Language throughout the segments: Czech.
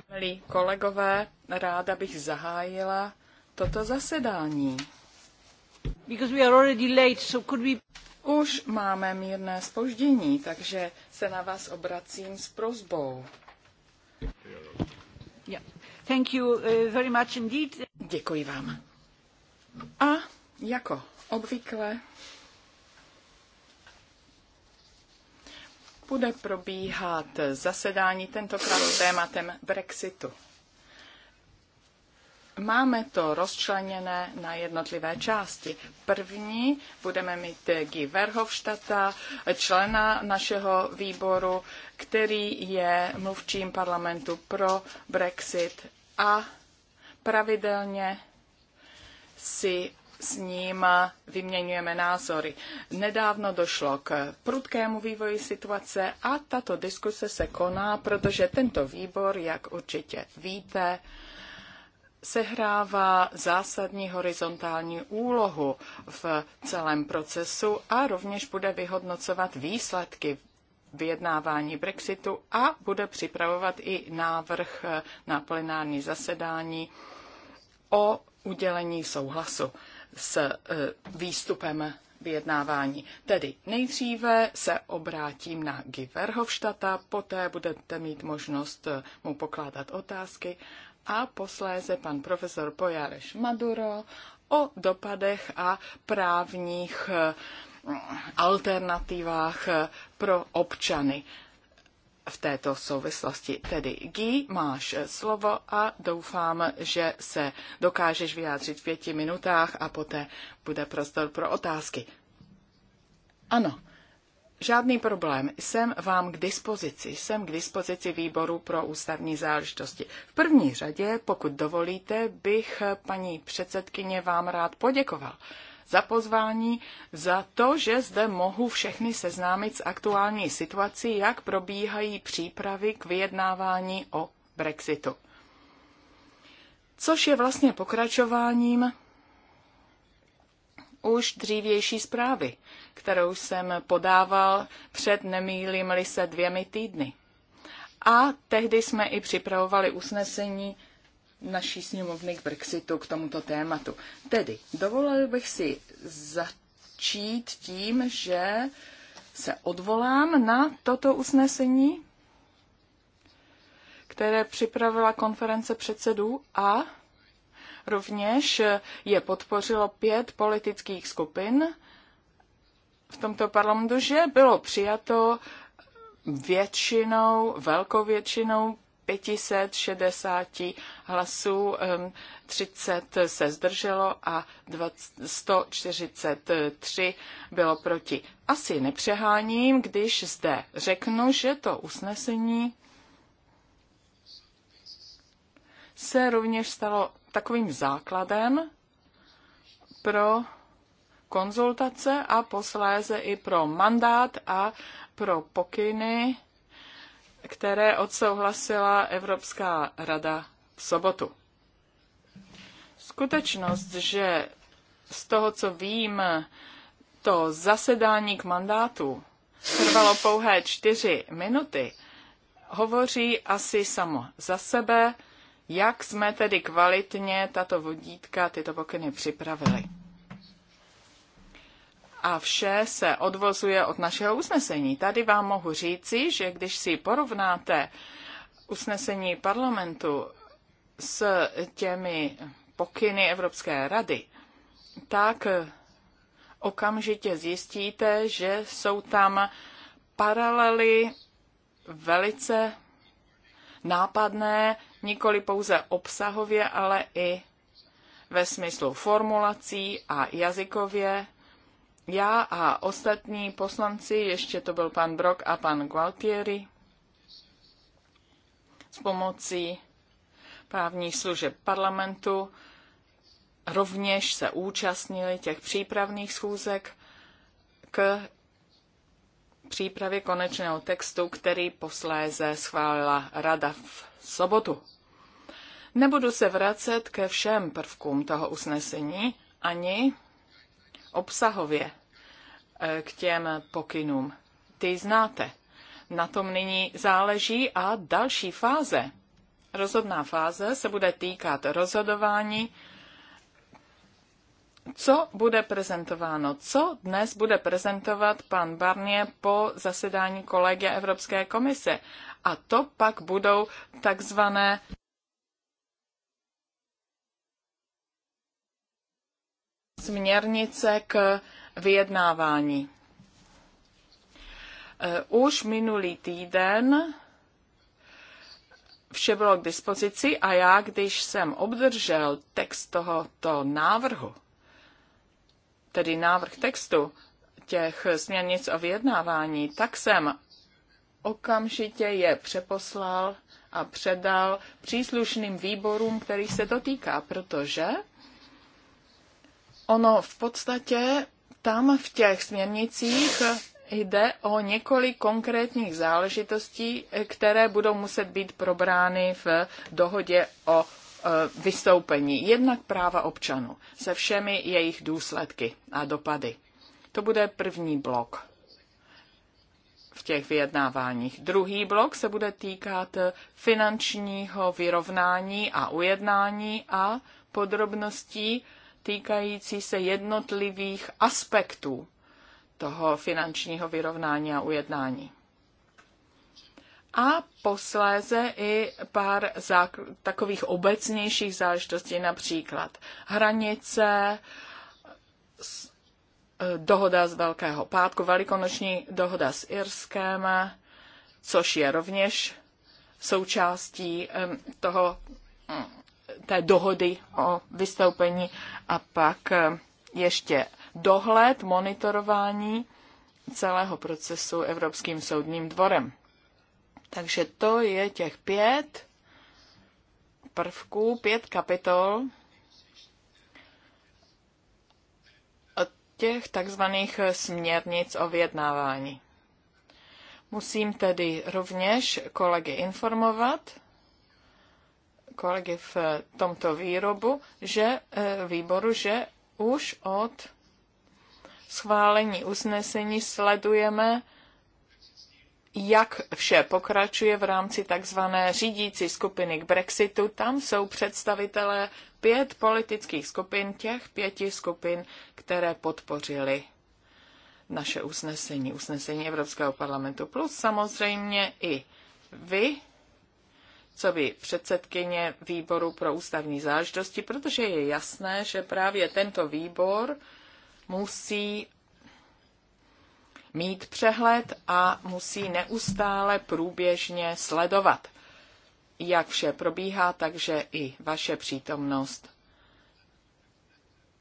Milí kolegové, ráda bych zahájila toto zasedání. Už máme mírné spoždění, takže se na vás obracím s prosbou. Uh, Děkuji vám. A jako obvykle bude probíhat zasedání tentokrát tématem Brexitu. Máme to rozčleněné na jednotlivé části. První budeme mít Guy Verhofstadta, člena našeho výboru, který je mluvčím parlamentu pro Brexit a pravidelně si s ním vyměňujeme názory. Nedávno došlo k prudkému vývoji situace a tato diskuse se koná, protože tento výbor, jak určitě víte, sehrává zásadní horizontální úlohu v celém procesu a rovněž bude vyhodnocovat výsledky vyjednávání Brexitu a bude připravovat i návrh na plenární zasedání o udělení souhlasu s e, výstupem vyjednávání. Tedy nejdříve se obrátím na Verhofstadta, poté budete mít možnost e, mu pokládat otázky a posléze pan profesor Pojareš Maduro o dopadech a právních e, alternativách pro občany v této souvislosti. Tedy Gý, máš eh, slovo a doufám, že se dokážeš vyjádřit v pěti minutách a poté bude prostor pro otázky. Ano, žádný problém. Jsem vám k dispozici. Jsem k dispozici výboru pro ústavní záležitosti. V první řadě, pokud dovolíte, bych eh, paní předsedkyně vám rád poděkoval za pozvání, za to, že zde mohu všechny seznámit s aktuální situací, jak probíhají přípravy k vyjednávání o Brexitu. Což je vlastně pokračováním už dřívější zprávy, kterou jsem podával před nemýlím-li se dvěmi týdny. A tehdy jsme i připravovali usnesení naší sněmovny k Brexitu, k tomuto tématu. Tedy, dovolil bych si začít tím, že se odvolám na toto usnesení, které připravila konference předsedů a rovněž je podpořilo pět politických skupin v tomto parlamentu, že bylo přijato většinou, velkou většinou 560 hlasů, 30 se zdrželo a 143 bylo proti. Asi nepřeháním, když zde řeknu, že to usnesení se rovněž stalo takovým základem pro konzultace a posléze i pro mandát a pro pokyny které odsouhlasila Evropská rada v sobotu. Skutečnost, že z toho, co vím, to zasedání k mandátu trvalo pouhé čtyři minuty, hovoří asi samo za sebe, jak jsme tedy kvalitně tato vodítka, tyto pokyny připravili a vše se odvozuje od našeho usnesení. Tady vám mohu říci, že když si porovnáte usnesení parlamentu s těmi pokyny Evropské rady, tak okamžitě zjistíte, že jsou tam paralely velice nápadné, nikoli pouze obsahově, ale i ve smyslu formulací a jazykově já a ostatní poslanci, ještě to byl pan Brok a pan Gualtieri, s pomocí právních služeb parlamentu, rovněž se účastnili těch přípravných schůzek k přípravě konečného textu, který posléze schválila Rada v sobotu. Nebudu se vracet ke všem prvkům toho usnesení ani obsahově k těm pokynům. Ty znáte. Na tom nyní záleží a další fáze. Rozhodná fáze se bude týkat rozhodování, co bude prezentováno, co dnes bude prezentovat pan Barnier po zasedání kolegia Evropské komise. A to pak budou takzvané směrnice k vyjednávání. Eh, už minulý týden vše bylo k dispozici a já, když jsem obdržel text tohoto návrhu, tedy návrh textu těch směrnic o vyjednávání, tak jsem okamžitě je přeposlal a předal příslušným výborům, který se to týká, protože ono v podstatě tam v těch směrnicích jde o několik konkrétních záležitostí, které budou muset být probrány v dohodě o e, vystoupení. Jednak práva občanů se všemi jejich důsledky a dopady. To bude první blok v těch vyjednáváních. Druhý blok se bude týkat finančního vyrovnání a ujednání a podrobností týkající se jednotlivých aspektů toho finančního vyrovnání a ujednání. A posléze i pár takových obecnějších záležitostí, například hranice, e, dohoda z Velkého pátku, velikonoční dohoda s Irskem, což je rovněž součástí toho mm, té dohody o vystoupení a pak eh, ještě dohled, monitorování celého procesu Evropským soudním dvorem. Takže to je těch pět prvků, pět kapitol od těch takzvaných směrnic o vyjednávání. Musím tedy rovněž kolegy informovat, kolegy v eh, tomto výrobu, že eh, výboru, že už od schválení usnesení sledujeme, jak vše pokračuje v rámci takzvané řídící skupiny k Brexitu. Tam jsou představitelé pět politických skupin, těch pěti skupin, které podpořili naše usnesení, usnesení Evropského parlamentu, plus samozřejmě i vy, co by předsedkyně výboru pro ústavní záležitosti, protože je jasné, že právě tento výbor musí mít přehled a musí neustále průběžně sledovat, jak vše probíhá, takže i vaše přítomnost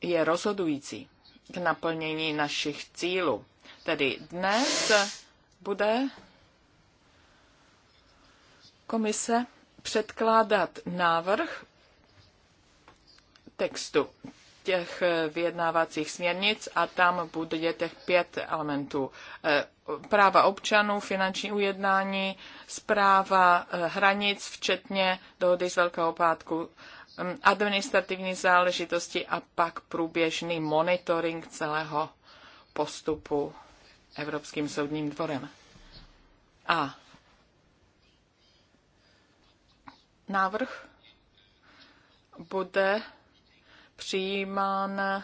je rozhodující k naplnění našich cílů. Tedy dnes bude komise předkládat návrh textu těch vyjednávacích směrnic a tam bude těch pět elementů. Eh, práva občanů, finanční ujednání, zpráva eh, hranic, včetně dohody z Velkého pátku, mm, administrativní záležitosti a pak průběžný monitoring celého postupu Evropským soudním dvorem. A návrh bude přijímán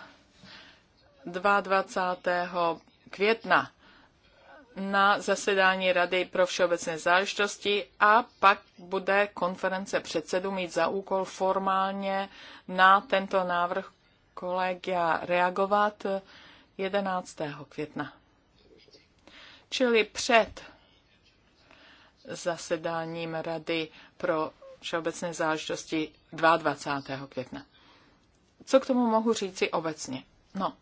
22. května na zasedání Rady pro všeobecné záležitosti a pak bude konference předsedů mít za úkol formálně na tento návrh kolegia reagovat 11. května. Čili před zasedáním Rady pro všeobecné záležitosti 22. května. Co k tomu mohu říci obecně? No,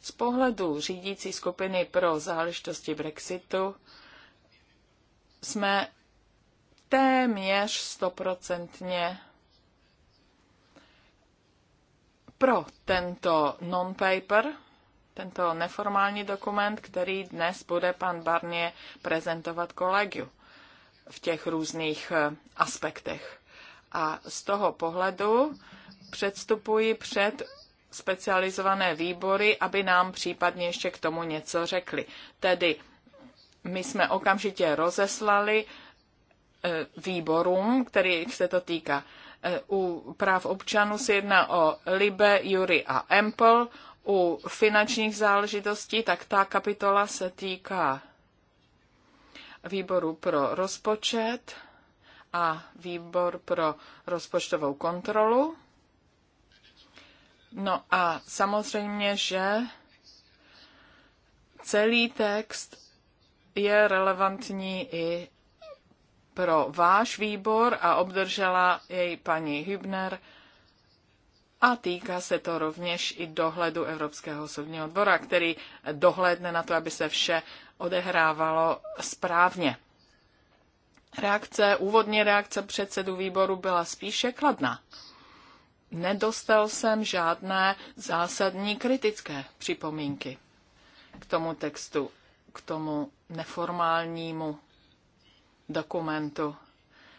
z pohledu řídící skupiny pro záležitosti Brexitu jsme téměř stoprocentně pro tento non-paper, tento neformální dokument, který dnes bude pan Barnier prezentovat kolegiu v těch různých eh, aspektech. A z toho pohledu předstupuji před specializované výbory, aby nám případně ještě k tomu něco řekli. Tedy my jsme okamžitě rozeslali eh, výborům, který se to týká. Eh, u práv občanů se jedná o Libe, Jury a Empel. U finančních záležitostí, tak ta kapitola se týká výboru pro rozpočet a výbor pro rozpočtovou kontrolu. No a samozřejmě, že celý text je relevantní i pro váš výbor a obdržela jej paní Hübner a týká se to rovněž i dohledu Evropského soudního dvora, který dohledne na to, aby se vše odehrávalo správně. Reakce, úvodní reakce předsedu výboru byla spíše kladná. Nedostal jsem žádné zásadní kritické připomínky k tomu textu, k tomu neformálnímu dokumentu,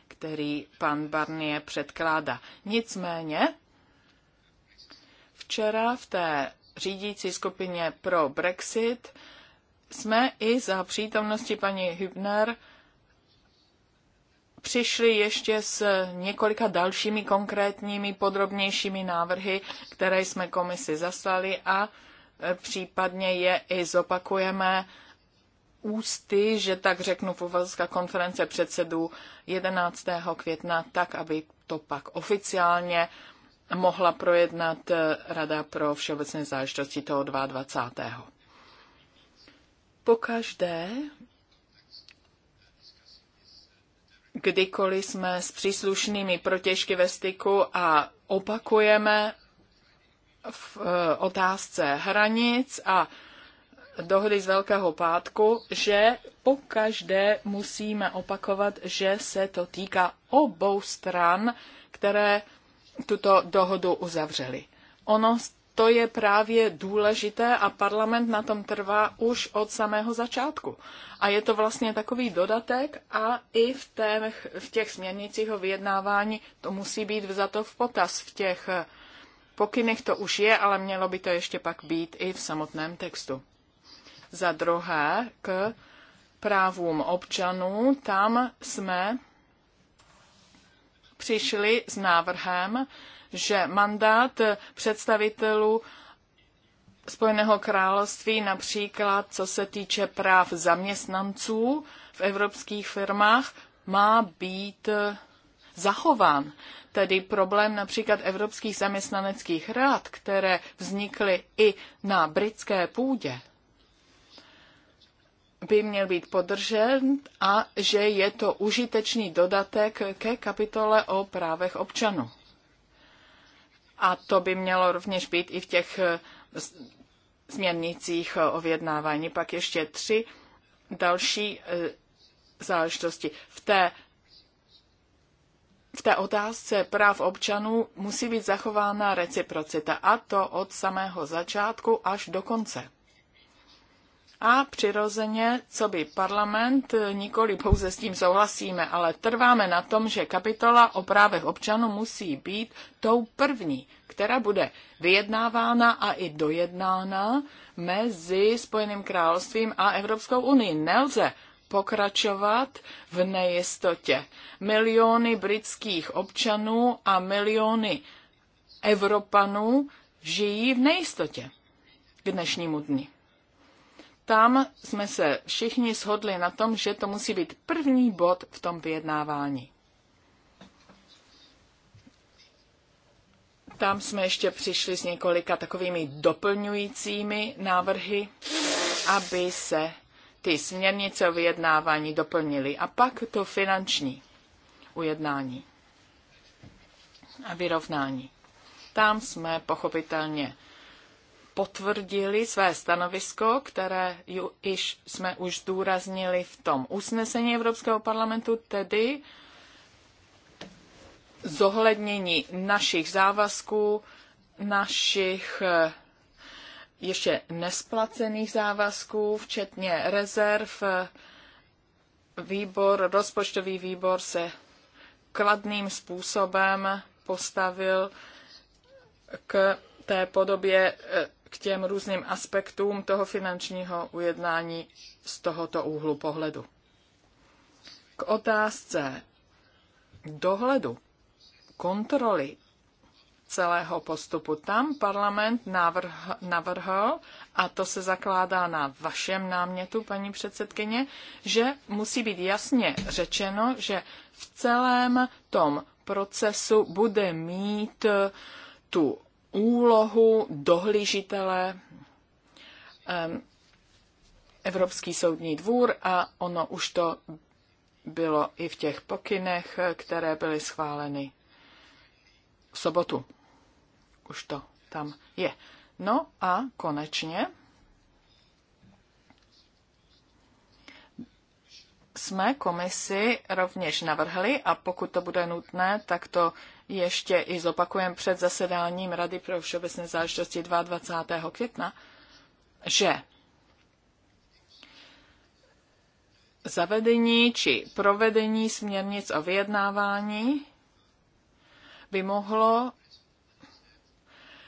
který pan Barnier předkládá. Nicméně včera v té řídící skupině pro Brexit jsme i za přítomnosti paní Hübner přišli ještě s několika dalšími konkrétními, podrobnějšími návrhy, které jsme komisi zaslali a e, případně je i zopakujeme ústy, že tak řeknu, povalská konference předsedů 11. května, tak, aby to pak oficiálně mohla projednat e, Rada pro všeobecné záležitosti toho 22 pokaždé, kdykoliv jsme s příslušnými protěžky ve styku a opakujeme v eh, otázce hranic a dohody z Velkého pátku, že pokaždé musíme opakovat, že se to týká obou stran, které tuto dohodu uzavřeli. Ono to je právě důležité a parlament na tom trvá už od samého začátku. A je to vlastně takový dodatek a i v, těch, v těch směrnicích o vyjednávání to musí být vzato v potaz. V těch pokynech to už je, ale mělo by to ještě pak být i v samotném textu. Za druhé, k právům občanů, tam jsme přišli s návrhem, že mandát představitelů Spojeného království, například co se týče práv zaměstnanců v evropských firmách, má být eh, zachován. Tedy problém například evropských zaměstnaneckých rád, které vznikly i na britské půdě, by měl být podržen a že je to užitečný dodatek ke kapitole o právech občanů. A to by mělo rovněž být i v těch eh, směrnicích eh, o vyjednávání. Pak ještě tři další eh, záležitosti. V té, v té otázce práv občanů musí být zachována reciprocita a to od samého začátku až do konce. A přirozeně, co by parlament, nikoli pouze s tím souhlasíme, ale trváme na tom, že kapitola o právech občanů musí být tou první, která bude vyjednávána a i dojednána mezi Spojeným královstvím a Evropskou unii. Nelze pokračovat v nejistotě. Miliony britských občanů a miliony Evropanů žijí v nejistotě k dnešnímu dni. Tam jsme se všichni shodli na tom, že to musí být první bod v tom vyjednávání. Tam jsme ještě přišli s několika takovými doplňujícími návrhy, aby se ty směrnice o vyjednávání doplnily. A pak to finanční ujednání a vyrovnání. Tam jsme pochopitelně potvrdili své stanovisko, které ju, iž jsme už zdůraznili v tom usnesení Evropského parlamentu, tedy zohlednění našich závazků, našich eh, ještě nesplacených závazků, včetně rezerv. Výbor, rozpočtový výbor se kladným způsobem postavil k té podobě eh, k těm různým aspektům toho finančního ujednání z tohoto úhlu pohledu. K otázce dohledu, kontroly celého postupu. Tam parlament navrhl, navrhl, a to se zakládá na vašem námětu, paní předsedkyně, že musí být jasně řečeno, že v celém tom procesu bude mít tu úlohu dohlížitele Evropský soudní dvůr a ono už to bylo i v těch pokynech, které byly schváleny v sobotu. Už to tam je. No a konečně jsme komisi rovněž navrhli a pokud to bude nutné, tak to ještě i zopakujem před zasedáním Rady pro všeobecné záležitosti 22. května, že zavedení či provedení směrnic o vyjednávání by mohlo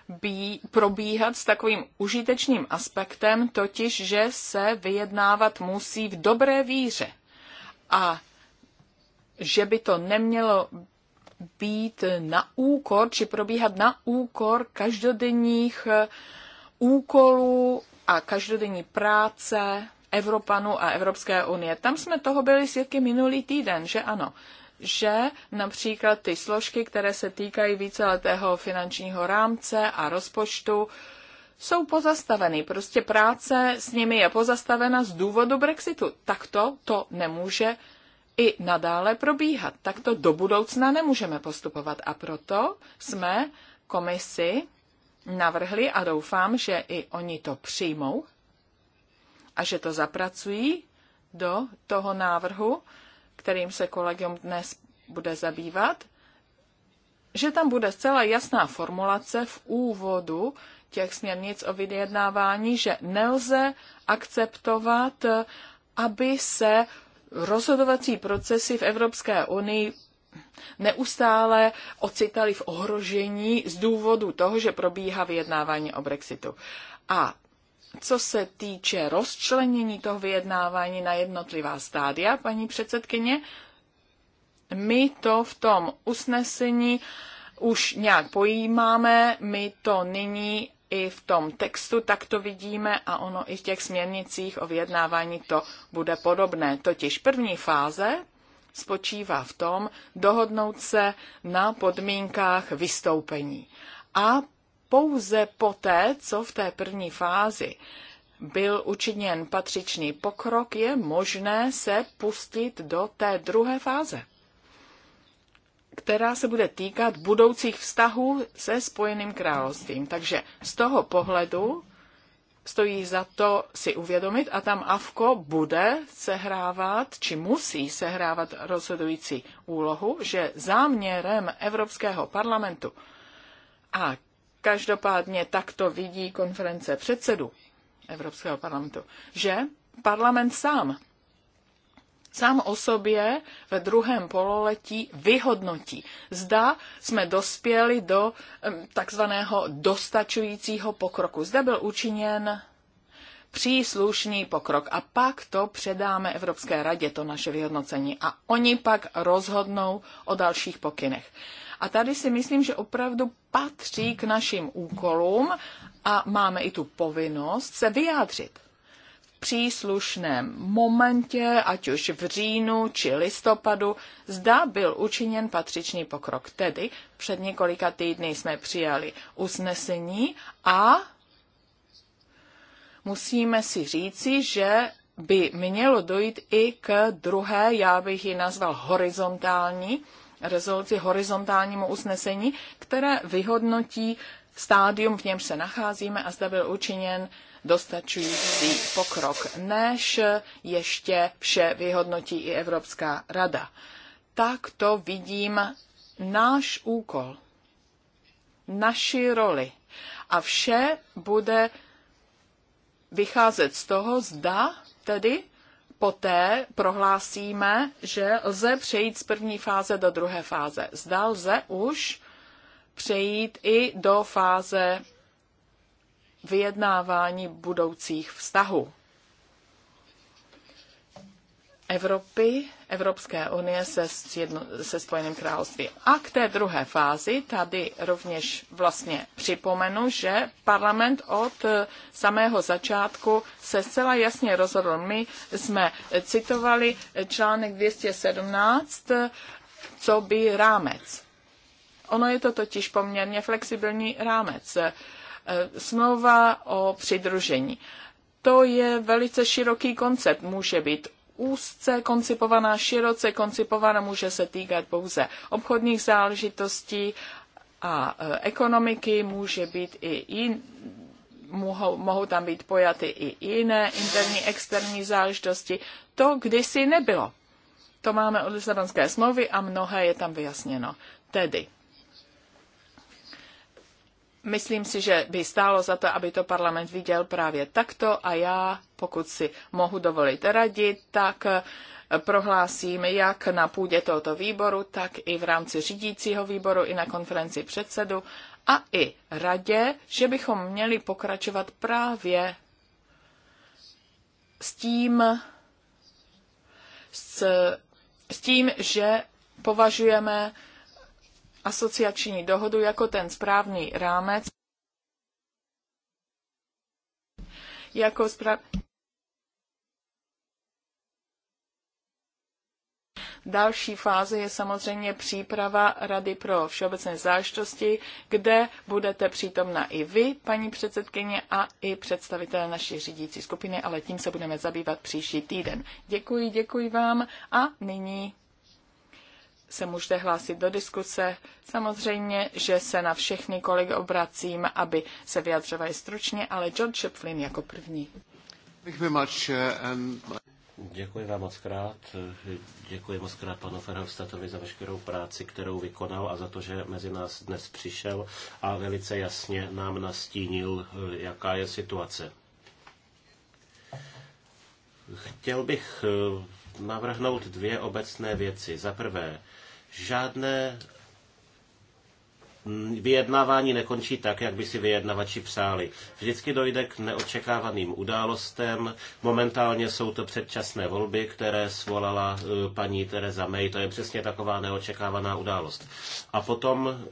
bý, probíhat s takovým užitečným aspektem, totiž, že se vyjednávat musí v dobré víře a že by to nemělo být na úkor, či probíhat na úkor každodenních eh, úkolů a každodenní práce Evropanu a Evropské unie. Tam jsme toho byli svědky minulý týden, že ano že například ty složky, které se týkají víceletého finančního rámce a rozpočtu, jsou pozastaveny. Prostě práce s nimi je pozastavena z důvodu Brexitu. Takto to nemůže i nadále probíhat. Tak to do budoucna nemůžeme postupovat a proto jsme komisi navrhli a doufám, že i oni to přijmou a že to zapracují do toho návrhu, kterým se kolegium dnes bude zabývat, že tam bude zcela jasná formulace v úvodu těch směrnic o vyjednávání, že nelze akceptovat, aby se rozhodovací procesy v Evropské unii neustále ocitali v ohrožení z důvodu toho, že probíhá vyjednávání o Brexitu. A co se týče rozčlenění toho vyjednávání na jednotlivá stádia, paní předsedkyně, my to v tom usnesení už nějak pojímáme, my to nyní i v tom textu tak to vidíme a ono i v těch směrnicích o vyjednávání to bude podobné. Totiž první fáze spočívá v tom dohodnout se na podmínkách vystoupení. A pouze poté, co v té první fázi byl učiněn patřičný pokrok, je možné se pustit do té druhé fáze která se bude týkat budoucích vztahů se Spojeným královstvím. Takže z toho pohledu stojí za to si uvědomit a tam AFKO bude sehrávat, či musí sehrávat rozhodující úlohu, že záměrem Evropského parlamentu a každopádně tak to vidí konference předsedu Evropského parlamentu, že parlament sám sám o sobě ve druhém pololetí vyhodnotí. Zda jsme dospěli do takzvaného dostačujícího pokroku. Zde byl učiněn příslušný pokrok a pak to předáme Evropské radě, to naše vyhodnocení a oni pak rozhodnou o dalších pokynech. A tady si myslím, že opravdu patří k našim úkolům a máme i tu povinnost se vyjádřit příslušném momentě, ať už v říjnu či listopadu, zda byl učiněn patřičný pokrok. Tedy před několika týdny jsme přijali usnesení a musíme si říci, že by mělo dojít i k druhé, já bych ji nazval horizontální, rezoluci horizontálnímu usnesení, které vyhodnotí stádium, v němž se nacházíme a zda byl učiněn dostačující pokrok, než ještě vše vyhodnotí i Evropská rada. Tak to vidím náš úkol, naši roli. A vše bude vycházet z toho, zda tedy poté prohlásíme, že lze přejít z první fáze do druhé fáze. Zda lze už přejít i do fáze vyjednávání budoucích vztahů. Evropy, Evropské unie se, jedno, se Spojeným království. A k té druhé fázi tady rovněž vlastně připomenu, že parlament od samého začátku se zcela jasně rozhodl. My jsme citovali článek 217, co by rámec. Ono je to totiž poměrně flexibilní rámec. Eh, smlouva o přidružení. To je velice široký koncept. Může být úzce koncipovaná, široce koncipovaná, může se týkat pouze obchodních záležitostí a eh, ekonomiky, může být i jin, mohou, mohou tam být pojaty i jiné interní, externí záležitosti. To kdysi nebylo. To máme od Lisabonské smlouvy a mnohé je tam vyjasněno. Tedy Myslím si, že by stálo za to, aby to parlament viděl právě takto a já, pokud si mohu dovolit radit, tak eh, prohlásím jak na půdě tohoto výboru, tak i v rámci řídícího výboru, i na konferenci předsedu a i radě, že bychom měli pokračovat právě s tím, s, s tím že považujeme asociační dohodu jako ten správný rámec, jako správ... Další fáze je samozřejmě příprava Rady pro všeobecné záležitosti, kde budete přítomna i vy, paní předsedkyně, a i představitelé naší řídící skupiny, ale tím se budeme zabývat příští týden. Děkuji, děkuji vám a nyní se můžete hlásit do diskuse. Samozřejmě, že se na všechny kolegy obracím, aby se vyjadřovali stručně, ale John Chaplin jako první. Uh, Děkuji vám moc krát. Děkuji moc krát panu Ferhofstadtovi za veškerou práci, kterou vykonal a za to, že mezi nás dnes přišel a velice jasně nám nastínil, eh, jaká je situace. Chtěl bych eh, navrhnout dvě obecné věci. Za prvé, Žádné vyjednávání nekončí tak, jak by si vyjednavači přáli. Vždycky dojde k neočekávaným událostem. Momentálně jsou to předčasné volby, které svolala eh, paní Tereza May. To je přesně taková neočekávaná událost. A potom eh,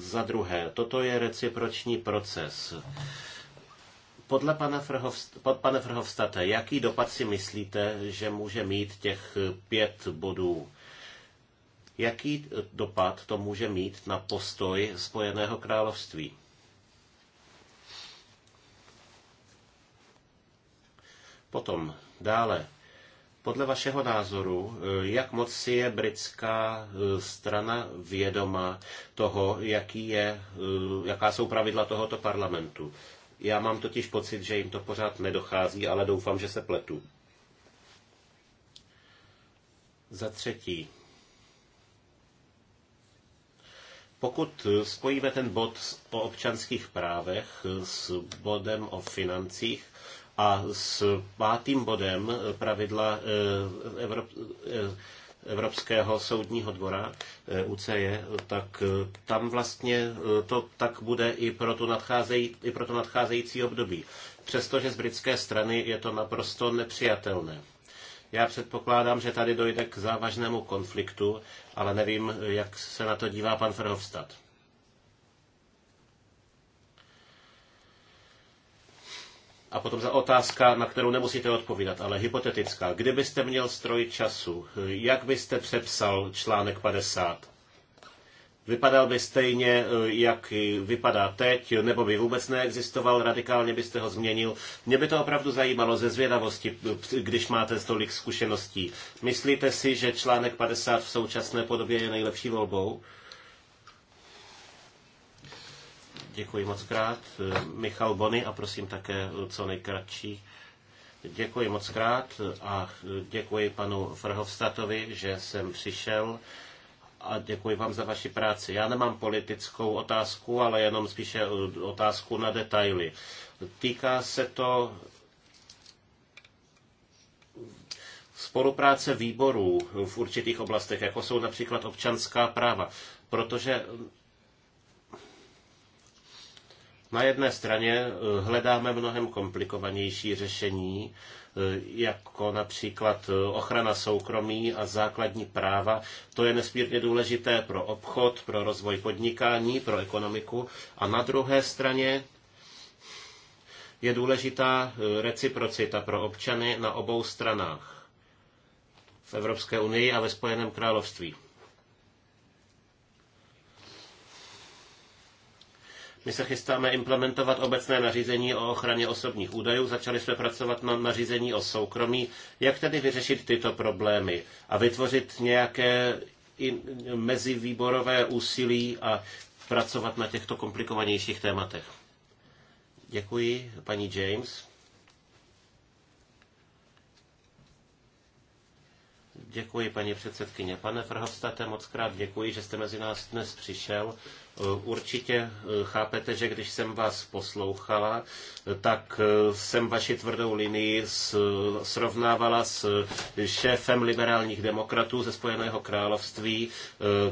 za druhé, toto je reciproční proces. Podle pana, Frhovst- pod pane Frhovstate, jaký dopad si myslíte, že může mít těch eh, pět bodů Jaký eh, dopad to může mít na postoj Spojeného království? Potom dále. Podle vašeho názoru, eh, jak moc si je britská eh, strana vědoma toho, jaký je, jaká jsou pravidla tohoto parlamentu? Já mám totiž pocit, že jim to pořád nedochází, ale doufám, že se pletu. Za třetí, Pokud spojíme ten bod o občanských právech s bodem o financích, a s pátým bodem pravidla eh, eh, Evropského soudního dvora eh, UCE, tak tam vlastně to tak bude i pro, tu i pro to nadcházející období. Přestože z britské strany je to naprosto nepřijatelné. Já předpokládám, že tady dojde k závažnému konfliktu, ale nevím, jak se na to dívá pan Verhofstadt. A potom za otázka, na kterou nemusíte odpovídat, ale hypotetická. Kdybyste měl stroj času, jak byste přepsal článek 50? Vypadal by stejně, eh, jak vypadá teď, nebo by vůbec neexistoval, radikálně byste ho změnil. Mě by to opravdu zajímalo ze zvědavosti, když máte tolik zkušeností. Myslíte si, že článek 50 v současné podobě je nejlepší volbou? Děkuji moc krát. Eh, Michal Bony a prosím také co nejkratší. Děkuji moc krát a eh, děkuji panu Frhovstatovi, že jsem přišel a děkuji vám za vaši práci. Já nemám politickou otázku, ale jenom spíše otázku na detaily. Týká se to spolupráce výborů v určitých oblastech, jako jsou například občanská práva, protože na jedné straně hledáme mnohem komplikovanější řešení, Eh, jako například eh, ochrana soukromí a základní práva. To je nesmírně důležité pro obchod, pro rozvoj podnikání, pro ekonomiku. A na druhé straně je důležitá eh, reciprocita pro občany na obou stranách v Evropské unii a ve Spojeném království. My se chystáme implementovat obecné nařízení o ochraně osobních údajů, začali jsme pracovat na nařízení o soukromí. Jak tedy vyřešit tyto problémy a vytvořit nějaké mezivýborové úsilí a pracovat na těchto komplikovanějších tématech? Děkuji, paní James. Děkuji, paní předsedkyně. Pane Frhovstate, moc krát děkuji, že jste mezi nás dnes přišel. Eh, určitě eh, chápete, že když jsem vás poslouchala, eh, tak jsem vaši tvrdou linii srovnávala s šéfem liberálních demokratů ze Spojeného království,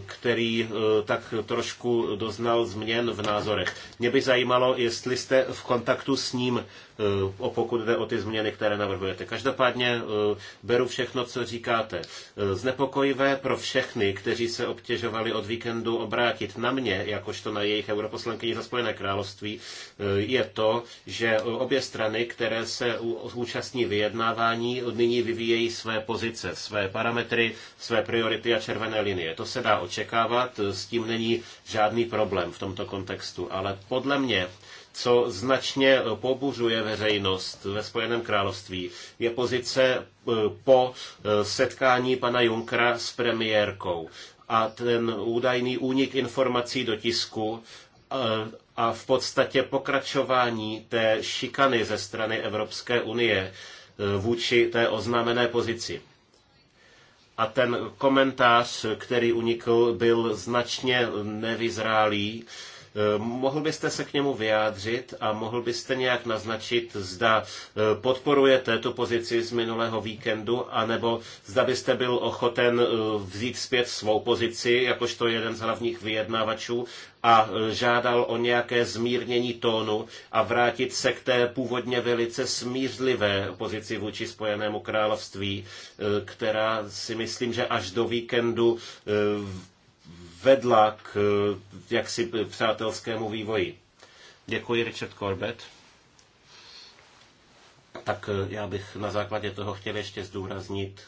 který tak trošku doznal změn v názorech. Mě by zajímalo, jestli jste v kontaktu s ním Eh, pokud jde o ty změny, které navrhujete. Každopádně eh, beru všechno, co říkáte. Eh, znepokojivé pro všechny, kteří se obtěžovali od víkendu obrátit na mě, jakožto na jejich europoslankyni za Spojené království, je to, že obě strany, které se účastní vyjednávání, nyní vyvíjejí své pozice, své parametry, své priority a červené linie. To se dá očekávat, s tím není žádný problém v tomto kontextu, ale podle mě co značně pobuřuje veřejnost ve Spojeném království, je pozice eh, po eh, setkání pana Junkra s premiérkou a ten údajný únik informací do tisku eh, a v podstatě pokračování té šikany ze strany Evropské unie vůči té oznámené pozici. A ten komentář, který unikl, byl značně nevyzrálý Eh, mohl byste se k němu vyjádřit a mohl byste nějak naznačit, zda eh, podporujete tu pozici z minulého víkendu, anebo zda byste byl ochoten eh, vzít zpět svou pozici, jakožto jeden z hlavních vyjednávačů, a žádal o nějaké zmírnění tónu a vrátit se k té původně velice smířlivé pozici vůči Spojenému království, která si myslím, že až do víkendu vedla k eh, jaksi přátelskému vývoji. Děkuji, Richard Corbett. Tak eh, já bych na základě toho chtěl ještě zdůraznit,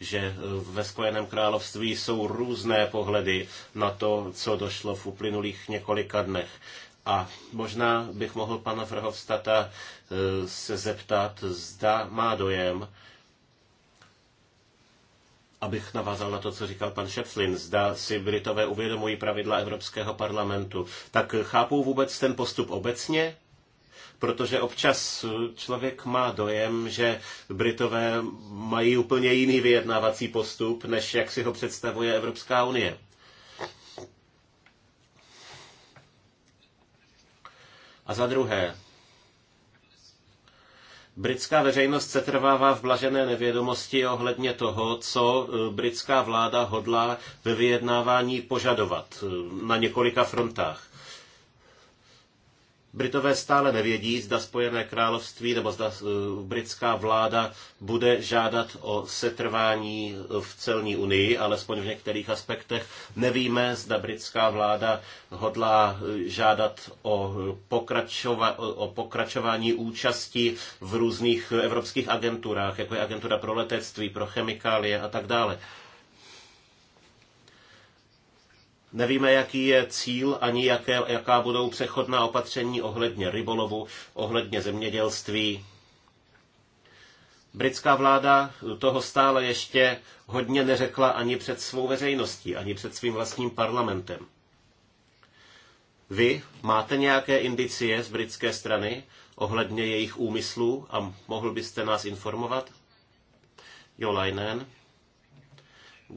že eh, ve Spojeném království jsou různé pohledy na to, co došlo v uplynulých několika dnech. A možná bych mohl pana Vrhovstata se zeptat, zda má dojem, abych navázal na to, co říkal pan Šeflin, zda si Britové uvědomují pravidla Evropského parlamentu, tak chápou vůbec ten postup obecně? Protože občas člověk má dojem, že Britové mají úplně jiný vyjednávací postup, než jak si ho představuje Evropská unie. A za druhé, Britská veřejnost se trvává v blažené nevědomosti ohledně toho, co e, britská vláda hodlá ve vyjednávání požadovat e, na několika frontách. Britové stále nevědí, zda Spojené království nebo zda eh, britská vláda bude žádat o setrvání eh, v celní unii, alespoň v některých aspektech. Nevíme, zda britská vláda hodlá eh, žádat o, pokračova, o pokračování účasti v různých evropských agenturách, jako je agentura pro letectví, pro chemikálie a tak dále. Nevíme, jaký je cíl, ani jaké, jaká budou přechodná opatření ohledně rybolovu, ohledně zemědělství. Britská vláda toho stále ještě hodně neřekla ani před svou veřejností, ani před svým vlastním parlamentem. Vy máte nějaké indicie z britské strany ohledně jejich úmyslů a mohl byste nás informovat? Jo, Leinen.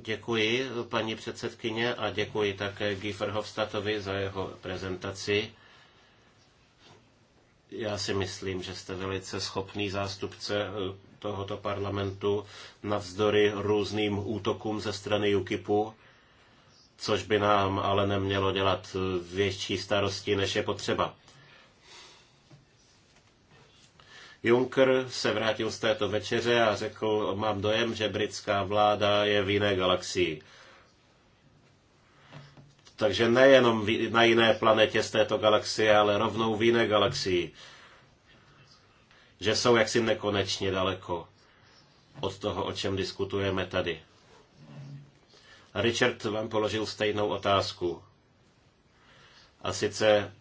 Děkuji, paní předsedkyně, a děkuji také Guy Verhofstadtovi za jeho prezentaci. Já si myslím, že jste velice schopný zástupce eh, tohoto parlamentu navzdory různým útokům ze strany UKIPu, což by nám ale nemělo dělat eh, větší starosti, než je potřeba. Juncker se vrátil z této večeře a řekl, mám dojem, že britská vláda je v jiné galaxii. Takže nejenom na jiné planetě z této galaxie, ale rovnou v jiné galaxii. Že jsou jaksi nekonečně daleko od toho, o čem diskutujeme tady. Richard vám položil stejnou otázku. A sice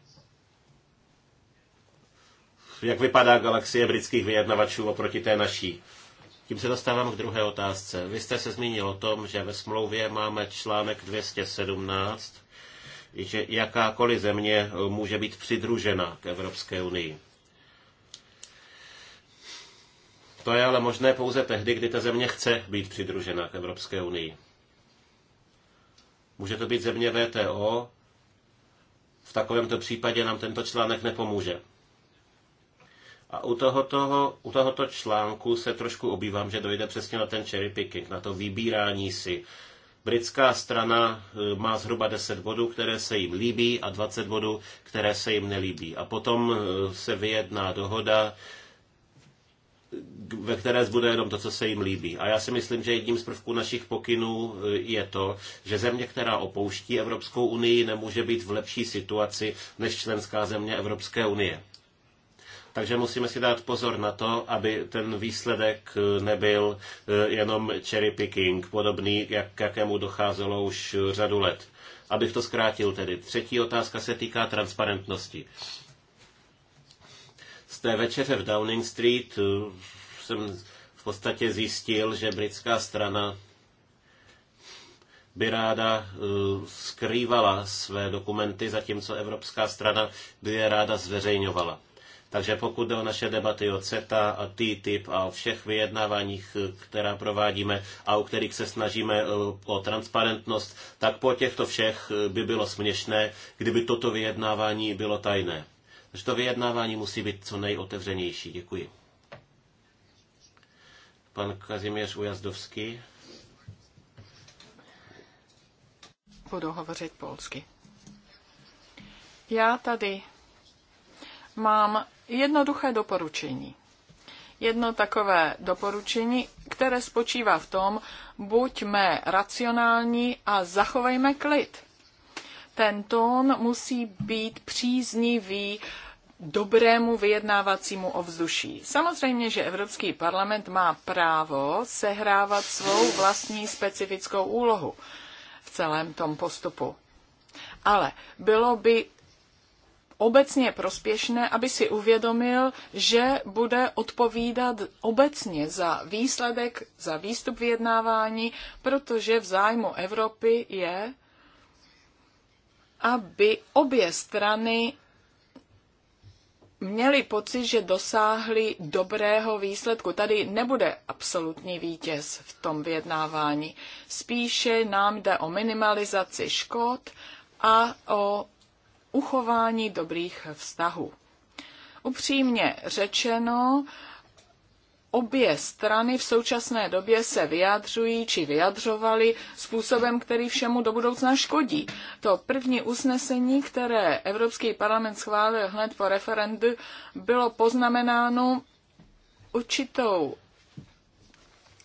jak vypadá galaxie britských vyjednavačů oproti té naší. Tím se dostávám k druhé otázce. Vy jste se zmínil o tom, že ve smlouvě máme článek 217, že jakákoliv země může být přidružena k Evropské unii. To je ale možné pouze tehdy, kdy ta země chce být přidružena k Evropské unii. Může to být země VTO, v takovémto případě nám tento článek nepomůže. A u tohoto, u tohoto článku se trošku obývám, že dojde přesně na ten cherry picking, na to vybírání si. Britská strana e, má zhruba 10 bodů, které se jim líbí a 20 bodů, které se jim nelíbí. A potom e, se vyjedná dohoda, ve které zbude jenom to, co se jim líbí. A já si myslím, že jedním z prvků našich pokynů e, je to, že země, která opouští Evropskou unii, nemůže být v lepší situaci než členská země Evropské unie. Takže musíme si dát pozor na to, aby ten výsledek eh, nebyl eh, jenom cherry picking, podobný, jak, k jakému docházelo už eh, řadu let. Abych to zkrátil tedy. Třetí otázka se týká transparentnosti. Z té večeře v Downing Street jsem v podstatě zjistil, že britská strana by ráda skrývala své dokumenty, zatímco evropská strana by je ráda zveřejňovala. Takže pokud jde o naše debaty o CETA a TTIP a o všech vyjednáváních, která provádíme a u kterých se snažíme eh, o transparentnost, tak po těchto všech eh, by bylo směšné, kdyby toto vyjednávání bylo tajné. Takže to vyjednávání musí být co nejotevřenější. Děkuji. Pan Kazimíř Ujazdovský. Budu hovořit polsky. Já tady mám Jednoduché doporučení. Jedno takové doporučení, které spočívá v tom, buďme racionální a zachovejme klid. Ten tón musí být příznivý, dobrému vyjednávacímu ovzduší. Samozřejmě, že Evropský parlament má právo sehrávat svou vlastní specifickou úlohu v celém tom postupu. Ale bylo by obecně prospěšné, aby si uvědomil, že bude odpovídat obecně za výsledek, za výstup vyjednávání, protože v zájmu Evropy je, aby obě strany měli pocit, že dosáhli dobrého výsledku. Tady nebude absolutní vítěz v tom vyjednávání. Spíše nám jde o minimalizaci škod a o uchování dobrých vztahů. Upřímně řečeno, obě strany v současné době se vyjadřují či vyjadřovaly způsobem, který všemu do budoucna škodí. To první usnesení, které Evropský parlament schválil hned po referendu, bylo poznamenáno určitou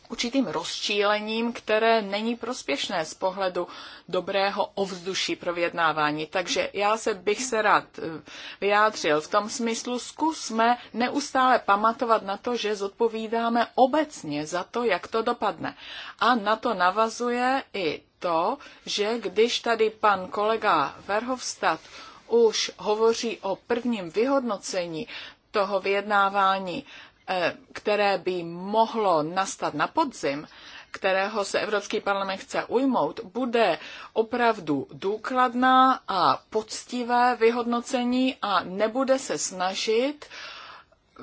určitým rozčílením, které není prospěšné z pohledu dobrého ovzduší pro vyjednávání. Takže já se bych se rád eh, vyjádřil v tom smyslu, zkusme neustále pamatovat na to, že zodpovídáme obecně za to, jak to dopadne. A na to navazuje i to, že když tady pan kolega Verhofstadt už hovoří o prvním vyhodnocení toho vyjednávání, Eh, které by mohlo nastat na podzim, kterého se Evropský parlament chce ujmout, bude opravdu důkladná a poctivé vyhodnocení a nebude se snažit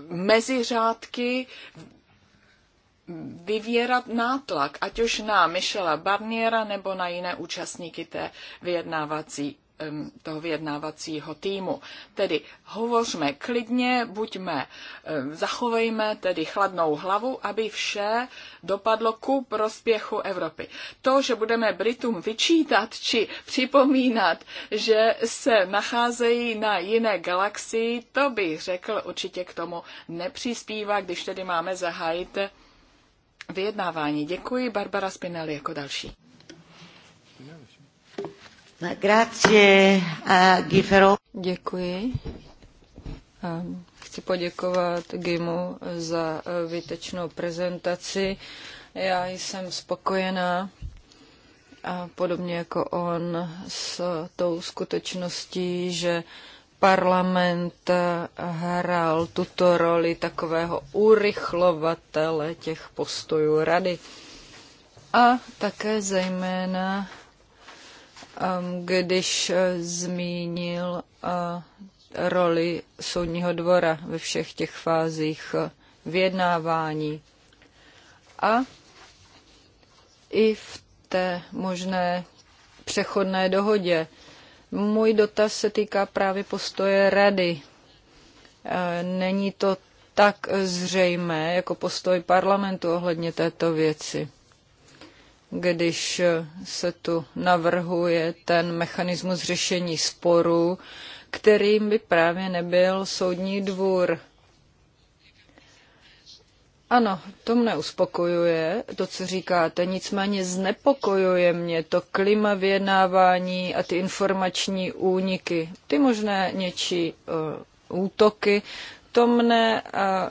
mezi řádky vyvírat nátlak, ať už na Michela Barniera nebo na jiné účastníky té vyjednávací toho vyjednávacího týmu. Tedy hovořme klidně, buďme, zachovejme tedy chladnou hlavu, aby vše dopadlo ku prospěchu Evropy. To, že budeme Britům vyčítat či připomínat, že se nacházejí na jiné galaxii, to bych řekl určitě k tomu nepřispívá, když tedy máme zahájit vyjednávání. Děkuji, Barbara Spinelli jako další. Eh, eh, Děkuji. Eh, chci poděkovat Gimu za výtečnou prezentaci. Já jsem spokojená a podobně jako on s tou skutečností, že parlament hrál tuto roli takového urychlovatele těch postojů rady. A také zejména Ehm, když eh, zmínil eh, roli soudního dvora ve všech těch fázích eh, vyjednávání. A i v té možné přechodné dohodě. Můj dotaz se týká právě postoje rady. Není to tak zřejmé jako postoj parlamentu ohledně této věci když se tu navrhuje ten mechanismus řešení sporů, kterým by právě nebyl soudní dvůr. Ano, to mne uspokojuje, to, co říkáte, nicméně znepokojuje mě to klima vyjednávání a ty informační úniky, ty možné něčí uh, útoky, to mne,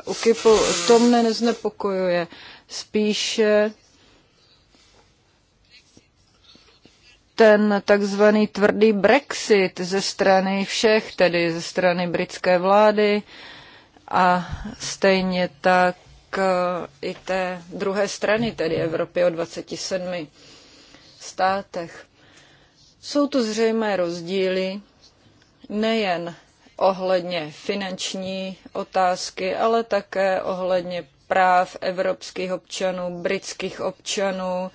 uh, ukypu, to mne neznepokojuje. Spíše ten takzvaný tvrdý Brexit ze strany všech, tedy ze strany britské vlády a stejně tak eh, i té druhé strany, tedy Evropy o 27 státech. Jsou tu zřejmé rozdíly nejen ohledně finanční otázky, ale také ohledně práv evropských občanů, britských občanů,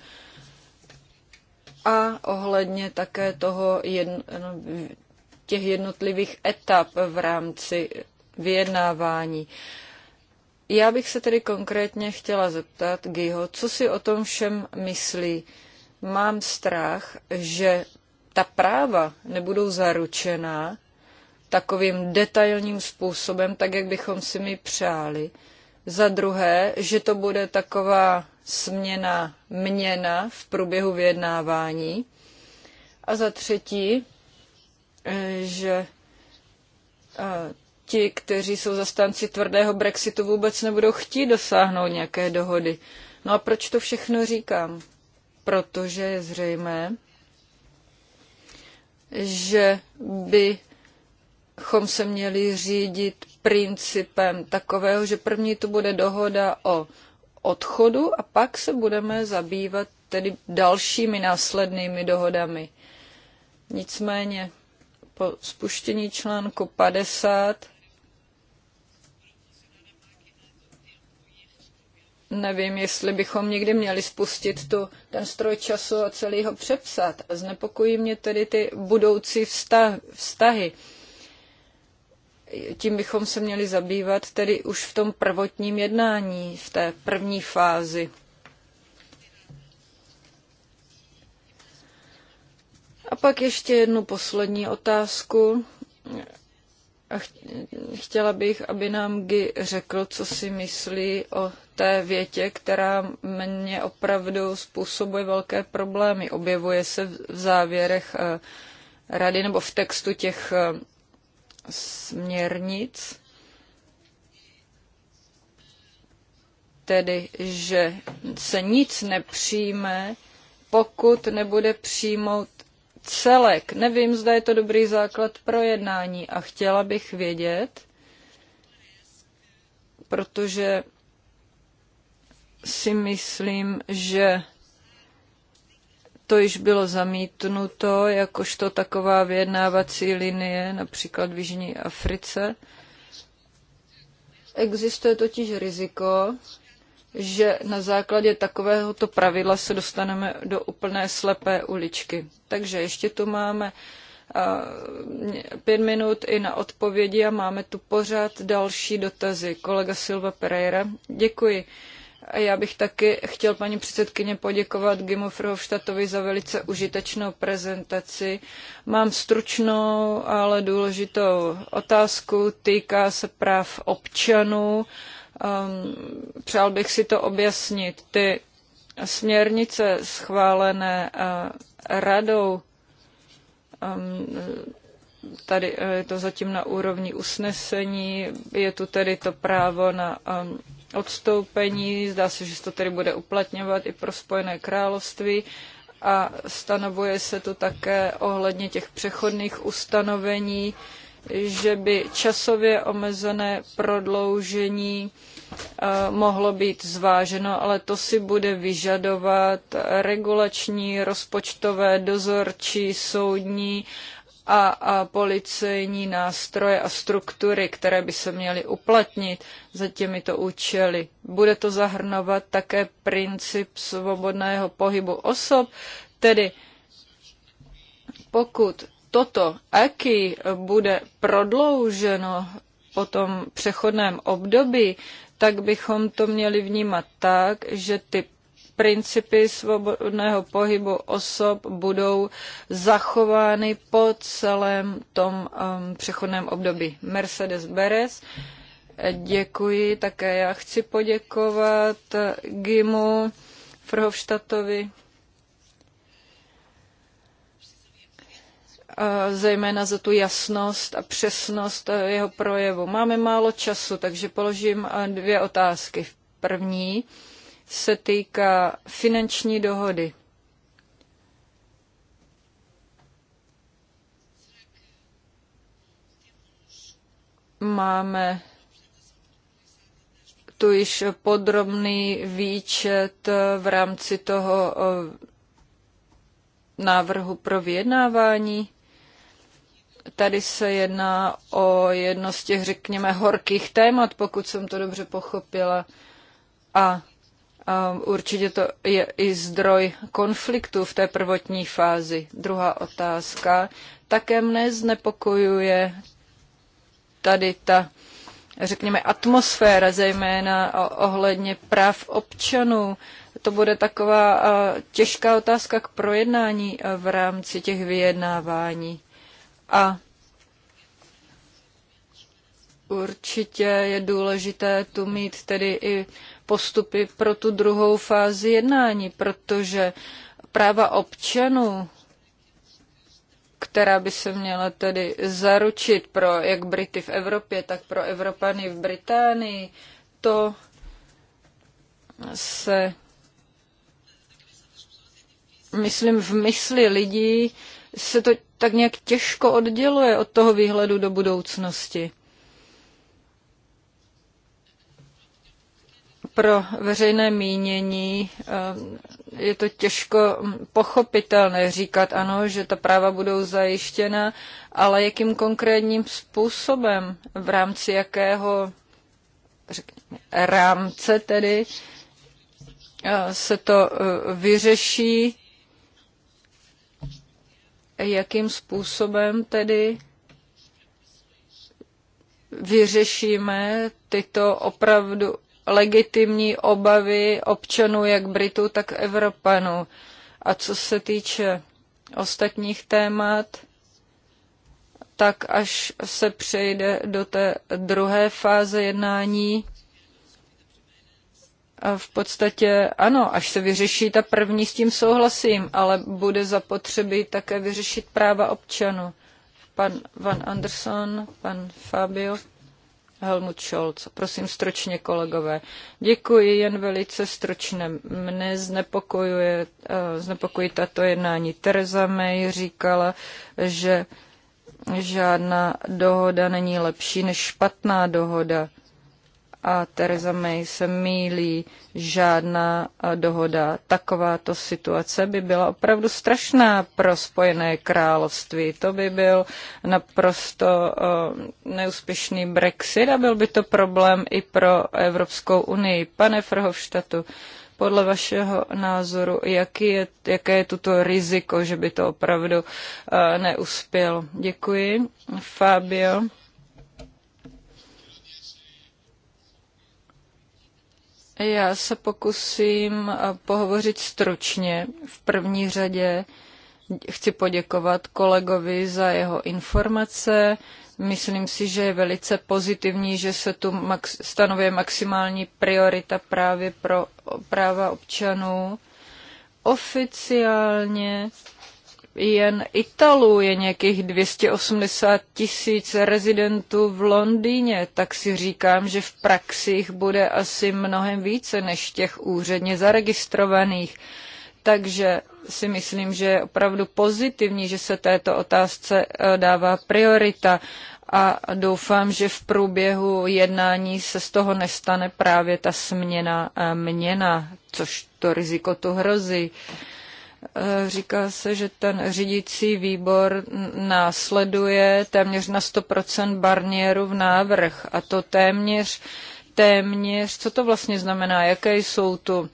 a ohledně také toho jedno, no, těch jednotlivých etap v rámci vyjednávání. Já bych se tedy konkrétně chtěla zeptat Giho, co si o tom všem myslí. Mám strach, že ta práva nebudou zaručená takovým detailním způsobem, tak jak bychom si mi přáli. Za druhé, že to bude taková směna měna v průběhu vyjednávání. A za třetí, eh, že eh, ti, kteří jsou zastánci tvrdého Brexitu, vůbec nebudou chtít dosáhnout nějaké dohody. No a proč to všechno říkám? Protože je zřejmé, že bychom se měli řídit principem takového, že první tu bude dohoda o odchodu a pak se budeme zabývat tedy dalšími následnými dohodami. Nicméně po spuštění článku 50 nevím, jestli bychom někdy měli spustit tu, ten stroj času a celý ho přepsat. Znepokojí mě tedy ty budoucí vztah, vztahy tím bychom se měli zabývat tedy už v tom prvotním jednání, v té první fázi. A pak ještě jednu poslední otázku. A chtěla bych, aby nám Gy řekl, co si myslí o té větě, která mě opravdu způsobuje velké problémy. Objevuje se v závěrech eh, rady nebo v textu těch eh, směrnic, tedy že se nic nepřijme, pokud nebude přijmout celek. Nevím, zda je to dobrý základ pro jednání a chtěla bych vědět, protože si myslím, že to již bylo zamítnuto, jakožto taková vyjednávací linie, například v Jižní Africe. Existuje totiž riziko, že na základě takovéhoto pravidla se dostaneme do úplné slepé uličky. Takže ještě tu máme pět minut i na odpovědi a máme tu pořád další dotazy. Kolega Silva Pereira, děkuji. Já bych taky chtěl paní předsedkyně poděkovat Gimu Frhovštatovi za velice užitečnou prezentaci. Mám stručnou, ale důležitou otázku. Týká se práv občanů. Um, přál bych si to objasnit. Ty směrnice schválené uh, radou um, tady eh, je to zatím na úrovni usnesení, je tu tedy to právo na um, odstoupení. Zdá se, že se to tedy bude uplatňovat i pro Spojené království a stanovuje se to také ohledně těch přechodných ustanovení, že by časově omezené prodloužení eh, mohlo být zváženo, ale to si bude vyžadovat regulační, rozpočtové, dozorčí, soudní a, a policejní nástroje a struktury, které by se měly uplatnit za těmito účely. Bude to zahrnovat také princip svobodného pohybu osob, tedy pokud toto aký bude prodlouženo po tom přechodném období, tak bychom to měli vnímat tak, že ty principy svobodného pohybu osob budou zachovány po celém tom um, přechodném období. Mercedes Beres. Děkuji, také já chci poděkovat Gimu Frhovštatovi. zejména za tu jasnost a přesnost jeho projevu. Máme málo času, takže položím eh, dvě otázky. První, se týká finanční dohody. Máme tu již podrobný výčet v rámci toho návrhu pro vyjednávání. Tady se jedná o jedno z těch, řekněme, horkých témat, pokud jsem to dobře pochopila. A Určitě to je i zdroj konfliktu v té prvotní fázi. Druhá otázka. Také mne znepokojuje tady ta, řekněme, atmosféra, zejména ohledně práv občanů. To bude taková těžká otázka k projednání v rámci těch vyjednávání. A Určitě je důležité tu mít tedy i postupy pro tu druhou fázi jednání, protože práva občanů, která by se měla tedy zaručit pro jak Brity v Evropě, tak pro Evropany v Británii, to se, myslím, v mysli lidí se to tak nějak těžko odděluje od toho výhledu do budoucnosti. pro veřejné mínění eh, je to těžko pochopitelné říkat, ano, že ta práva budou zajištěna, ale jakým konkrétním způsobem, v rámci jakého řekněme, rámce tedy eh, se to eh, vyřeší, jakým způsobem tedy vyřešíme tyto opravdu legitimní obavy občanů, jak Britů, tak Evropanů. A co se týče ostatních témat, tak až se přejde do té druhé fáze jednání, a v podstatě ano, až se vyřeší ta první, s tím souhlasím, ale bude zapotřebí také vyřešit práva občanů. Pan Van Anderson, pan Fabio. Helmut Scholz. Prosím stročně, kolegové. Děkuji, jen velice stročně. Mne znepokojuje, eh, znepokojí tato jednání. Tereza May říkala, že žádná dohoda není lepší než špatná dohoda a Theresa May se mílí žádná dohoda. Takováto situace by byla opravdu strašná pro Spojené království. To by byl naprosto neúspěšný Brexit a byl by to problém i pro Evropskou unii. Pane Frhovštatu, podle vašeho názoru, jaký je, jaké je tuto riziko, že by to opravdu neuspělo? Děkuji. Fabio. Já se pokusím eh, pohovořit stručně. V první řadě chci poděkovat kolegovi za jeho informace. Myslím si, že je velice pozitivní, že se tu max- stanovuje maximální priorita právě pro práva občanů. Oficiálně jen Italů je nějakých 280 tisíc rezidentů v Londýně, tak si říkám, že v praxích bude asi mnohem více než těch úředně zaregistrovaných. Takže si myslím, že je opravdu pozitivní, že se této otázce eh, dává priorita a doufám, že v průběhu jednání se z toho nestane právě ta směna eh, měna, což to riziko tu hrozí. Uh, Eh, říká se, že ten řídící výbor následuje téměř na 100% barniéru v návrh a to téměř, téměř, co to vlastně znamená, jaké jsou tu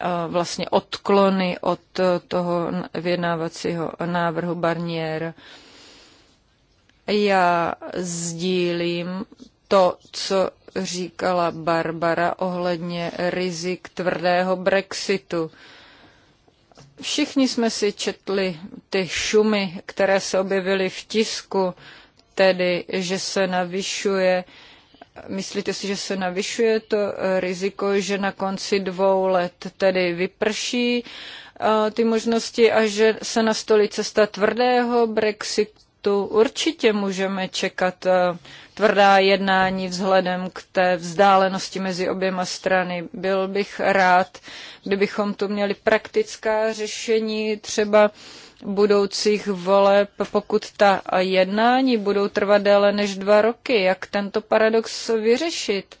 eh, vlastně odklony od eh, toho vyjednávacího návrhu barniér. Já sdílím to, co říkala Barbara ohledně rizik tvrdého Brexitu. Všichni jsme si četli ty šumy, které se objevily v tisku, tedy, že se navyšuje Myslíte si, že se navyšuje to riziko, že na konci dvou let tedy vyprší ty možnosti a že se nastolí cesta tvrdého Brexitu? tu určitě můžeme čekat eh, tvrdá jednání vzhledem k té vzdálenosti mezi oběma strany. Byl bych rád, kdybychom tu měli praktická řešení třeba budoucích voleb, pokud ta jednání budou trvat déle než dva roky. Jak tento paradox vyřešit?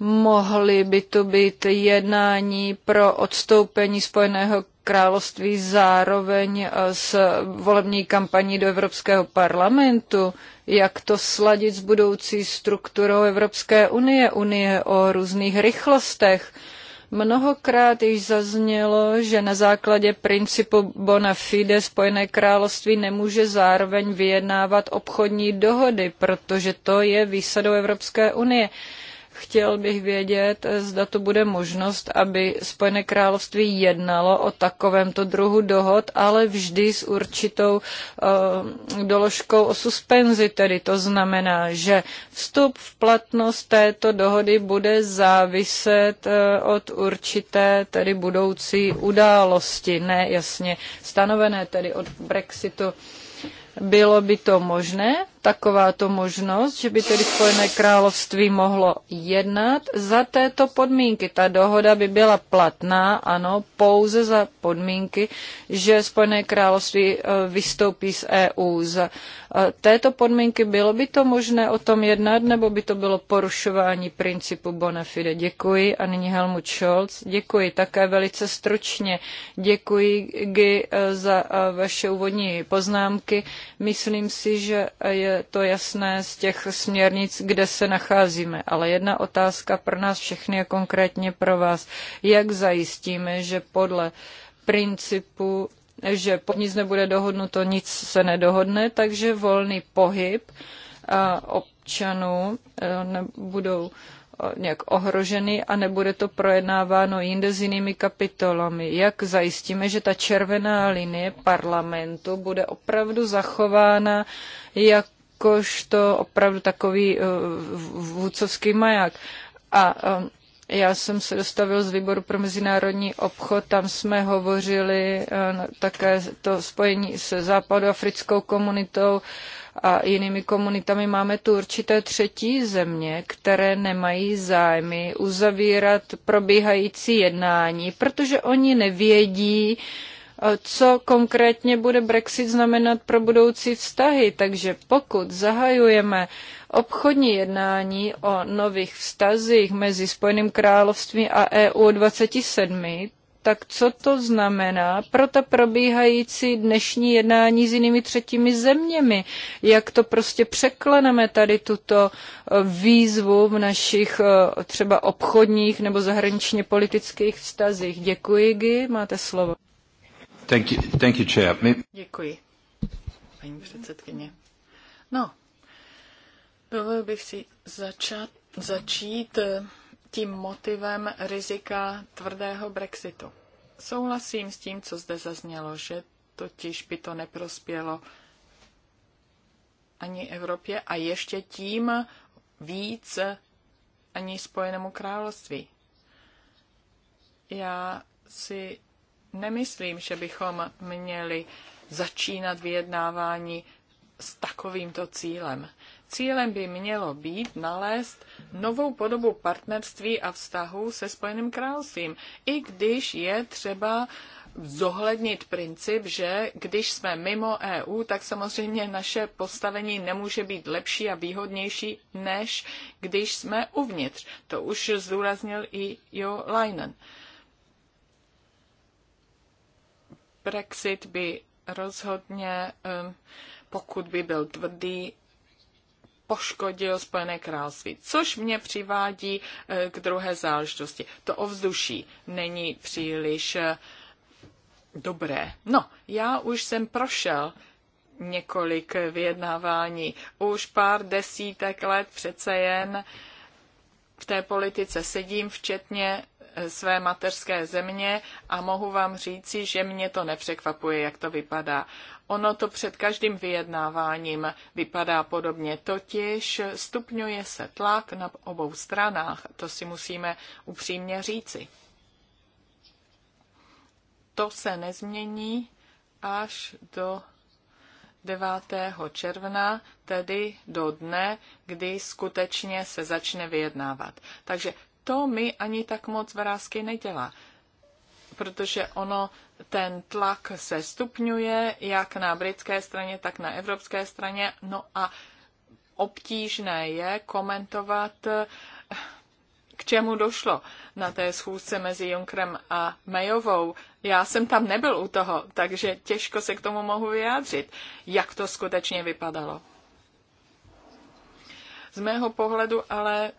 Mohly by to být jednání pro odstoupení Spojeného království zároveň eh, s volební kampaní do Evropského parlamentu, jak to sladit s budoucí strukturou Evropské unie, unie o různých rychlostech. Mnohokrát již zaznělo, že na základě principu bona fide Spojené království nemůže zároveň vyjednávat obchodní dohody, protože to je výsadou Evropské unie. Chtěl bych vědět, zda to bude možnost, aby Spojené království jednalo o takovémto druhu dohod, ale vždy s určitou uh, doložkou o suspenzi. Tedy to znamená, že vstup v platnost této dohody bude záviset uh, od určité tedy budoucí události, ne jasně stanovené tedy od Brexitu. Bylo by to možné? takováto možnost, že by tedy Spojené království mohlo jednat za této podmínky. Ta dohoda by byla platná, ano, pouze za podmínky, že Spojené království eh, vystoupí z EU. Za eh, této podmínky bylo by to možné o tom jednat, nebo by to bylo porušování principu bona fide? Děkuji. A nyní Helmut Scholz. Děkuji také velice stručně. Děkuji Gy eh, za vaše úvodní poznámky. Myslím si, že je to jasné z těch směrnic, kde se nacházíme. Ale jedna otázka pro nás všechny a konkrétně pro vás. Jak zajistíme, že podle principu že pod nic nebude dohodnuto, nic se nedohodne, takže volný pohyb občanů e, budou e, nějak ohroženy a nebude to projednáváno jinde s jinými kapitolami. Jak zajistíme, že ta červená linie parlamentu bude opravdu zachována jako jakožto opravdu takový eh, vůcovský maják. A ehm, já jsem se dostavil z výboru pro mezinárodní obchod, tam jsme hovořili eh, také to spojení se západoafrickou komunitou a jinými komunitami. Máme tu určité třetí země, které nemají zájmy uzavírat probíhající jednání, protože oni nevědí, co konkrétně bude Brexit znamenat pro budoucí vztahy. Takže pokud zahajujeme obchodní jednání o nových vztazích mezi Spojeným královstvím a EU 27, tak co to znamená pro ta probíhající dnešní jednání s jinými třetími zeměmi? Jak to prostě překleneme tady tuto e, výzvu v našich e, třeba obchodních nebo zahraničně politických vztazích? Děkuji, Gy, máte slovo. Děkuji, paní předsedkyně. No, dovolil bych si začat, začít eh, tím motivem rizika tvrdého Brexitu. Souhlasím s tím, co zde zaznělo, že totiž by to neprospělo ani Evropě a ještě tím víc eh, ani Spojenému království. Já si nemyslím, že bychom měli začínat vyjednávání s takovýmto cílem. Cílem by mělo být nalézt novou podobu partnerství a vztahu se Spojeným královstvím, i když je třeba zohlednit princip, že když jsme mimo EU, tak samozřejmě naše postavení nemůže být lepší a výhodnější, než když jsme uvnitř. To už zdůraznil i Jo Leinen. Brexit by rozhodně, pokud by byl tvrdý, poškodil Spojené království. Což mě přivádí e, k druhé záležitosti. To ovzduší není příliš e, dobré. No, já už jsem prošel několik vyjednávání. Už pár desítek let přece jen v té politice sedím, včetně své mateřské země a mohu vám říci, že mě to nepřekvapuje, jak to vypadá. Ono to před každým vyjednáváním vypadá podobně, totiž stupňuje se tlak na obou stranách, to si musíme upřímně říci. To se nezmění až do 9. června, tedy do dne, kdy skutečně se začne vyjednávat. Takže to mi ani tak moc vrázky nedělá, protože ono ten tlak se stupňuje jak na britské straně, tak na evropské straně. No a obtížné je komentovat, k čemu došlo na té schůzce mezi Junkrem a Mayovou. Já jsem tam nebyl u toho, takže těžko se k tomu mohu vyjádřit, jak to skutečně vypadalo. Z mého pohledu ale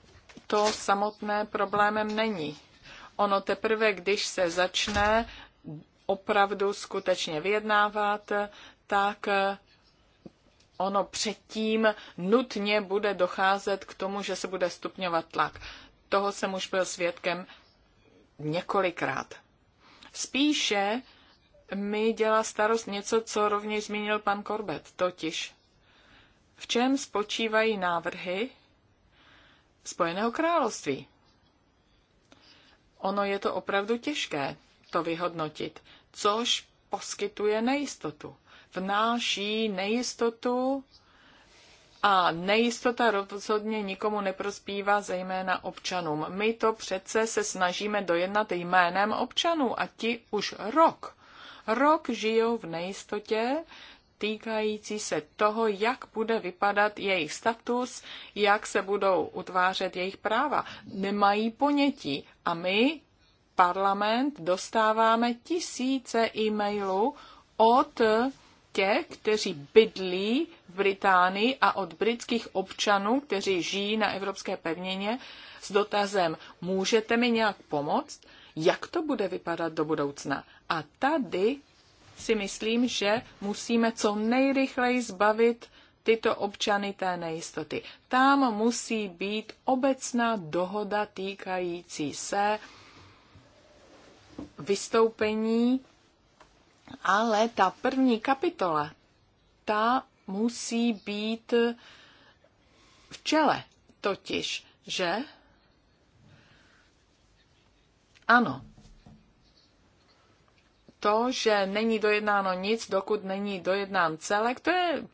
to samotné problémem není. Ono teprve, když se začne opravdu skutečně vyjednávat, tak ono předtím nutně bude docházet k tomu, že se bude stupňovat tlak. Toho jsem už byl svědkem několikrát. Spíše mi dělá starost něco, co rovněž zmínil pan Korbet, totiž v čem spočívají návrhy, Spojeného království. Ono je to opravdu těžké to vyhodnotit, což poskytuje nejistotu. Vnáší nejistotu a nejistota rozhodně nikomu neprospívá, zejména občanům. My to přece se snažíme dojednat jménem občanů a ti už rok. Rok žijou v nejistotě, týkající se toho, jak bude vypadat jejich status, jak se budou utvářet jejich práva. Nemají ponětí a my, parlament, dostáváme tisíce e-mailů od těch, kteří bydlí v Británii a od britských občanů, kteří žijí na evropské pevnině, s dotazem, můžete mi nějak pomoct? Jak to bude vypadat do budoucna? A tady si myslím, že musíme co nejrychleji zbavit tyto občany té nejistoty. Tam musí být obecná dohoda týkající se vystoupení, ale ta první kapitola, ta musí být v čele, totiž, že? Ano, to, že není dojednáno nic, dokud není dojednán celek, to je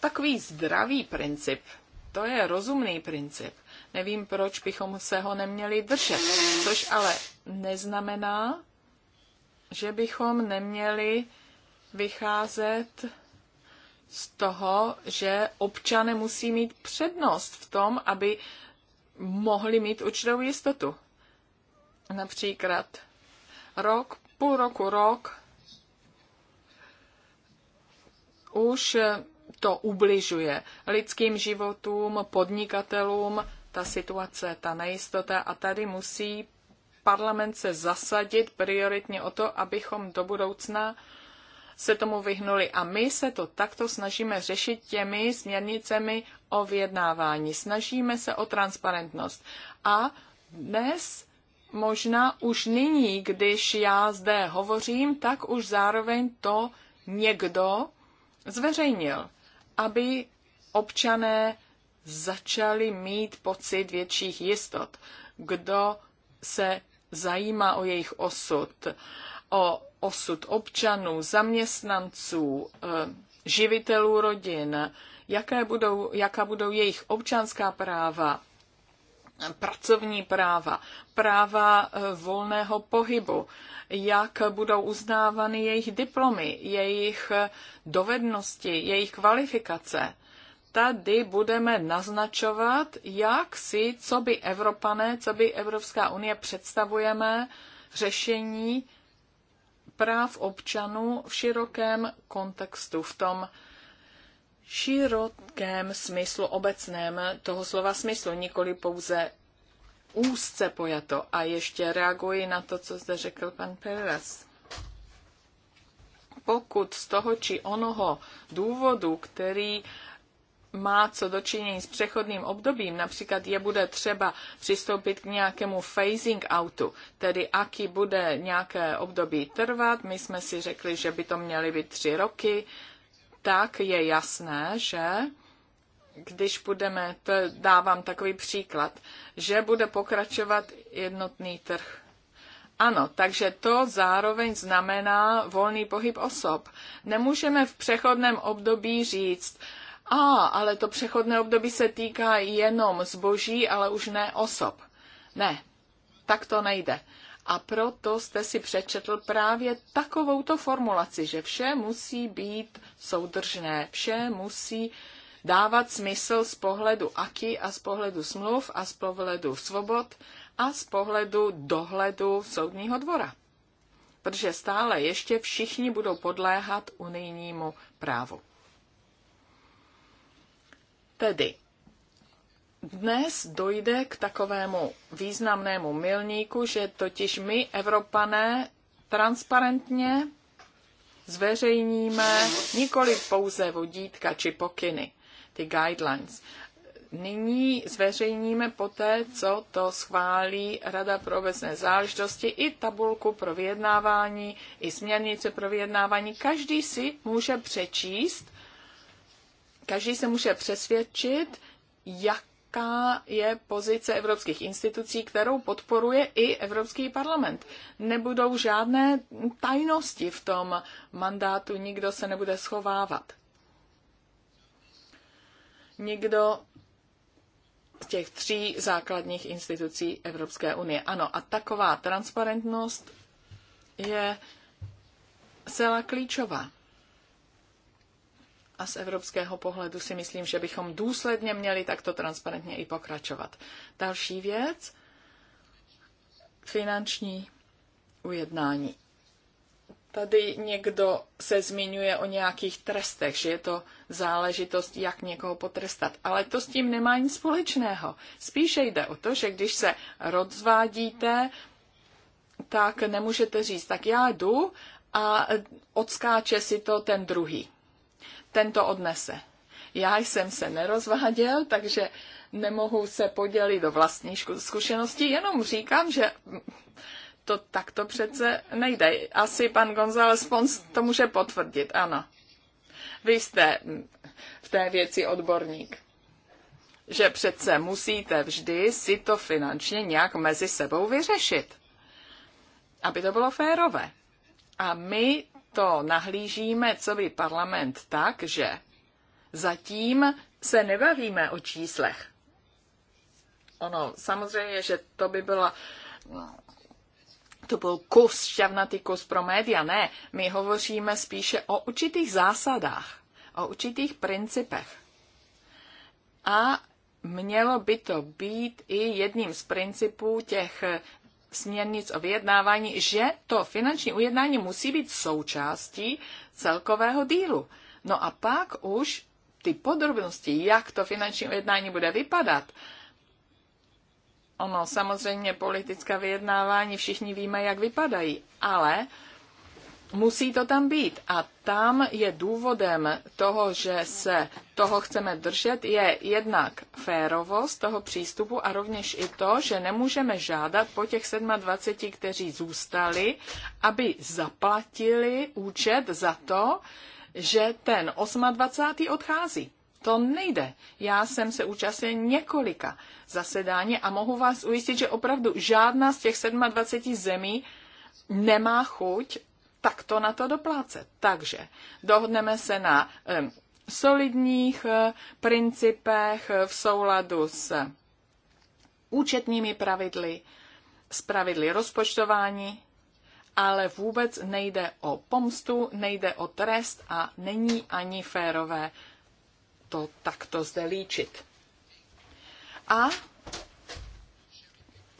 takový zdravý princip. To je rozumný princip. Nevím, proč bychom se ho neměli držet. Což ale neznamená, že bychom neměli vycházet z toho, že občané musí mít přednost v tom, aby mohli mít určitou jistotu. Například rok půl roku, rok už to ubližuje lidským životům, podnikatelům, ta situace, ta nejistota a tady musí parlament se zasadit prioritně o to, abychom do budoucna se tomu vyhnuli. A my se to takto snažíme řešit těmi směrnicemi o vyjednávání. Snažíme se o transparentnost. A dnes možná už nyní, když já zde hovořím, tak už zároveň to někdo zveřejnil, aby občané začali mít pocit větších jistot. Kdo se zajímá o jejich osud, o osud občanů, zaměstnanců, eh, živitelů rodin, jaké budou, jaká budou jejich občanská práva, pracovní práva, práva eh, volného pohybu, jak budou uznávány jejich diplomy, jejich eh, dovednosti, jejich kvalifikace. Tady budeme naznačovat, jak si, co by Evropané, co by Evropská unie představujeme, řešení práv občanů v širokém kontextu, v tom širokém smyslu, obecném toho slova smyslu, nikoli pouze úzce pojato. A ještě reaguji na to, co zde řekl pan Perez. Pokud z toho či onoho důvodu, který má co dočinění s přechodným obdobím, například je bude třeba přistoupit k nějakému phasing outu, tedy aký bude nějaké období trvat. My jsme si řekli, že by to měly být tři roky, tak je jasné, že když budeme, to dávám takový příklad, že bude pokračovat jednotný trh. Ano, takže to zároveň znamená volný pohyb osob. Nemůžeme v přechodném období říct, a, ale to přechodné období se týká jenom zboží, ale už ne osob. Ne, tak to nejde. A proto jste si přečetl právě takovouto formulaci, že vše musí být soudržné, vše musí dávat smysl z pohledu aky a z pohledu smluv a z pohledu svobod a z pohledu dohledu soudního dvora. Protože stále ještě všichni budou podléhat unijnímu právu. Tedy dnes dojde k takovému významnému milníku, že totiž my, Evropané, transparentně zveřejníme nikoli pouze vodítka či pokyny, ty guidelines. Nyní zveřejníme poté, co to schválí Rada pro obecné záležitosti, i tabulku pro vyjednávání, i směrnice pro vyjednávání. Každý si může přečíst, každý se může přesvědčit, jak jaká je pozice evropských institucí, kterou podporuje i Evropský parlament. Nebudou žádné tajnosti v tom mandátu, nikdo se nebude schovávat. Nikdo z těch tří základních institucí Evropské unie. Ano, a taková transparentnost je celá klíčová a z evropského pohledu si myslím, že bychom důsledně měli takto transparentně i pokračovat. Další věc, finanční ujednání. Tady někdo se zmiňuje o nějakých trestech, že je to záležitost, jak někoho potrestat. Ale to s tím nemá nic společného. Spíše jde o to, že když se rozvádíte, tak nemůžete říct, tak já jdu a odskáče si to ten druhý tento odnese. Já jsem se nerozváděl, takže nemohu se podělit do vlastní zkušenosti, jenom říkám, že to takto přece nejde. Asi pan González Pons to může potvrdit, ano. Vy jste v té věci odborník. Že přece musíte vždy si to finančně nějak mezi sebou vyřešit. Aby to bylo férové. A my to nahlížíme, co by parlament tak, že zatím se nebavíme o číslech. Ono, samozřejmě, že to by byla to byl kus, šťavnatý kus pro média. Ne, my hovoříme spíše o určitých zásadách, o určitých principech. A mělo by to být i jedním z principů těch směrnic o vyjednávání, že to finanční ujednání musí být součástí celkového dílu. No a pak už ty podrobnosti, jak to finanční ujednání bude vypadat, Ono samozřejmě politická vyjednávání všichni víme, jak vypadají, ale Musí to tam být. A tam je důvodem toho, že se toho chceme držet, je jednak férovost toho přístupu a rovněž i to, že nemůžeme žádat po těch 27, kteří zůstali, aby zaplatili účet za to, že ten 28. odchází. To nejde. Já jsem se účastnil několika zasedání a mohu vás ujistit, že opravdu žádná z těch 27 zemí nemá chuť tak to na to doplácet. Takže dohodneme se na solidních eh, principech eh, v souladu s účetními pravidly, s pravidly rozpočtování, ale vůbec nejde o pomstu, nejde o trest a není ani férové to takto zde líčit. A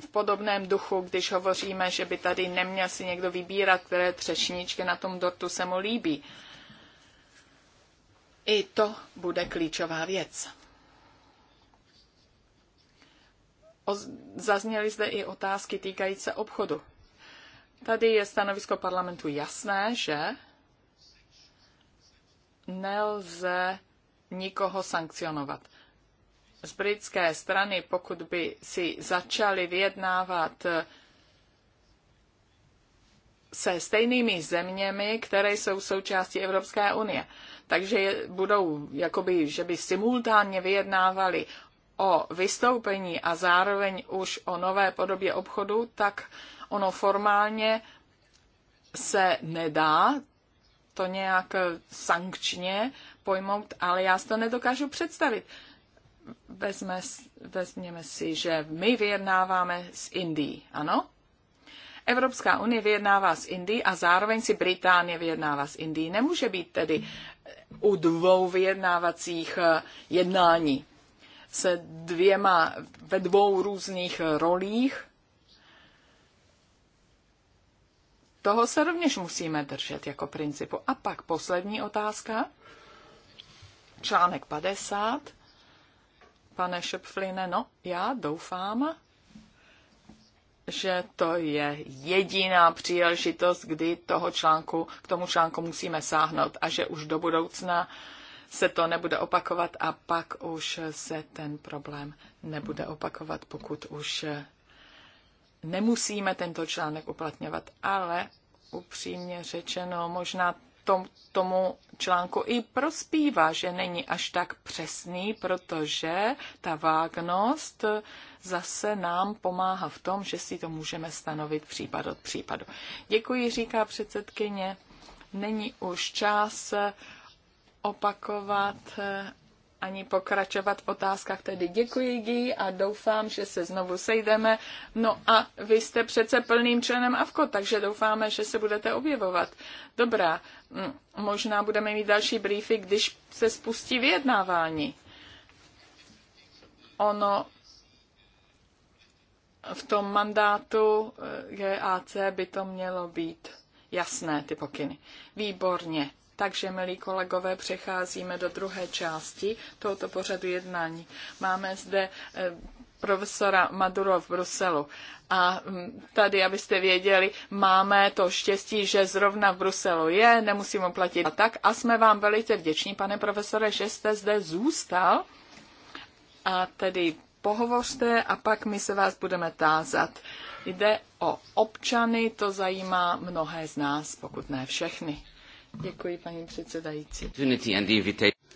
v podobném duchu, když hovoříme, že by tady neměl si někdo vybírat, které třešničky na tom dortu se mu líbí. I to bude klíčová věc. Zazněly zde i otázky týkající se obchodu. Tady je stanovisko parlamentu jasné, že nelze nikoho sankcionovat z britské strany, pokud by si začali vyjednávat eh, se stejnými zeměmi, které jsou součástí Evropské unie. Takže budou, jakoby, že by simultánně vyjednávali o vystoupení a zároveň už o nové podobě obchodu, tak ono formálně se nedá to nějak sankčně pojmout, ale já si to nedokážu představit. Vezme, vezměme si, že my vyjednáváme s Indií, ano? Evropská unie vyjednává s Indií a zároveň si Británie vyjednává s Indií. Nemůže být tedy eh, u dvou vyjednávacích eh, jednání se dvěma, ve dvou různých eh, rolích. Toho se rovněž musíme držet jako principu. A pak poslední otázka. Článek 50 pane Šepfline. No, já doufám, že to je jediná příležitost, kdy toho článku, k tomu článku musíme sáhnout a že už do budoucna se to nebude opakovat a pak už se ten problém nebude opakovat, pokud už nemusíme tento článek uplatňovat. Ale upřímně řečeno, možná tom, tomu článku i prospívá, že není až tak přesný, protože ta vágnost zase nám pomáhá v tom, že si to můžeme stanovit případ od případu. Děkuji, říká předsedkyně. Není už čas opakovat ani pokračovat v otázkách. Tedy děkuji Gý a doufám, že se znovu sejdeme. No a vy jste přece plným členem AVKO, takže doufáme, že se budete objevovat. Dobrá, možná budeme mít další briefy, když se spustí vyjednávání. Ono v tom mandátu eh, GAC by to mělo být jasné, ty pokyny. Výborně. Takže, milí kolegové, přecházíme do druhé části tohoto pořadu jednání. Máme zde eh, profesora Maduro v Bruselu. A hm, tady, abyste věděli, máme to štěstí, že zrovna v Bruselu je, nemusíme platit a tak. A jsme vám velice vděční, pane profesore, že jste zde zůstal. A tedy pohovořte a pak my se vás budeme tázat. Jde o občany, to zajímá mnohé z nás, pokud ne všechny. Děkuji, paní předsedající.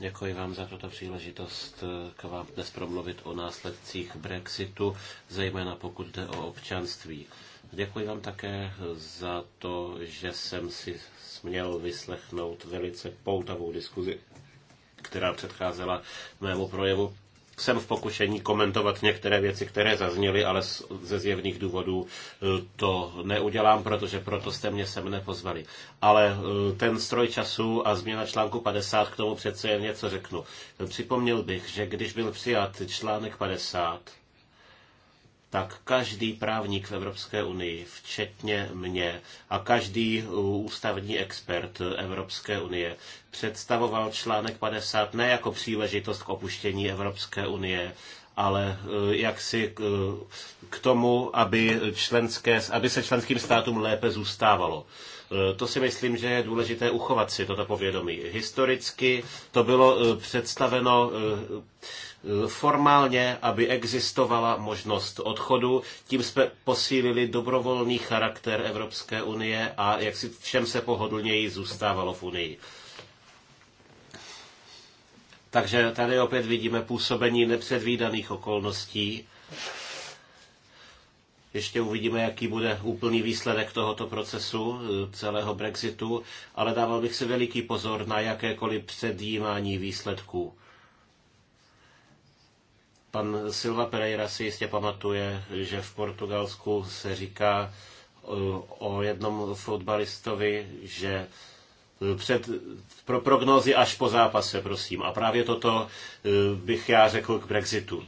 Děkuji vám za tuto příležitost k vám dnes promluvit o následcích Brexitu, zejména pokud jde o občanství. Děkuji vám také za to, že jsem si směl vyslechnout velice poutavou diskuzi, která předcházela mému projevu jsem v pokušení komentovat některé věci, které zazněly, ale ze zjevných důvodů e, to neudělám, protože proto jste mě sem nepozvali. Ale e, ten stroj času a změna článku 50, k tomu přece jen něco řeknu. Připomněl bych, že když byl přijat článek 50, tak každý právník v Evropské unii, včetně mě, a každý ústavní expert Evropské unie představoval článek 50 ne jako příležitost k opuštění Evropské unie, ale eh, jak si eh, k tomu, aby, členské, aby se členským státům lépe zůstávalo. Eh, to si myslím, že je důležité uchovat si toto povědomí. Historicky to bylo představeno formálně, aby existovala možnost odchodu. Tím jsme posílili dobrovolný charakter Evropské unie a jak si všem se pohodlněji zůstávalo v unii. Takže tady opět vidíme působení nepředvídaných okolností. Ještě uvidíme, jaký bude úplný výsledek tohoto procesu, eh, celého Brexitu, ale dával bych si veliký pozor na jakékoliv předjímání výsledků. Pan Silva Pereira si jistě pamatuje, že v Portugalsku se říká eh, o jednom fotbalistovi, že eh, před, pro prognózy až po zápase, prosím. A právě toto eh, bych já řekl k Brexitu.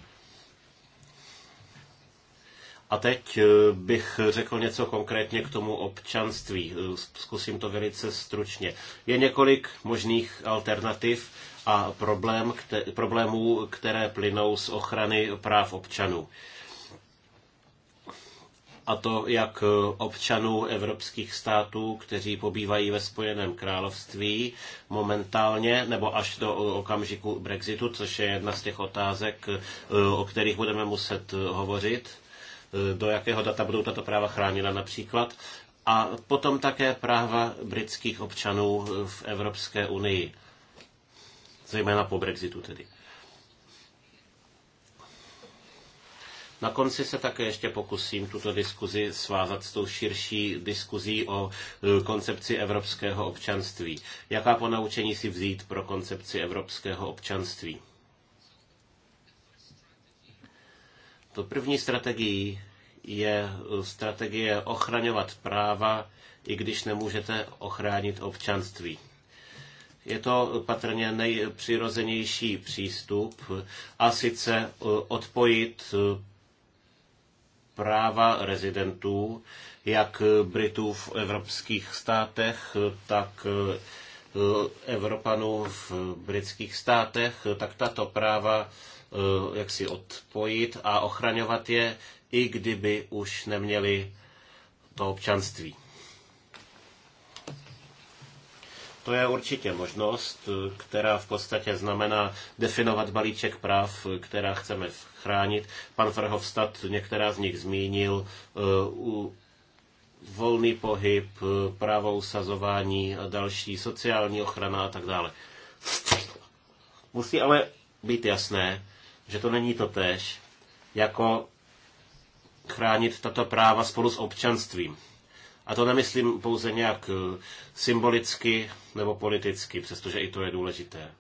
A teď bych řekl něco konkrétně k tomu občanství. Zkusím to velice stručně. Je několik možných alternativ a problém, kte, problémů, které plynou z ochrany práv občanů. A to jak občanů evropských států, kteří pobývají ve Spojeném království momentálně, nebo až do okamžiku Brexitu, což je jedna z těch otázek, o kterých budeme muset hovořit, do jakého data budou tato práva chráněna například, a potom také práva britských občanů v Evropské unii zejména po Brexitu tedy. Na konci se také ještě pokusím tuto diskuzi svázat s tou širší diskuzí o e, koncepci evropského občanství. Jaká ponaučení si vzít pro koncepci evropského občanství? To první strategií je e, strategie ochraňovat práva, i když nemůžete ochránit občanství. Je to patrně nejpřirozenější přístup a sice e, odpojit e, práva rezidentů, jak Britů v evropských státech, tak e, Evropanů v britských státech, tak tato práva jak si odpojit a ochraňovat je, i kdyby už neměli to občanství. To je určitě možnost, která v podstatě znamená definovat balíček práv, která chceme chránit. Pan Verhofstadt některá z nich zmínil. Eh, volný pohyb, eh, právo usazování a další, sociální ochrana a tak dále. Musí ale být jasné, že to není to tež, jako chránit tato práva spolu s občanstvím. A to nemyslím pouze nějak eh, symbolicky nebo politicky, přestože i to je důležité.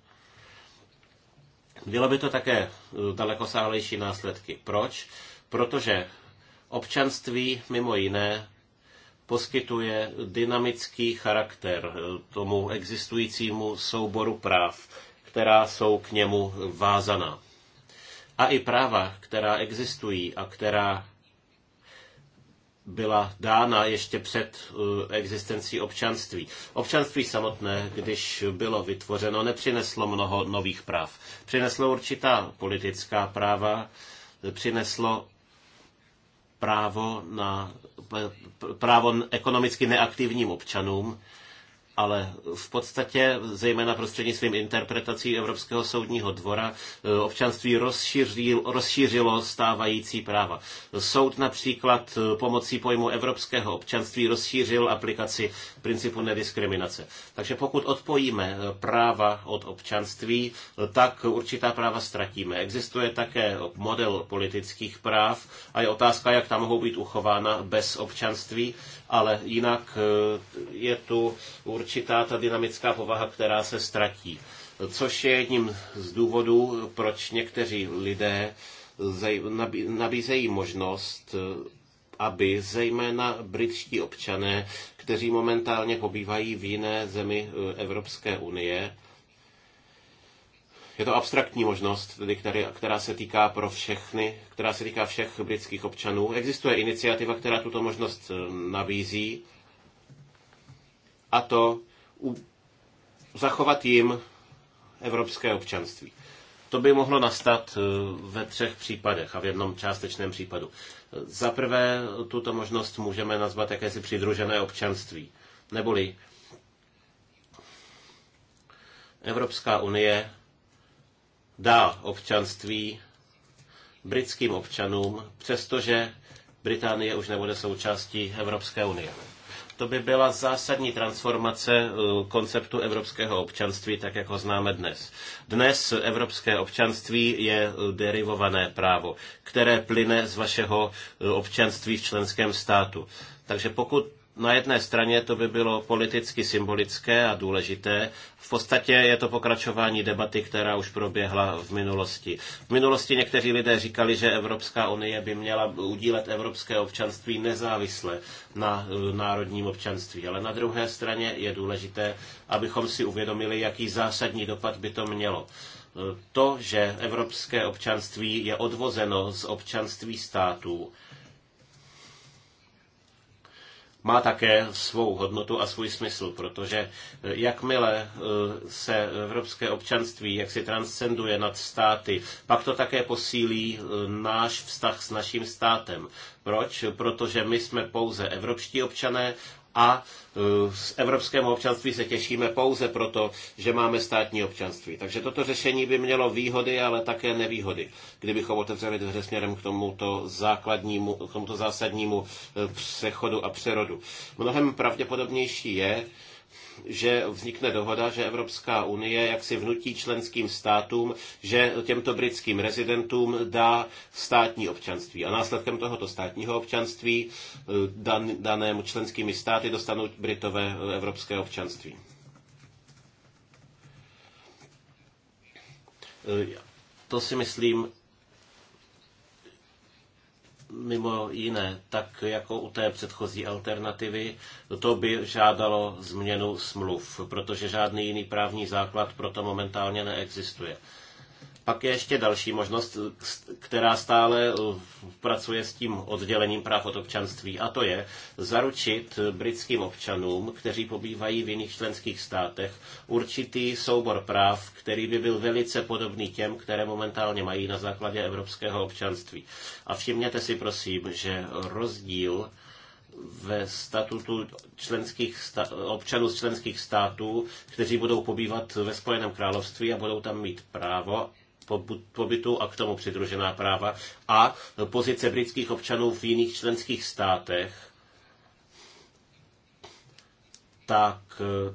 Mělo by to také eh, dalekosáhlejší následky. Proč? Protože občanství mimo jiné poskytuje dynamický charakter eh, tomu existujícímu souboru práv, která jsou k němu vázaná. A i práva, která existují a která byla dána ještě před uh, existencí občanství. Občanství samotné, když bylo vytvořeno, nepřineslo mnoho nových práv. Přineslo určitá politická práva, přineslo právo na právo ekonomicky neaktivním občanům, ale v podstatě, zejména prostřednictvím interpretací Evropského soudního dvora, eh, občanství rozšířil, rozšířilo stávající práva. Soud například eh, pomocí pojmu evropského občanství rozšířil aplikaci principu nediskriminace. Takže pokud odpojíme eh, práva od občanství, tak určitá práva ztratíme. Existuje také model politických práv a je otázka, jak tam mohou být uchována bez občanství, ale jinak je tu určitá určitá ta dynamická povaha, která se ztratí. Což je jedním z důvodů, proč někteří lidé nabízejí možnost, aby zejména britští občané, kteří momentálně pobývají v jiné zemi eh, Evropské unie, je to abstraktní možnost, tedy který, která se týká pro všechny, která se týká všech britských občanů. Existuje iniciativa, která tuto možnost eh, nabízí a to zachovat jim evropské občanství. To by mohlo nastat eh, ve třech případech a v jednom částečném případu. Za prvé, tuto možnost můžeme nazvat jakési přidružené občanství, neboli Evropská unie dá občanství britským občanům, přestože Británie už nebude součástí Evropské unie. To by byla zásadní transformace eh, konceptu evropského občanství, tak jak ho známe dnes. Dnes evropské občanství je eh, derivované právo, které plyne z vašeho eh, občanství v členském státu. Takže pokud na jedné straně to by bylo politicky symbolické a důležité. V podstatě je to pokračování debaty, která už proběhla v minulosti. V minulosti někteří lidé říkali, že Evropská unie by měla udílet evropské občanství nezávisle na e, národním občanství. Ale na druhé straně je důležité, abychom si uvědomili, jaký zásadní dopad by to mělo e, to, že evropské občanství je odvozeno z občanství států, má také svou hodnotu a svůj smysl, protože eh, jakmile eh, se evropské občanství jak si transcenduje nad státy, pak to také posílí eh, náš vztah s naším státem. Proč? Protože my jsme pouze evropští občané a z e, evropského občanství se těšíme pouze proto, že máme státní občanství. Takže toto řešení by mělo výhody, ale také nevýhody, kdybychom otevřeli dveře směrem k tomuto základnímu, k tomuto zásadnímu e, přechodu a přerodu. Mnohem pravděpodobnější je, že vznikne dohoda, že Evropská unie jak si vnutí členským státům, že těmto britským rezidentům dá státní občanství. A následkem tohoto státního občanství eh, dan, danému členskými státy dostanou Britové eh, evropské občanství. Eh, to si myslím, mimo jiné, tak jako u té předchozí alternativy, to by žádalo změnu smluv, protože žádný jiný právní základ proto momentálně neexistuje. Pak je ještě další možnost, která stále eh, pracuje s tím oddělením práv od občanství, a to je zaručit britským občanům, kteří pobývají v jiných členských státech, určitý soubor práv, který by byl velice podobný těm, které momentálně mají na základě evropského občanství. A všimněte si prosím, že rozdíl ve statutu členských sta- občanů z členských států, kteří budou pobývat ve Spojeném království a budou tam mít právo pobytu a k tomu přidružená práva a pozice britských občanů v jiných členských státech, tak eh,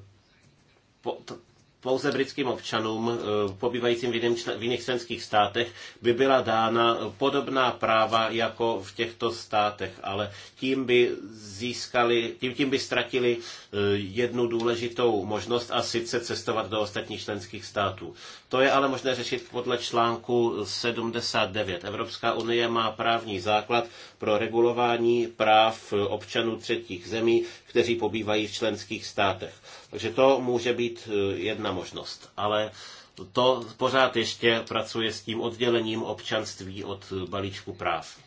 pouze britským občanům eh, pobývajícím v, jiných členských státech by byla dána podobná práva jako v těchto státech, ale tím by získali, tím, tím by ztratili eh, jednu důležitou možnost a sice cestovat do ostatních členských států. To je ale možné řešit podle článku 79. Evropská unie má právní základ pro regulování práv občanů třetích zemí, kteří pobývají v členských státech. Takže to může být e, jedna možnost. Ale to pořád ještě pracuje s tím oddělením občanství od e, balíčku práv.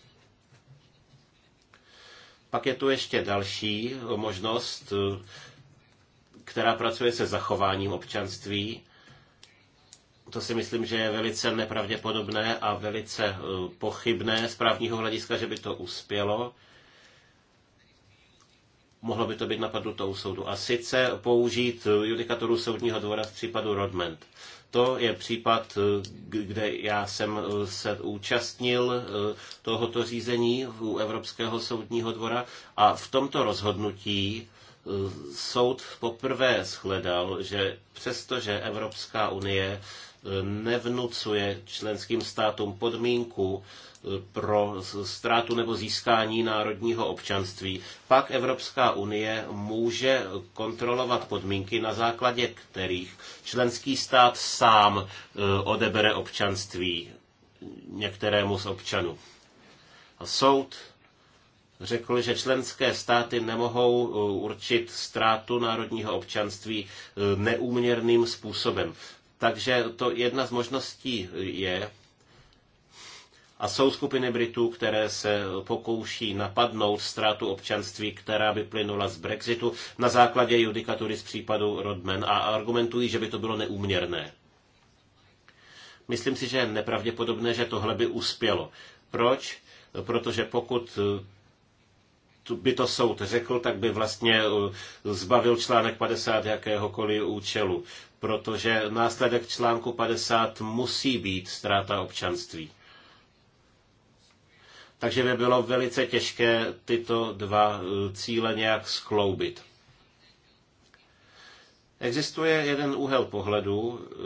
Pak je tu ještě další možnost, e, která pracuje se zachováním občanství. To si myslím, že je velice nepravděpodobné a velice pochybné z právního hlediska, že by to uspělo mohlo by to být napadnutou soudu. A sice použít judikaturu soudního dvora v případu Rodment. To je případ, kde já jsem se účastnil eh, tohoto řízení u Evropského soudního dvora a v tomto rozhodnutí eh, soud poprvé shledal, že přestože Evropská unie nevnucuje členským státům podmínku eh, pro ztrátu nebo získání národního občanství, pak Evropská unie může kontrolovat podmínky, na základě kterých členský stát sám eh, odebere občanství některému z občanů. A soud řekl, že členské státy nemohou eh, určit ztrátu národního občanství neúměrným způsobem. Takže to jedna z možností je, a jsou skupiny Britů, které se pokouší napadnout ztrátu občanství, která by plynula z Brexitu na základě judikatury z případu Rodman a argumentují, že by to bylo neúměrné. Myslím si, že je nepravděpodobné, že tohle by uspělo. Proč? Protože pokud by to soud řekl, tak by vlastně eh, zbavil článek 50 jakéhokoliv účelu protože následek článku 50 musí být ztráta občanství. Takže by bylo velice těžké tyto dva eh, cíle nějak skloubit. Existuje jeden úhel pohledu, eh,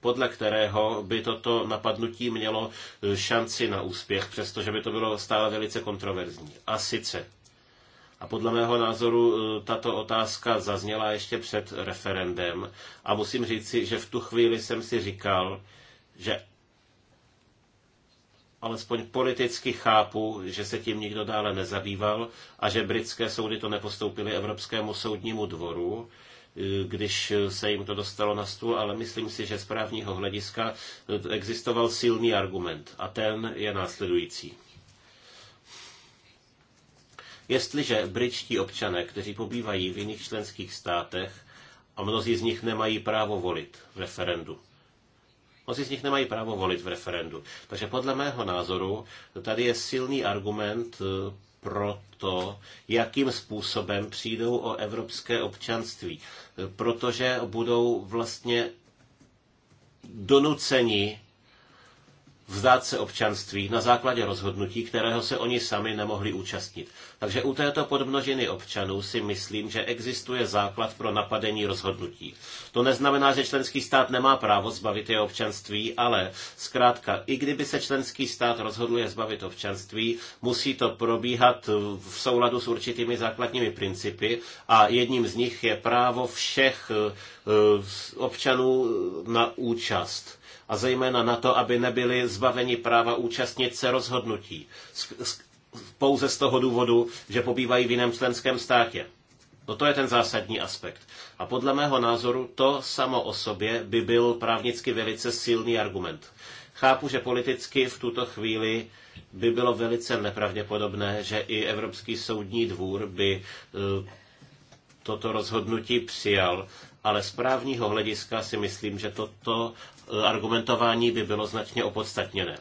podle kterého by toto napadnutí mělo eh, šanci na úspěch, přestože by to bylo stále velice kontroverzní. A sice a podle mého názoru e, tato otázka zazněla ještě před referendem. A musím říci, že v tu chvíli jsem si říkal, že alespoň politicky chápu, že se tím nikdo dále nezabýval a že britské soudy to nepostoupily Evropskému soudnímu dvoru, e, když se jim to dostalo na stůl, ale myslím si, že z právního hlediska e, existoval silný argument a ten je následující. Jestliže britští občané, kteří pobývají v jiných členských státech, a mnozí z nich nemají právo volit v referendu. Mnozí z nich nemají právo volit v referendu. Takže podle mého názoru tady je silný argument eh, pro to, jakým způsobem přijdou o evropské občanství. Eh, protože budou vlastně donuceni vzdát se občanství na základě rozhodnutí, kterého se oni sami nemohli účastnit. Takže u této podmnožiny občanů si myslím, že existuje základ pro napadení rozhodnutí. To neznamená, že členský stát nemá právo zbavit je občanství, ale zkrátka, i kdyby se členský stát rozhodl je zbavit občanství, musí to probíhat v souladu s určitými základními principy a jedním z nich je právo všech eh, eh, občanů na účast a zejména na to, aby nebyli zbaveni práva účastnit se rozhodnutí. pouze z toho důvodu, že pobývají v jiném členském státě. No to je ten zásadní aspekt. A podle mého názoru to samo o sobě by byl právnicky velice silný argument. Chápu, že politicky v tuto chvíli by bylo velice nepravděpodobné, že i Evropský soudní dvůr by e, toto rozhodnutí přijal, ale z právního hlediska si myslím, že toto Eh, argumentování by bylo značně opodstatněné.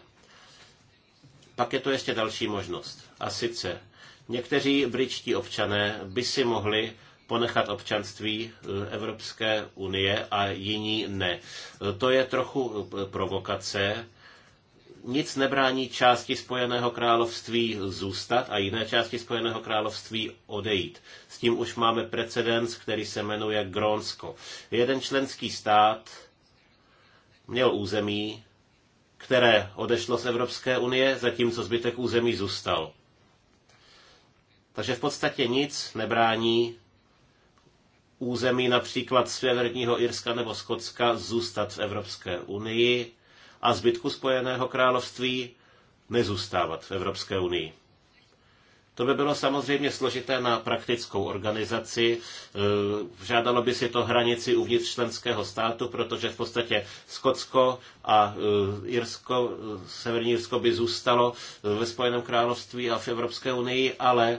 Pak je to ještě další možnost. A sice někteří britští občané by si mohli ponechat občanství eh, Evropské unie a jiní ne. Eh, to je trochu provokace. Nic nebrání části Spojeného království zůstat a jiné části Spojeného království odejít. S tím už máme precedens, který se jmenuje Grónsko. Jeden členský stát měl území, které odešlo z Evropské unie, zatímco zbytek území zůstal. Takže v podstatě nic nebrání území například Severního Irska nebo Skotska zůstat v Evropské unii a zbytku Spojeného království nezůstávat v Evropské unii. To by bylo samozřejmě složité na praktickou organizaci. E, žádalo by si to hranici uvnitř členského státu, protože v podstatě Skotsko a e, Irsko, e, Severní Irsko by zůstalo ve Spojeném království a v Evropské unii, ale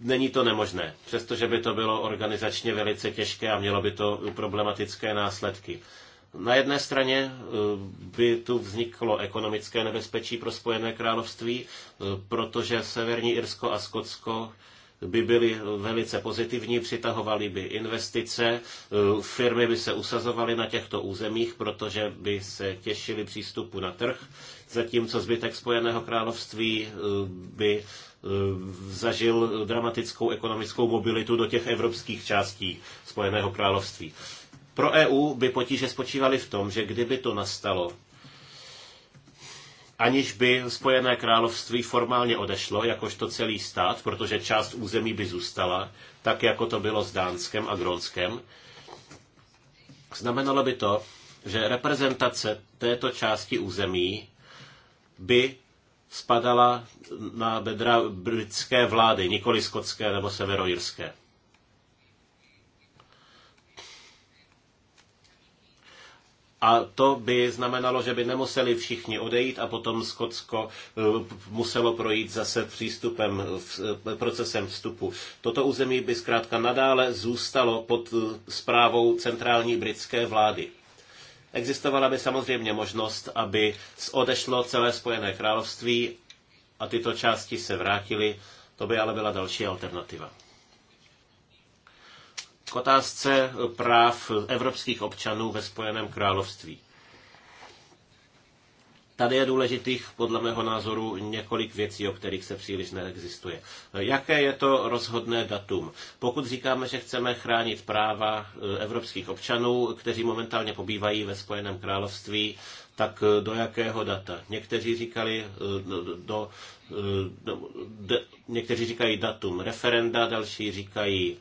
není to nemožné, přestože by to bylo organizačně velice těžké a mělo by to problematické následky. Na jedné straně eh, by tu vzniklo ekonomické nebezpečí pro Spojené království, eh, protože Severní Irsko a Skotsko by byly eh, velice pozitivní, přitahovaly by investice, firmy by se usazovaly na těchto územích, protože by se těšily přístupu na trh, zatímco zbytek Spojeného království by zažil dramatickou ekonomickou mobilitu do těch evropských částí Spojeného království. Pro EU by potíže spočívaly v tom, že kdyby to nastalo, aniž by Spojené království formálně odešlo, jakožto celý stát, protože část území by zůstala, tak jako to bylo s Dánskem a Grónskem, znamenalo by to, že reprezentace této části území by spadala na bedra britské vlády, nikoli skotské nebo severoirské. A to by znamenalo, že by nemuseli všichni odejít a potom Skotsko eh, muselo projít zase přístupem, eh, procesem vstupu. Toto území by zkrátka nadále zůstalo pod zprávou eh, centrální britské vlády. Existovala by samozřejmě možnost, aby odešlo celé Spojené království a tyto části se vrátily. To by ale byla další alternativa k otázce práv evropských občanů ve Spojeném království. Tady je důležitých, podle mého názoru, několik věcí, o kterých se příliš neexistuje. Jaké je to rozhodné datum? Pokud říkáme, že chceme chránit práva evropských občanů, kteří momentálně pobývají ve Spojeném království, tak do jakého data? Někteří říkali do, do, do, někteří říkají datum referenda, další říkají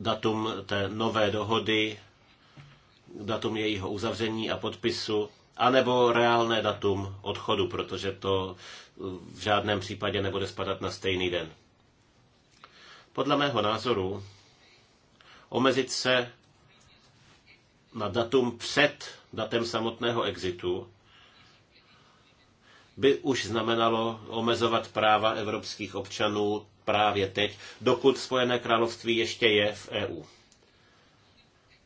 datum té nové dohody, datum jejího uzavření a podpisu, anebo reálné datum odchodu, protože to eh, v žádném případě nebude spadat na stejný den. Podle mého názoru omezit se na datum před datem samotného exitu by už znamenalo omezovat práva evropských občanů právě teď, dokud Spojené království ještě je v EU.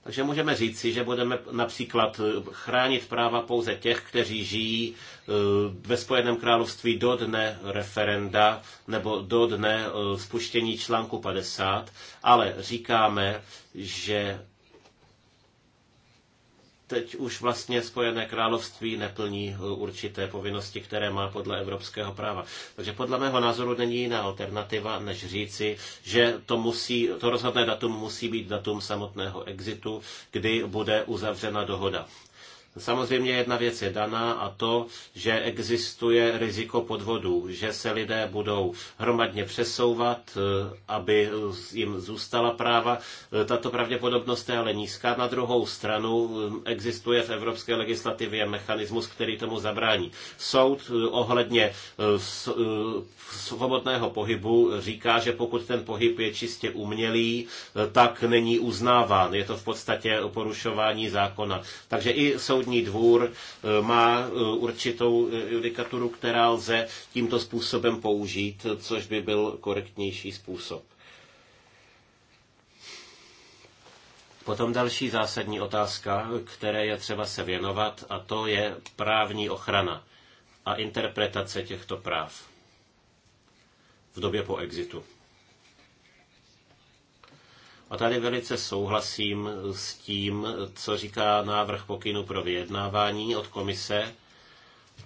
Takže můžeme říci, že budeme například chránit práva pouze těch, kteří žijí eh, ve Spojeném království do dne referenda nebo do dne eh, spuštění článku 50, ale říkáme, že teď už vlastně Spojené království neplní eh, určité povinnosti, které má podle evropského práva. Takže podle mého názoru není jiná alternativa, než říci, že to, musí, to rozhodné datum musí být datum samotného exitu, kdy bude uzavřena dohoda. Samozřejmě jedna věc je daná a to, že existuje riziko podvodů, že se lidé budou hromadně přesouvat, eh, aby eh, jim zůstala práva. Eh, tato pravděpodobnost je ale nízká. Na druhou stranu existuje v evropské legislativě mechanismus, který tomu zabrání. Soud ohledně svobodného pohybu říká, že pokud ten pohyb je čistě umělý, tak není uznáván. Je to v podstatě porušování zákona. Takže i soud soudní dvůr eh, má eh, určitou eh, judikaturu, která lze tímto způsobem použít, což by byl korektnější způsob. Potom další zásadní otázka, které je třeba se věnovat, a to je právní ochrana a interpretace těchto práv v době po exitu. A tady velice souhlasím s tím, co říká návrh pokynu pro vyjednávání od komise.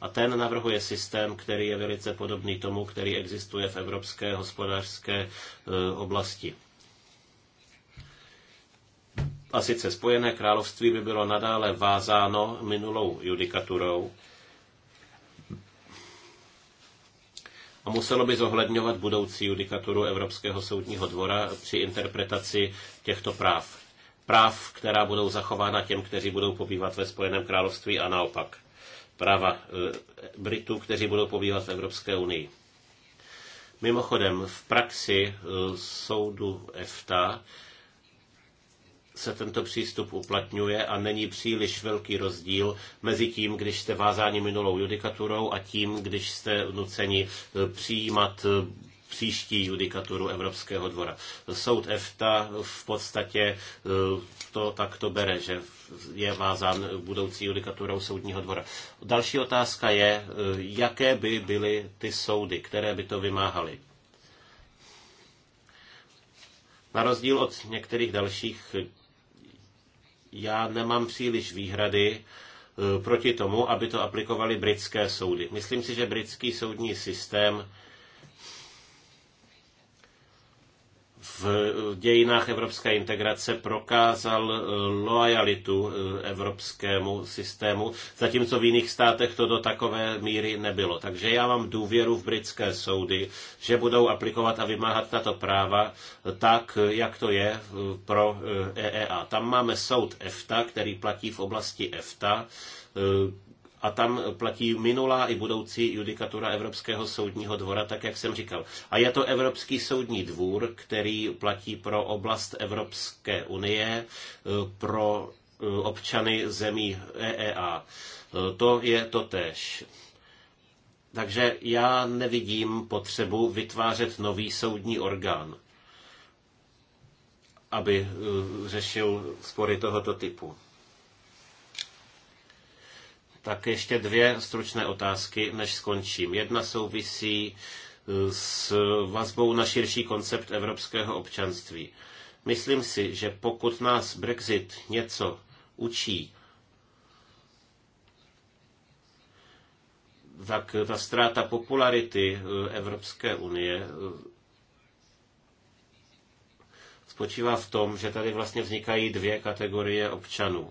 A ten navrhuje systém, který je velice podobný tomu, který existuje v evropské hospodářské eh, oblasti. A sice Spojené království by bylo nadále vázáno minulou judikaturou, a muselo by zohledňovat budoucí judikaturu Evropského soudního dvora při interpretaci těchto práv. Práv, která budou zachována těm, kteří budou pobývat ve Spojeném království a naopak. Práva eh, Britů, kteří budou pobývat v Evropské unii. Mimochodem, v praxi eh, soudu EFTA se tento přístup uplatňuje a není příliš velký rozdíl mezi tím, když jste vázáni minulou judikaturou a tím, když jste nuceni eh, přijímat eh, příští judikaturu Evropského dvora. Soud EFTA v podstatě eh, to takto bere, že je vázán budoucí judikaturou soudního dvora. Další otázka je, jaké by byly ty soudy, které by to vymáhaly. Na rozdíl od některých dalších já nemám příliš výhrady e, proti tomu, aby to aplikovali britské soudy. Myslím si, že britský soudní systém v dějinách evropské integrace prokázal eh, loajalitu eh, evropskému systému, zatímco v jiných státech to do takové míry nebylo. Takže já mám důvěru v britské soudy, že budou aplikovat a vymáhat tato práva tak, jak to je eh, pro EEA. E Tam máme soud EFTA, který platí v oblasti EFTA, a tam platí minulá i budoucí judikatura Evropského soudního dvora, tak jak jsem říkal. A je to Evropský soudní dvůr, který platí pro oblast Evropské unie, eh, pro eh, občany zemí EEA. Eh, to je to tež. Takže já nevidím potřebu vytvářet nový soudní orgán, aby řešil spory tohoto typu. Tak ještě dvě stručné otázky, než skončím. Jedna souvisí eh, s vazbou na širší koncept evropského občanství. Myslím si, že pokud nás Brexit něco učí, tak ta ztráta popularity eh, Evropské unie eh, spočívá v tom, že tady vlastně vznikají dvě kategorie občanů.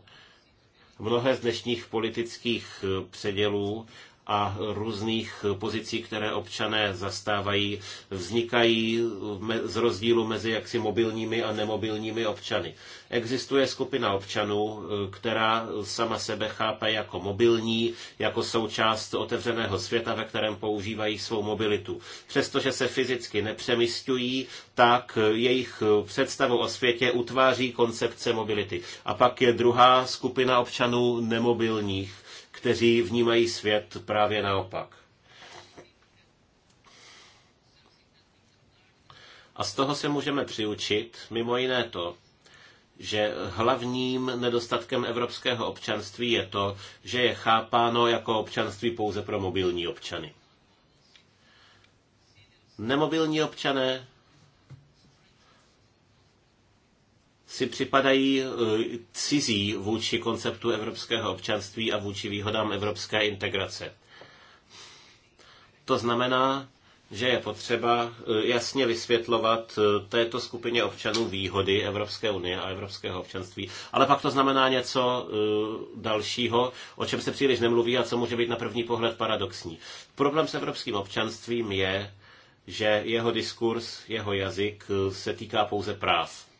Mnohé z dnešních politických eh, předělů a různých pozicí, které občané zastávají, vznikají z rozdílu mezi jaksi mobilními a nemobilními občany. Existuje skupina občanů, která sama sebe chápe jako mobilní, jako součást otevřeného světa, ve kterém používají svou mobilitu. Přestože se fyzicky nepřemysťují, tak jejich představu o světě utváří koncepce mobility. A pak je druhá skupina občanů nemobilních, kteří vnímají svět právě naopak. A z toho se můžeme přiučit, mimo jiné to, že hlavním nedostatkem evropského občanství je to, že je chápáno jako občanství pouze pro mobilní občany. Nemobilní občané si připadají e, cizí vůči konceptu evropského občanství a vůči výhodám evropské integrace. To znamená, že je potřeba e, jasně vysvětlovat e, této skupině občanů výhody Evropské unie a evropského občanství. Ale pak to znamená něco dalšího, o čem se příliš nemluví a co může být na první pohled paradoxní. Problém s evropským občanstvím je, že jeho diskurs, jeho jazyk se týká pouze práv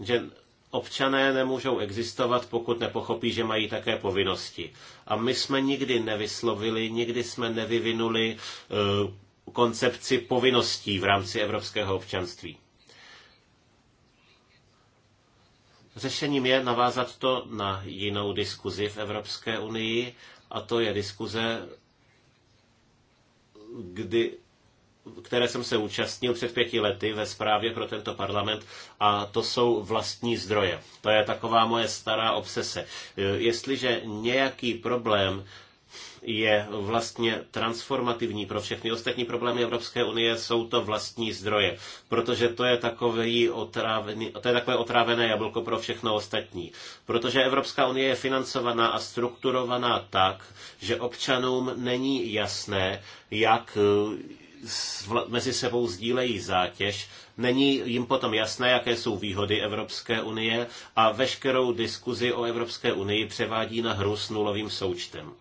že občané nemůžou existovat, pokud nepochopí, že mají také povinnosti. A my jsme nikdy nevyslovili, nikdy jsme nevyvinuli e, koncepci povinností v rámci evropského občanství. Řešením je navázat to na jinou diskuzi v Evropské unii, a to je diskuze, kdy které jsem se účastnil před pěti lety ve zprávě pro tento parlament a to jsou vlastní zdroje. To je taková moje stará obsese. E, jestliže nějaký problém je vlastně transformativní pro všechny ostatní problémy Evropské unie, jsou to vlastní zdroje, protože to je, otrávený, to je takové otrávené jablko pro všechno ostatní. Protože Evropská unie je financovaná a strukturovaná tak, že občanům není jasné, jak mezi sebou sdílejí zátěž, není jim potom jasné, jaké jsou výhody Evropské unie a veškerou diskuzi o Evropské unii převádí na hru s nulovým součtem.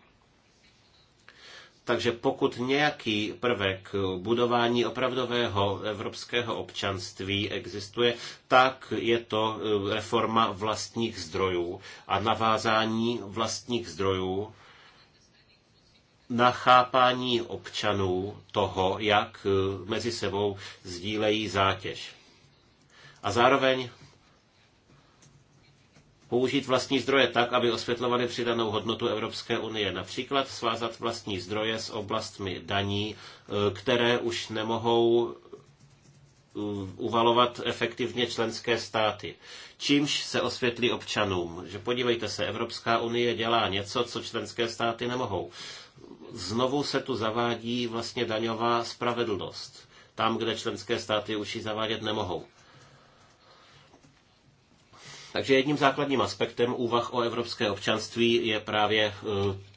Takže pokud nějaký prvek budování opravdového evropského občanství existuje, tak je to eh, reforma vlastních zdrojů a navázání vlastních zdrojů na chápání občanů toho, jak eh, mezi sebou sdílejí zátěž. A zároveň použít vlastní zdroje tak, aby osvětlovali přidanou hodnotu Evropské unie. Například svázat vlastní zdroje s oblastmi daní, eh, které už nemohou eh, uvalovat efektivně členské státy. Čímž se osvětlí občanům, že podívejte se, Evropská unie dělá něco, co členské státy nemohou znovu se tu zavádí vlastně daňová spravedlnost, tam, kde členské státy už ji zavádět nemohou. Takže jedním základním aspektem úvah o evropské občanství je právě e,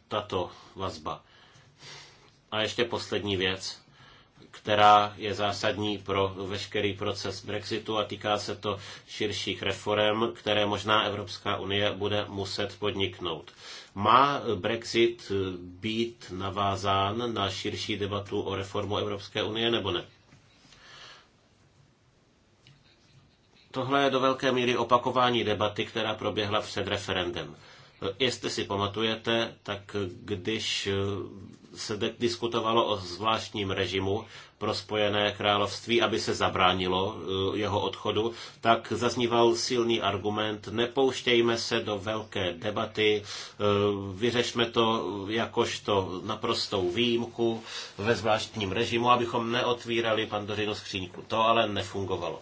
tato vazba. A ještě poslední věc, která je zásadní pro veškerý proces Brexitu a týká se to širších reform, které možná Evropská unie bude muset podniknout. Má eh, Brexit eh, být navázán na širší debatu o reformu Evropské unie nebo ne? Tohle je do velké míry opakování debaty, která proběhla před referendem. Eh, Jestli si pamatujete, tak když se diskutovalo o zvláštním režimu pro Spojené království, aby se zabránilo eh, jeho odchodu, tak zazníval silný argument, nepouštějme se do velké debaty, eh, vyřešme to jakožto naprostou výjimku ve zvláštním režimu, abychom neotvírali pandořinu skříňku. To ale nefungovalo.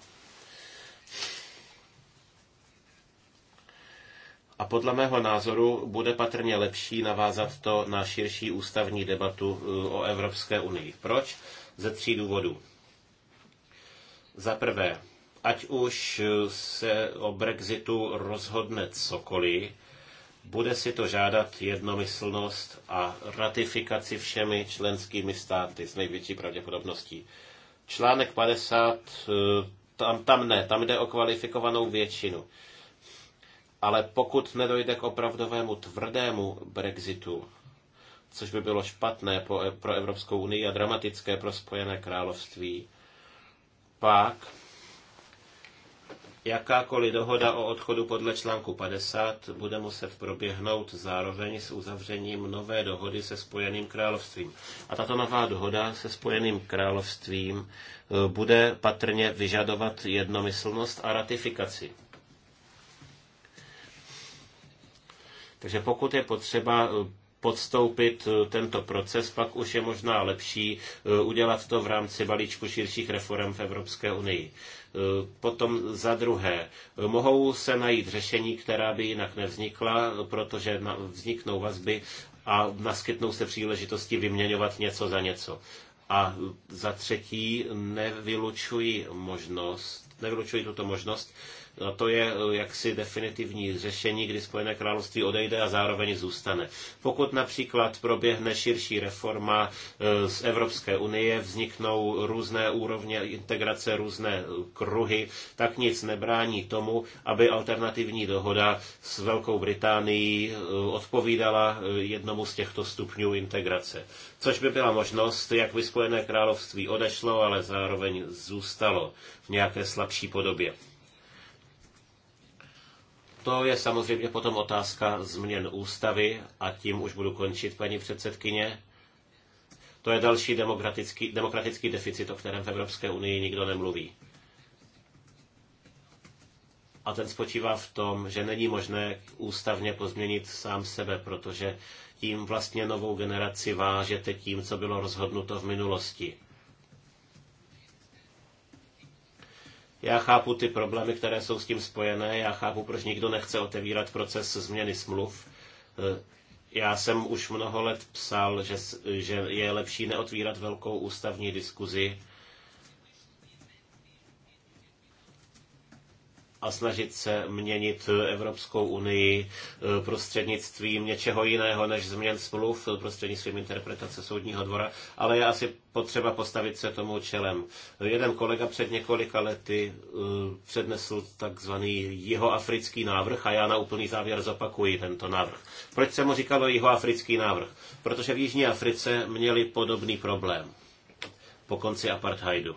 A podle mého názoru bude patrně lepší navázat to na širší ústavní debatu uh, o Evropské unii. Proč? Ze tří důvodů. Za prvé, ať už uh, se o Brexitu rozhodne cokoliv, bude si to žádat jednomyslnost a ratifikaci všemi členskými státy s největší pravděpodobností. Článek 50, uh, tam, tam ne, tam jde o kvalifikovanou většinu ale pokud nedojde k opravdovému tvrdému Brexitu, což by bylo špatné e- pro Evropskou unii a dramatické pro Spojené království, pak jakákoliv dohoda o odchodu podle článku 50 bude muset proběhnout zároveň s uzavřením nové dohody se Spojeným královstvím. A tato nová dohoda se Spojeným královstvím e, bude patrně vyžadovat jednomyslnost a ratifikaci. Takže pokud je potřeba eh, podstoupit eh, tento proces, pak už je možná lepší eh, udělat to v rámci balíčku širších reform v Evropské unii. Potom za druhé, mohou se najít řešení, která by jinak nevznikla, protože vzniknou vazby a naskytnou se příležitosti vyměňovat něco za něco. A za třetí, nevylučuji možnost, nevylučuji tuto možnost, to je eh, jaksi definitivní řešení, kdy Spojené království odejde a zároveň zůstane. Pokud například proběhne širší reforma eh, z Evropské unie, vzniknou různé úrovně integrace, různé eh, kruhy, tak nic nebrání tomu, aby alternativní dohoda s Velkou Británií odpovídala jednomu z těchto stupňů integrace. Což by byla možnost, jak by Spojené království odešlo, ale zároveň zůstalo v nějaké slabší podobě. To je samozřejmě potom otázka změn ústavy a tím už budu končit, paní předsedkyně. To je další demokratický, demokratický deficit, o kterém v Evropské unii nikdo nemluví. A ten spočívá v tom, že není možné ústavně pozměnit sám sebe, protože tím vlastně novou generaci vážete tím, co bylo rozhodnuto v minulosti. Já chápu ty problémy, které jsou s tím spojené, já chápu, proč nikdo nechce otevírat proces změny smluv. Eh, já jsem už mnoho let psal, že, že je lepší neotvírat velkou ústavní diskuzi, a snažit se měnit Evropskou unii eh, prostřednictvím něčeho jiného než změn smluv, eh, prostřednictvím interpretace soudního dvora, ale je asi potřeba postavit se tomu čelem. Jeden kolega před několika lety eh, přednesl takzvaný jihoafrický návrh a já na úplný závěr zopakuji tento návrh. Proč se mu říkalo jihoafrický návrh? Protože v Jižní Africe měli podobný problém po konci apartheidu.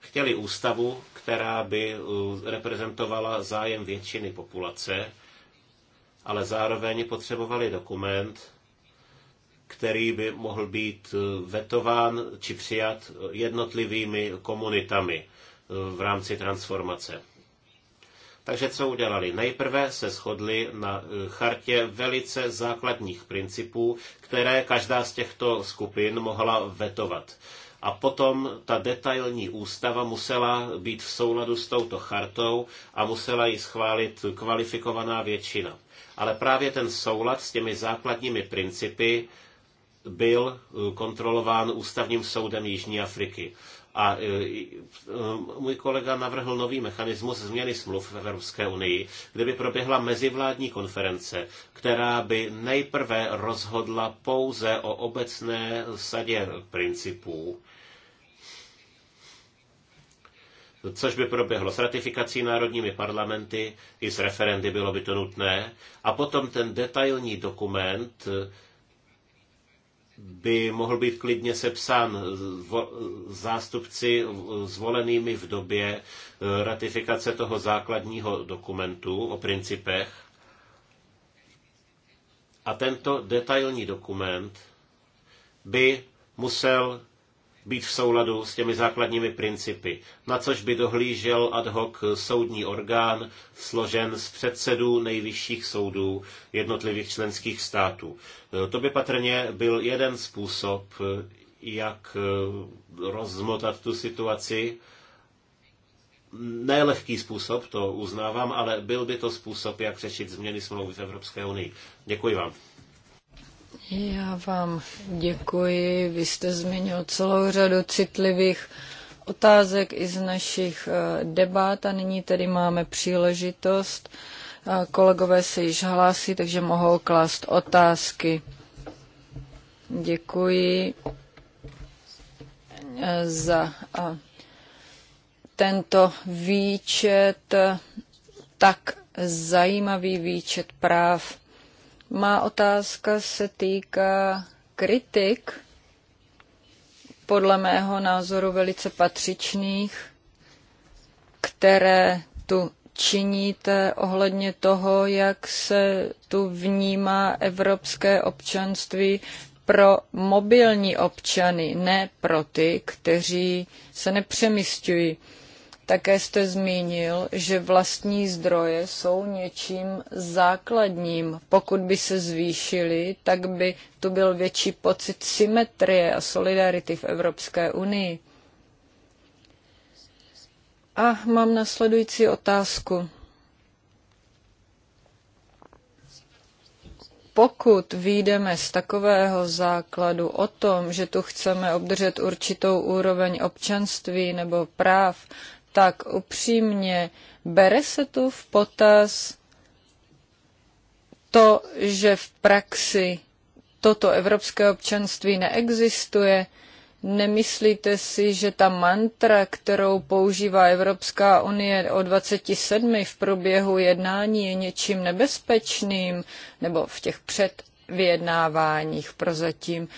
Chtěli ústavu, která by reprezentovala zájem většiny populace, ale zároveň potřebovali dokument, který by mohl být e, vetován či přijat jednotlivými komunitami e, v rámci transformace. Takže co udělali? Nejprve se shodli na e, chartě velice základních principů, které každá z těchto skupin mohla vetovat a potom ta detailní ústava musela být v souladu s touto chartou a musela ji schválit kvalifikovaná většina. Ale právě ten soulad s těmi základními principy byl eh, kontrolován ústavním soudem Jižní Afriky. A eh, eh, můj kolega navrhl nový mechanismus změny smluv v Evropské unii, kde by proběhla mezivládní konference, která by nejprve rozhodla pouze o obecné sadě principů což by proběhlo s ratifikací národními parlamenty, i s referendy bylo by to nutné. A potom ten detailní dokument eh, by mohl být klidně sepsán zástupci zvolenými v době eh, ratifikace toho základního dokumentu o principech. A tento detailní dokument by musel být v souladu s těmi základními principy, na což by dohlížel ad hoc soudní orgán složen z předsedů nejvyšších soudů jednotlivých členských států. E, to by patrně byl jeden způsob, e, jak e, rozmotat tu situaci. Nelehký způsob, to uznávám, ale byl by to způsob, jak řešit změny smlouvy v Evropské unii. Děkuji vám. Já vám děkuji. Vy jste zmínil celou řadu citlivých otázek i z našich eh, debat a nyní tedy máme příležitost. Eh, kolegové se již hlásí, takže mohou klást otázky. Děkuji eh, za tento výčet, tak zajímavý výčet práv. Má otázka se týká kritik, podle mého názoru velice patřičných, které tu činíte ohledně toho, jak se tu vnímá evropské občanství pro mobilní občany, ne pro ty, kteří se nepřemysťují. Také jste zmínil, že vlastní zdroje jsou něčím základním. Pokud by se zvýšily, tak by tu byl větší pocit symetrie a solidarity v Evropské unii. A mám nasledující otázku. pokud výjdeme z takového základu o tom, že tu chceme obdržet určitou úroveň občanství nebo práv, tak upřímně, bere se tu v potaz to, že v praxi toto evropské občanství neexistuje? Nemyslíte si, že ta mantra, kterou používá Evropská unie o 27 v průběhu jednání, je něčím nebezpečným nebo v těch předvyjednáváních prozatím.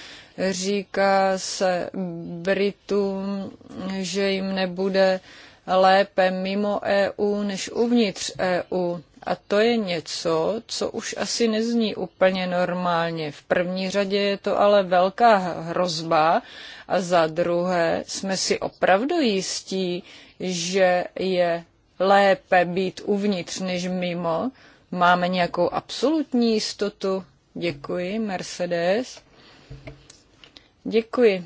Říká se Britům, že jim nebude uh, lépe mimo EU než uvnitř EU. A to je něco, co už asi nezní úplně normálně. V první řadě je to ale velká hrozba a za druhé jsme si opravdu jistí, že je lépe být uvnitř než mimo. Máme nějakou absolutní jistotu. Děkuji, Mercedes. Děkuji.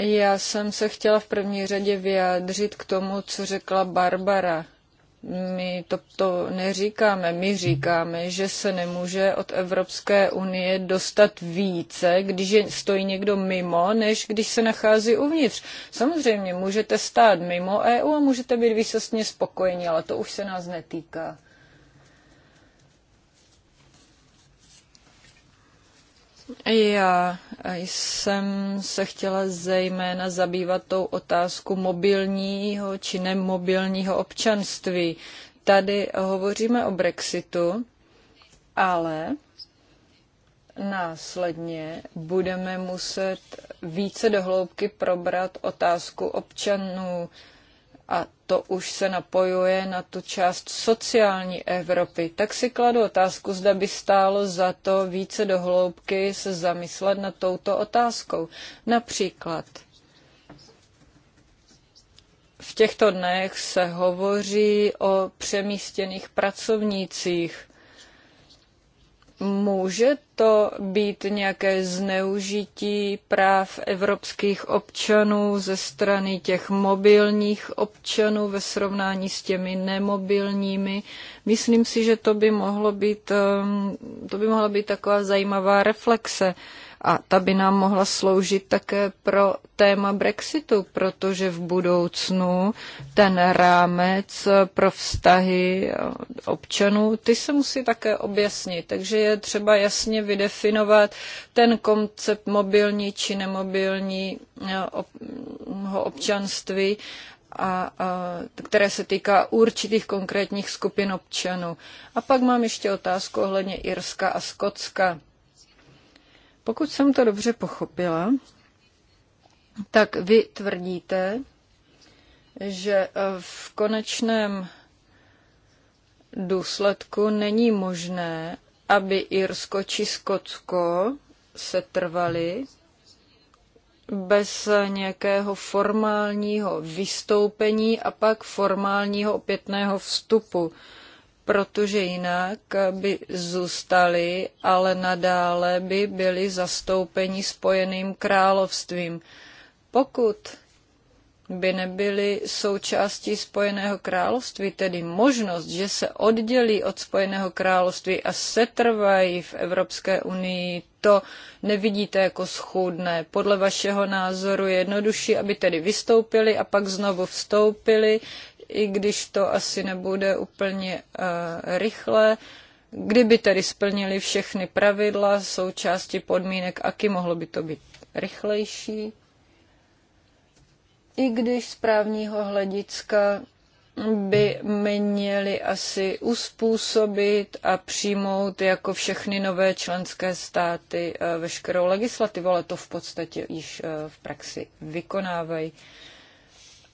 Já jsem se chtěla v první řadě vyjádřit k tomu, co řekla Barbara. My to, to neříkáme, my říkáme, že se nemůže od Evropské unie dostat více, když je, stojí někdo mimo, než když se nachází uvnitř. Samozřejmě můžete stát mimo EU a můžete být výsostně spokojeni, ale to už se nás netýká. Já jsem se chtěla zejména zabývat tou otázku mobilního či nemobilního občanství. Tady hovoříme o Brexitu, ale následně budeme muset více dohloubky probrat otázku občanů to už se napojuje na tu část sociální Evropy, tak si kladu otázku, zda by stálo za to více dohloubky se zamyslet nad touto otázkou. Například v těchto dnech se hovoří o přemístěných pracovnících Může to být nějaké zneužití práv evropských občanů ze strany těch mobilních občanů ve srovnání s těmi nemobilními? Myslím si, že to by, mohlo být, ehm, to by mohla být taková zajímavá reflexe. A ta by nám mohla sloužit také pro téma Brexitu, protože v budoucnu ten rámec pro vztahy občanů, ty se musí také objasnit. Takže je třeba jasně vydefinovat ten koncept mobilní či nemobilní eh, občanství a, a, které se týká určitých konkrétních skupin občanů. A pak mám ještě otázku ohledně Irska a Skotska. Pokud jsem to dobře pochopila, tak vy tvrdíte, že v konečném důsledku není možné, aby Irsko či Skotsko se trvali bez nějakého formálního vystoupení a pak formálního opětného vstupu protože jinak by zůstali, ale nadále by byli zastoupeni spojeným královstvím. Pokud by nebyly součástí Spojeného království, tedy možnost, že se oddělí od Spojeného království a setrvají v Evropské unii, to nevidíte jako schůdné. Podle vašeho názoru je jednodušší, aby tedy vystoupili a pak znovu vstoupili, i když to asi nebude úplně eh, rychle. Kdyby tedy splnili všechny pravidla, součásti podmínek AKI, mohlo by to být rychlejší. I když z právního hlediska by měli asi uspůsobit a přijmout jako všechny nové členské státy eh, veškerou legislativu, ale to v podstatě již eh, v praxi vykonávají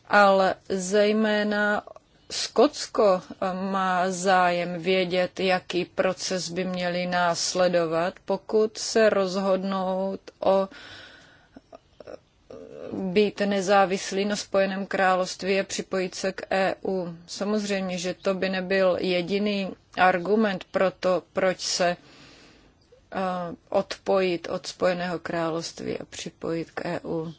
ale zejména Skotsko eh, má zájem vědět, jaký proces by měli následovat, pokud se rozhodnout o eh, být nezávislý na Spojeném království a připojit se k EU. Samozřejmě, že to by nebyl jediný argument pro to, proč se eh, odpojit od Spojeného království a připojit k EU.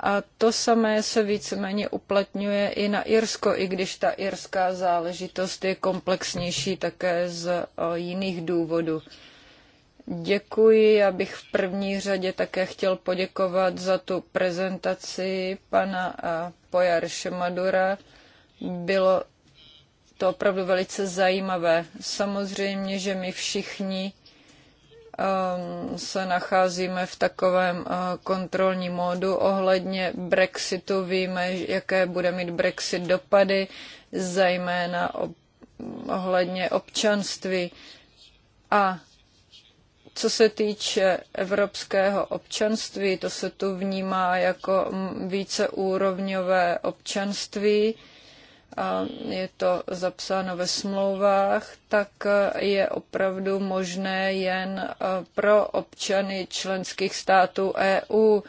A to samé se víceméně uplatňuje i na Irsko, i když ta irská záležitost je komplexnější také z jiných důvodů. Děkuji, já bych v první řadě také chtěl poděkovat za tu prezentaci pana Pojar Madura. Bylo to opravdu velice zajímavé. Samozřejmě, že my všichni Ehm, se nacházíme v takovém eh, kontrolním módu ohledně Brexitu. Víme, jaké bude mít Brexit dopady, zejména ohledně občanství. A co se týče evropského občanství, to se tu vnímá jako víceúrovňové občanství a je to zapsáno ve smlouvách, tak je opravdu možné jen pro občany členských států EU.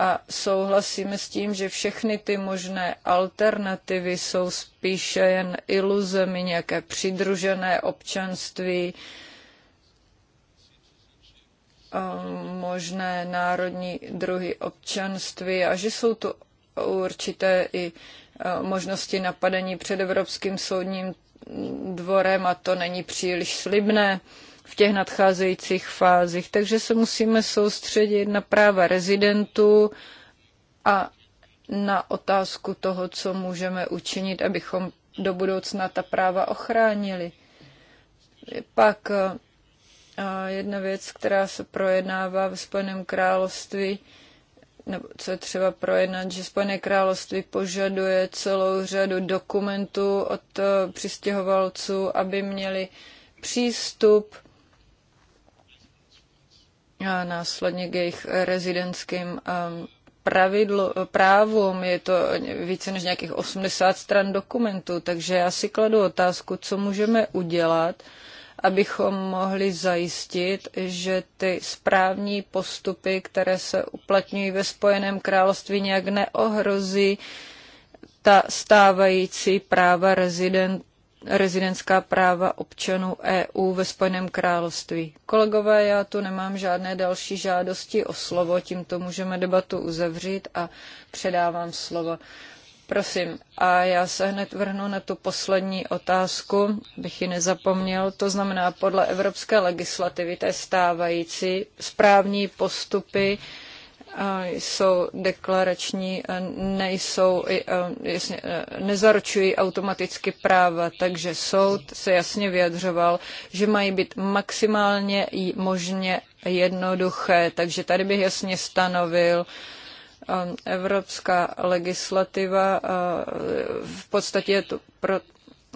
A souhlasíme s tím, že všechny ty možné alternativy jsou spíše jen iluzemi, nějaké přidružené občanství, možné národní druhy občanství a že jsou tu určité i Eh, možnosti napadení před Evropským soudním dvorem a to není příliš slibné v těch nadcházejících fázích. Takže se musíme soustředit na práva rezidentů a na otázku toho, co můžeme učinit, abychom do budoucna ta práva ochránili. Pak eh, eh, jedna věc, která se projednává ve Spojeném království, nebo co je třeba projednat, že Spojené království požaduje celou řadu dokumentů od eh, přistěhovalců, aby měli přístup a následně k jejich rezidentským ehm, pravidlo, právům. Je to více než nějakých 80 stran dokumentů, takže já si kladu otázku, co můžeme udělat, abychom mohli zajistit, že ty správní postupy, které se uplatňují ve Spojeném království, nějak neohrozí ta stávající práva rezident, rezidentská práva občanů EU ve Spojeném království. Kolegové, já tu nemám žádné další žádosti o slovo, tímto můžeme debatu uzavřít a předávám slovo Prosím, a já se hned vrhnu na tu poslední otázku, bych ji nezapomněl. To znamená, podle evropské legislativy, té stávající, správní postupy jsou deklarační, nejsou, jasně, nezaručují automaticky práva, takže soud se jasně vyjadřoval, že mají být maximálně možně jednoduché, takže tady bych jasně stanovil, Ehm, evropská legislativa ehm, v podstatě je to pro,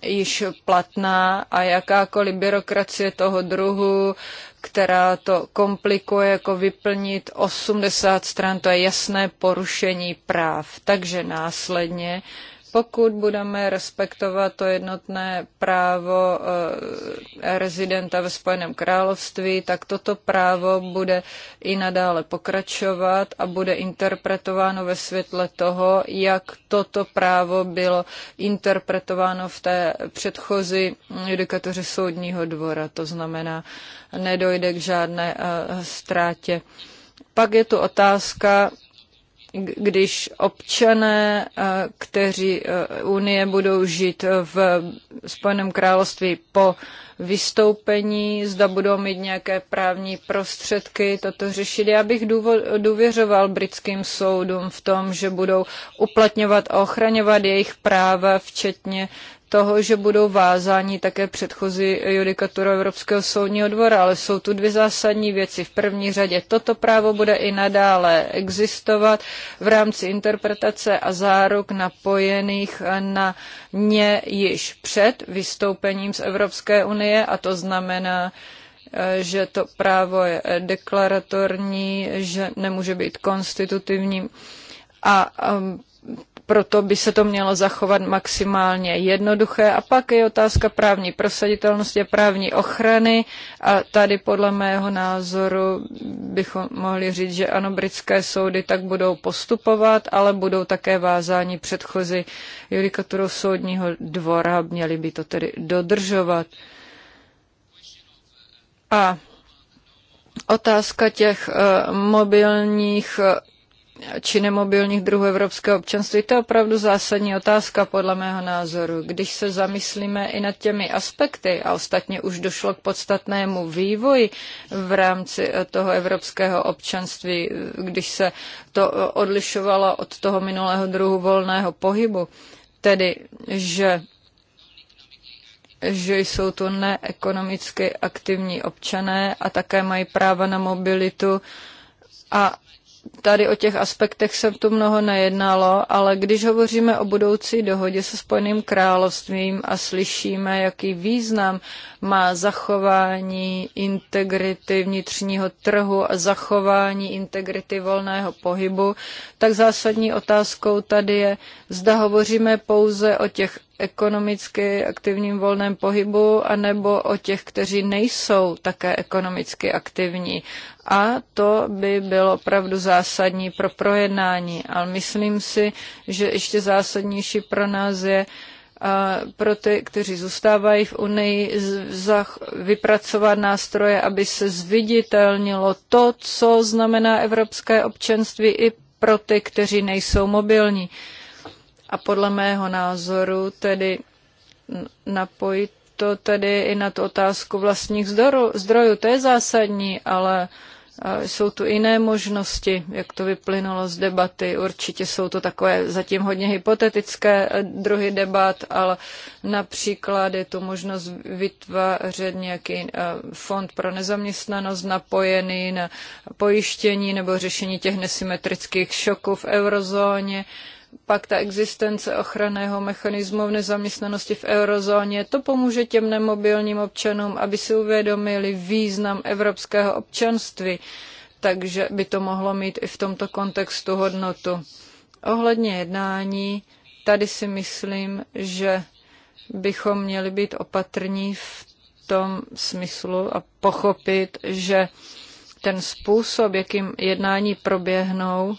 již platná a jakákoliv byrokracie toho druhu, která to komplikuje, jako vyplnit 80 stran, to je jasné porušení práv. Takže následně pokud budeme respektovat to jednotné právo eh, rezidenta ve Spojeném království, tak toto právo bude i nadále pokračovat a bude interpretováno ve světle toho, jak toto právo bylo interpretováno v té předchozí judikatoře soudního dvora. To znamená, nedojde k žádné eh, ztrátě. Pak je tu otázka, když občané, eh, kteří eh, Unie budou žít v Spojeném království po vystoupení, zda budou mít nějaké právní prostředky toto řešit. Já bych důvěřoval britským soudům v tom, že budou uplatňovat a ochraňovat jejich práva, včetně toho, že budou vázáni také předchozí judikatura Evropského soudního dvora, ale jsou tu dvě zásadní věci. V první řadě toto právo bude i nadále existovat v rámci interpretace a záruk napojených na uh, mě již před vystoupením z Evropské unie a to znamená, eh, že to právo je deklaratorní, že nemůže být konstitutivním. A proto by se to mělo zachovat maximálně jednoduché. A pak je otázka právní prosaditelnosti a právní ochrany. A tady podle mého názoru bychom mohli říct, že ano, britské soudy tak budou postupovat, ale budou také vázáni předchozí judikaturou soudního dvora, měli by to tedy dodržovat. A otázka těch eh, mobilních eh, či nemobilních druhů evropského občanství. To je opravdu zásadní otázka podle mého názoru. Když se zamyslíme i nad těmi aspekty, a ostatně už došlo k podstatnému vývoji v rámci eh, toho evropského občanství, eh, když se to eh, odlišovalo od toho minulého druhu volného pohybu, tedy že že jsou to neekonomicky aktivní občané a také mají práva na mobilitu a tady o těch aspektech se tu mnoho nejednalo, ale když hovoříme o budoucí dohodě se Spojeným královstvím a slyšíme, jaký význam má zachování integrity vnitřního trhu a zachování integrity volného pohybu, tak zásadní otázkou tady je, zda hovoříme pouze o těch ekonomicky aktivním volném pohybu, anebo o těch, kteří nejsou také ekonomicky aktivní. A to by bylo opravdu zásadní pro projednání. Ale myslím si, že ještě zásadnější pro nás je, a pro ty, kteří zůstávají v Unii, vypracovat nástroje, aby se zviditelnilo to, co znamená evropské občanství i pro ty, kteří nejsou mobilní. A podle mého názoru tedy napojit to tedy i na tu otázku vlastních zdrojů. To je zásadní, ale jsou tu jiné možnosti, jak to vyplynulo z debaty. Určitě jsou to takové zatím hodně hypotetické e, druhy debat, ale například je tu možnost vytvářet nějaký e, fond pro nezaměstnanost napojený na pojištění nebo řešení těch nesymetrických šoků v eurozóně pak ta existence ochranného mechanismu v nezaměstnanosti v eurozóně, to pomůže těm nemobilním občanům, aby si uvědomili význam evropského občanství, takže by to mohlo mít i v tomto kontextu hodnotu. Ohledně jednání, tady si myslím, že bychom měli být opatrní v tom smyslu a pochopit, že ten způsob, jakým jednání proběhnou,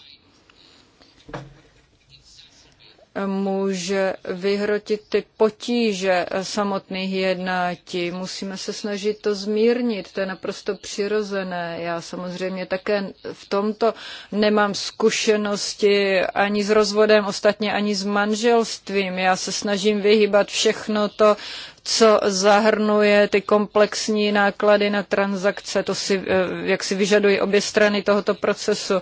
může vyhrotit ty potíže samotných jednátí. Musíme se snažit to zmírnit, to je naprosto přirozené. Já samozřejmě také v tomto nemám zkušenosti ani s rozvodem, ostatně ani s manželstvím. Já se snažím vyhýbat všechno to, co zahrnuje ty komplexní náklady na transakce. To si, eh, jak si vyžadují obě strany tohoto procesu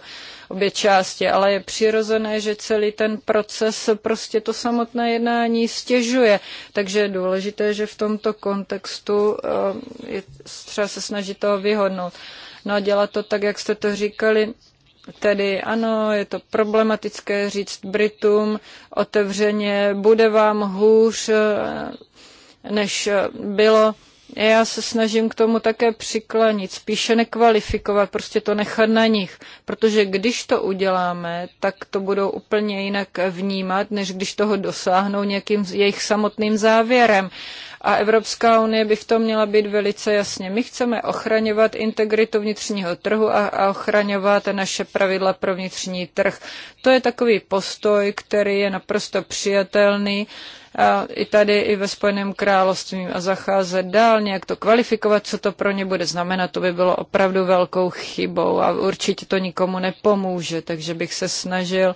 obě části, ale je přirozené, že celý ten proces prostě to samotné jednání stěžuje. Takže je důležité, že v tomto kontextu eh, je třeba se snažit toho vyhodnout. No a dělat to tak, jak jste to říkali, Tedy ano, je to problematické říct Britům otevřeně, bude vám hůř, eh, než bylo já se snažím k tomu také přiklanit, spíše nekvalifikovat, prostě to nechat na nich, protože když to uděláme, tak to budou úplně jinak vnímat, než když toho dosáhnou nějakým jejich samotným závěrem. A Evropská unie by v tom měla být velice jasně. My chceme ochraňovat integritu vnitřního trhu a, a ochraňovat naše pravidla pro vnitřní trh. To je takový postoj, který je naprosto přijatelný i tady, i ve Spojeném království a zacházet dál, nějak to kvalifikovat, co to pro ně bude znamenat, to by bylo opravdu velkou chybou a určitě to nikomu nepomůže, takže bych se snažil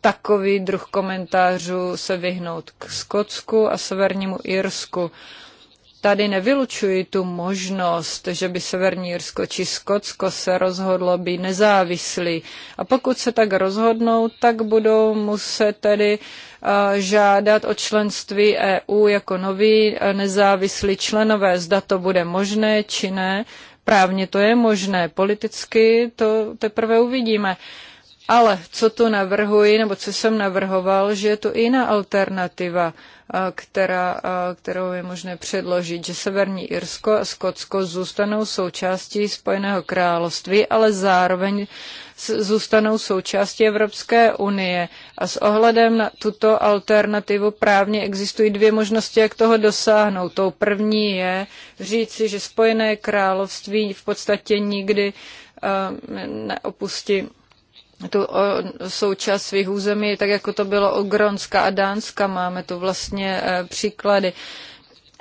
takový druh komentářů se vyhnout k Skotsku a Severnímu Irsku tady nevylučuji tu možnost, že by Severní Jirsko či Skotsko se rozhodlo být nezávislí. A pokud se tak rozhodnou, tak budou muset tedy eh, žádat o členství EU jako noví eh, nezávislí členové. Zda to bude možné či ne. Právně to je možné, politicky to teprve uvidíme. Uh, ale co to navrhuji, nebo co jsem navrhoval, že je to jiná alternativa, která, kterou je možné předložit, že Severní Irsko a Skotsko zůstanou součástí Spojeného království, ale zároveň zůstanou součástí Evropské unie. A s ohledem na tuto alternativu právně existují dvě možnosti, jak toho dosáhnout. Tou první je říci, že Spojené království v podstatě nikdy neopustí tu součást svých území, tak jako to bylo u Gronska a Dánska, máme tu vlastně e, příklady.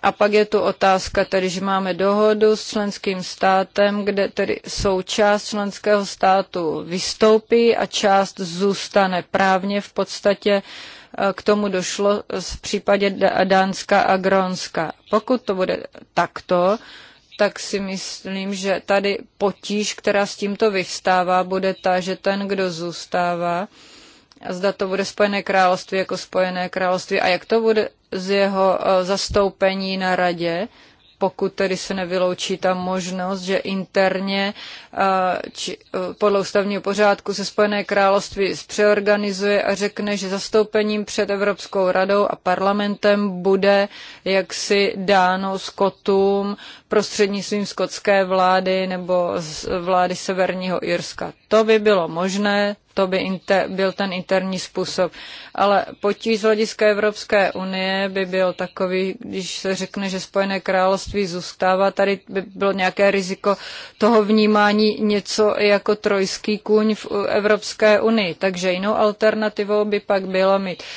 A pak je tu otázka, tedy, že máme dohodu s členským státem, kde tedy součást členského státu vystoupí a část zůstane právně v podstatě e, k tomu došlo v případě Dánska a Gronska. Pokud to bude takto, tak si myslím, že tady potíž, která s tímto vyvstává, bude ta, že ten, kdo zůstává, a zda to bude Spojené království jako Spojené království a jak to bude z jeho eh, zastoupení na radě, pokud tedy se nevyloučí ta možnost, že interně eh, či, eh, podle ústavního pořádku se Spojené království přeorganizuje a řekne, že zastoupením před Evropskou radou a parlamentem bude jaksi dáno skotům prostřednictvím skotské vlády nebo vlády Severního Irska. To by bylo možné, to by inter, byl ten interní způsob. Ale potíž z hlediska Evropské unie by byl takový, když se řekne, že Spojené království zůstává, tady by bylo nějaké riziko toho vnímání něco jako trojský kůň v Evropské unii. Takže jinou alternativou by pak bylo mít uh,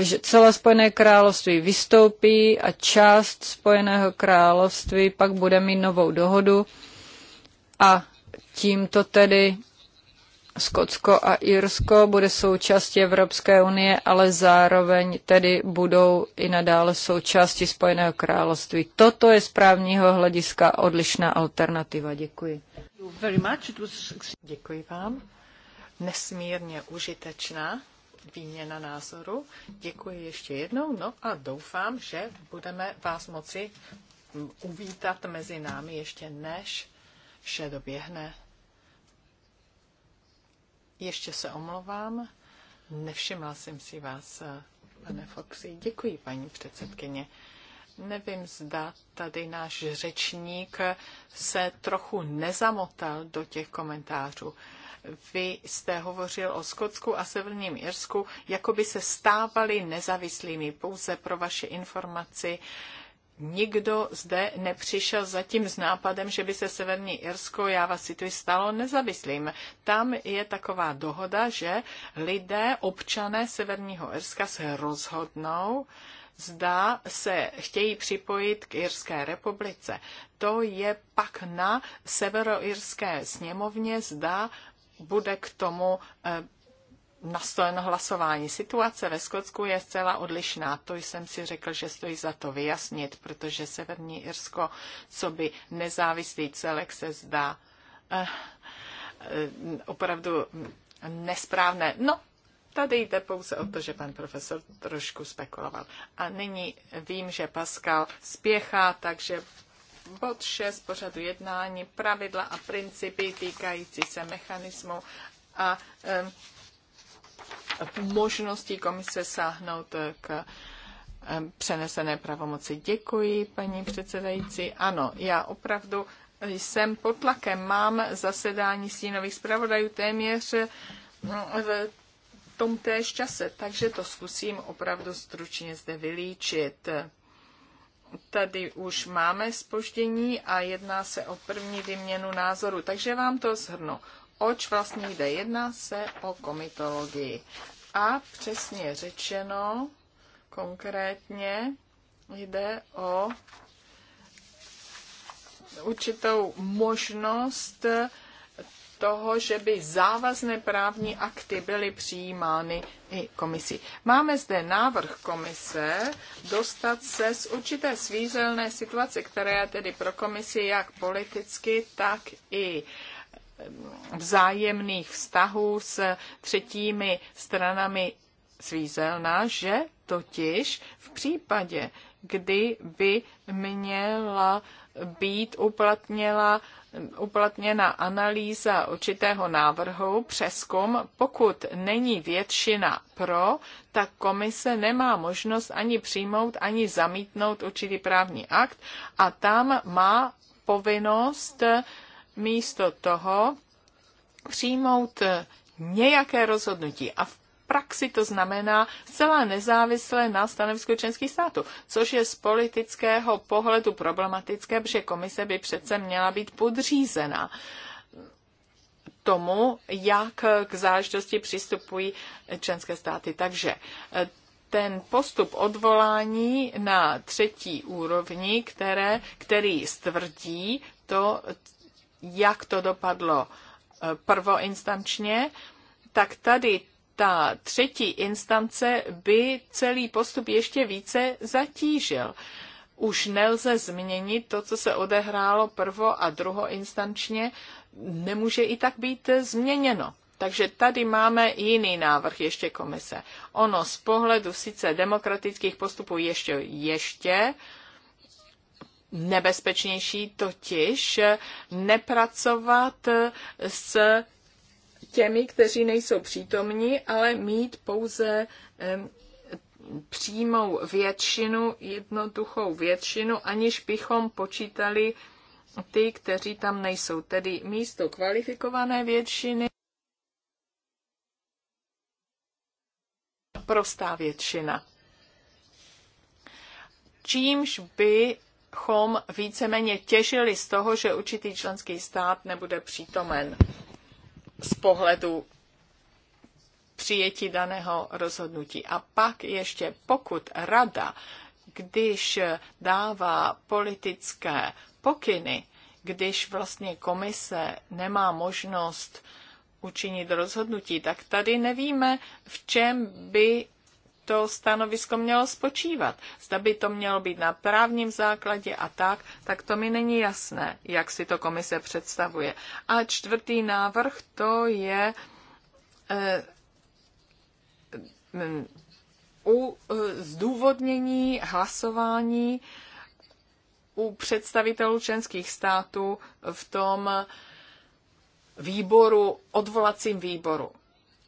že celé Spojené království vystoupí a část Spojeného království pak bude mít novou dohodu a tímto tedy Skotsko a Irsko bude součástí Evropské unie, ale zároveň tedy budou i nadále součástí Spojeného království. Toto je z právního hlediska odlišná alternativa. Děkuji. Děkuji vám. Nesmírně užitečná výměna názoru. Děkuji ještě jednou, no a doufám, že budeme vás moci uvítat mezi námi ještě než vše doběhne. Ještě se omlouvám, nevšimla jsem si vás, pane Foxy. Děkuji, paní předsedkyně. Nevím, zda tady náš řečník se trochu nezamotal do těch komentářů. Vy jste hovořil o Skotsku a Severním Irsku, jako by se stávali nezávislými. Pouze pro vaše informaci, nikdo zde nepřišel zatím s nápadem, že by se Severní Irsko, já vás cituji, stalo nezávislým. Tam je taková dohoda, že lidé, občané Severního Irska se rozhodnou, zda se chtějí připojit k Irské republice. To je pak na severoirské sněmovně, zda bude k tomu eh, nastoleno hlasování. Situace ve Skotsku je zcela odlišná. To jsem si řekl, že stojí za to vyjasnit, protože Severní Irsko, co by nezávislý celek se zdá eh, eh, opravdu nesprávné. No, tady jde pouze o to, že pan profesor trošku spekuloval. A nyní vím, že Pascal spěchá, takže Bod 6 pořadu jednání, pravidla a principy týkající se mechanismu a um, možností komise sáhnout k um, přenesené pravomoci. Děkuji, paní předsedající. Ano, já opravdu jsem pod tlakem. Mám zasedání stínových zpravodajů téměř no, v tom též čase, takže to zkusím opravdu stručně zde vylíčit tady už máme spoždění a jedná se o první vyměnu názoru. Takže vám to zhrnu. Oč vlastně jde? Jedná se o komitologii. A přesně řečeno, konkrétně jde o určitou možnost toho, že by závazné právní akty byly přijímány i komisí. Máme zde návrh komise dostat se z určité svízelné situace, která je tedy pro komisi jak politicky, tak i vzájemných vztahů s třetími stranami svízelná, že totiž v případě, kdy by měla být uplatněla uplatněna analýza určitého návrhu, přeskum, pokud není většina pro, tak komise nemá možnost ani přijmout, ani zamítnout určitý právní akt a tam má povinnost místo toho přijmout nějaké rozhodnutí. A v praxi, to znamená zcela nezávisle na stanovisku členských států, což je z politického pohledu problematické, protože komise by přece měla být podřízená tomu, jak k záležitosti přistupují členské státy. Takže eh, ten postup odvolání na třetí úrovni, které, který stvrdí to, jak to dopadlo eh, prvoinstančně, tak tady ta třetí instance by celý postup ještě více zatížil. Už nelze změnit to, co se odehrálo prvo a instančně, nemůže i tak být změněno. Takže tady máme jiný návrh ještě komise. Ono z pohledu sice demokratických postupů ještě, ještě nebezpečnější, totiž nepracovat s těmi, kteří nejsou přítomní, ale mít pouze přímou většinu, jednoduchou většinu, aniž bychom počítali ty, kteří tam nejsou. Tedy místo kvalifikované většiny prostá většina. Čímž bychom víceméně těžili z toho, že určitý členský stát nebude přítomen z pohledu přijetí daného rozhodnutí. A pak ještě, pokud rada, když dává politické pokyny, když vlastně komise nemá možnost učinit rozhodnutí, tak tady nevíme, v čem by to stanovisko mělo spočívat. Zda by to mělo být na právním základě a tak, tak to mi není jasné, jak si to komise představuje. A čtvrtý návrh to je eh, u eh, zdůvodnění hlasování u představitelů členských států v tom výboru, odvolacím výboru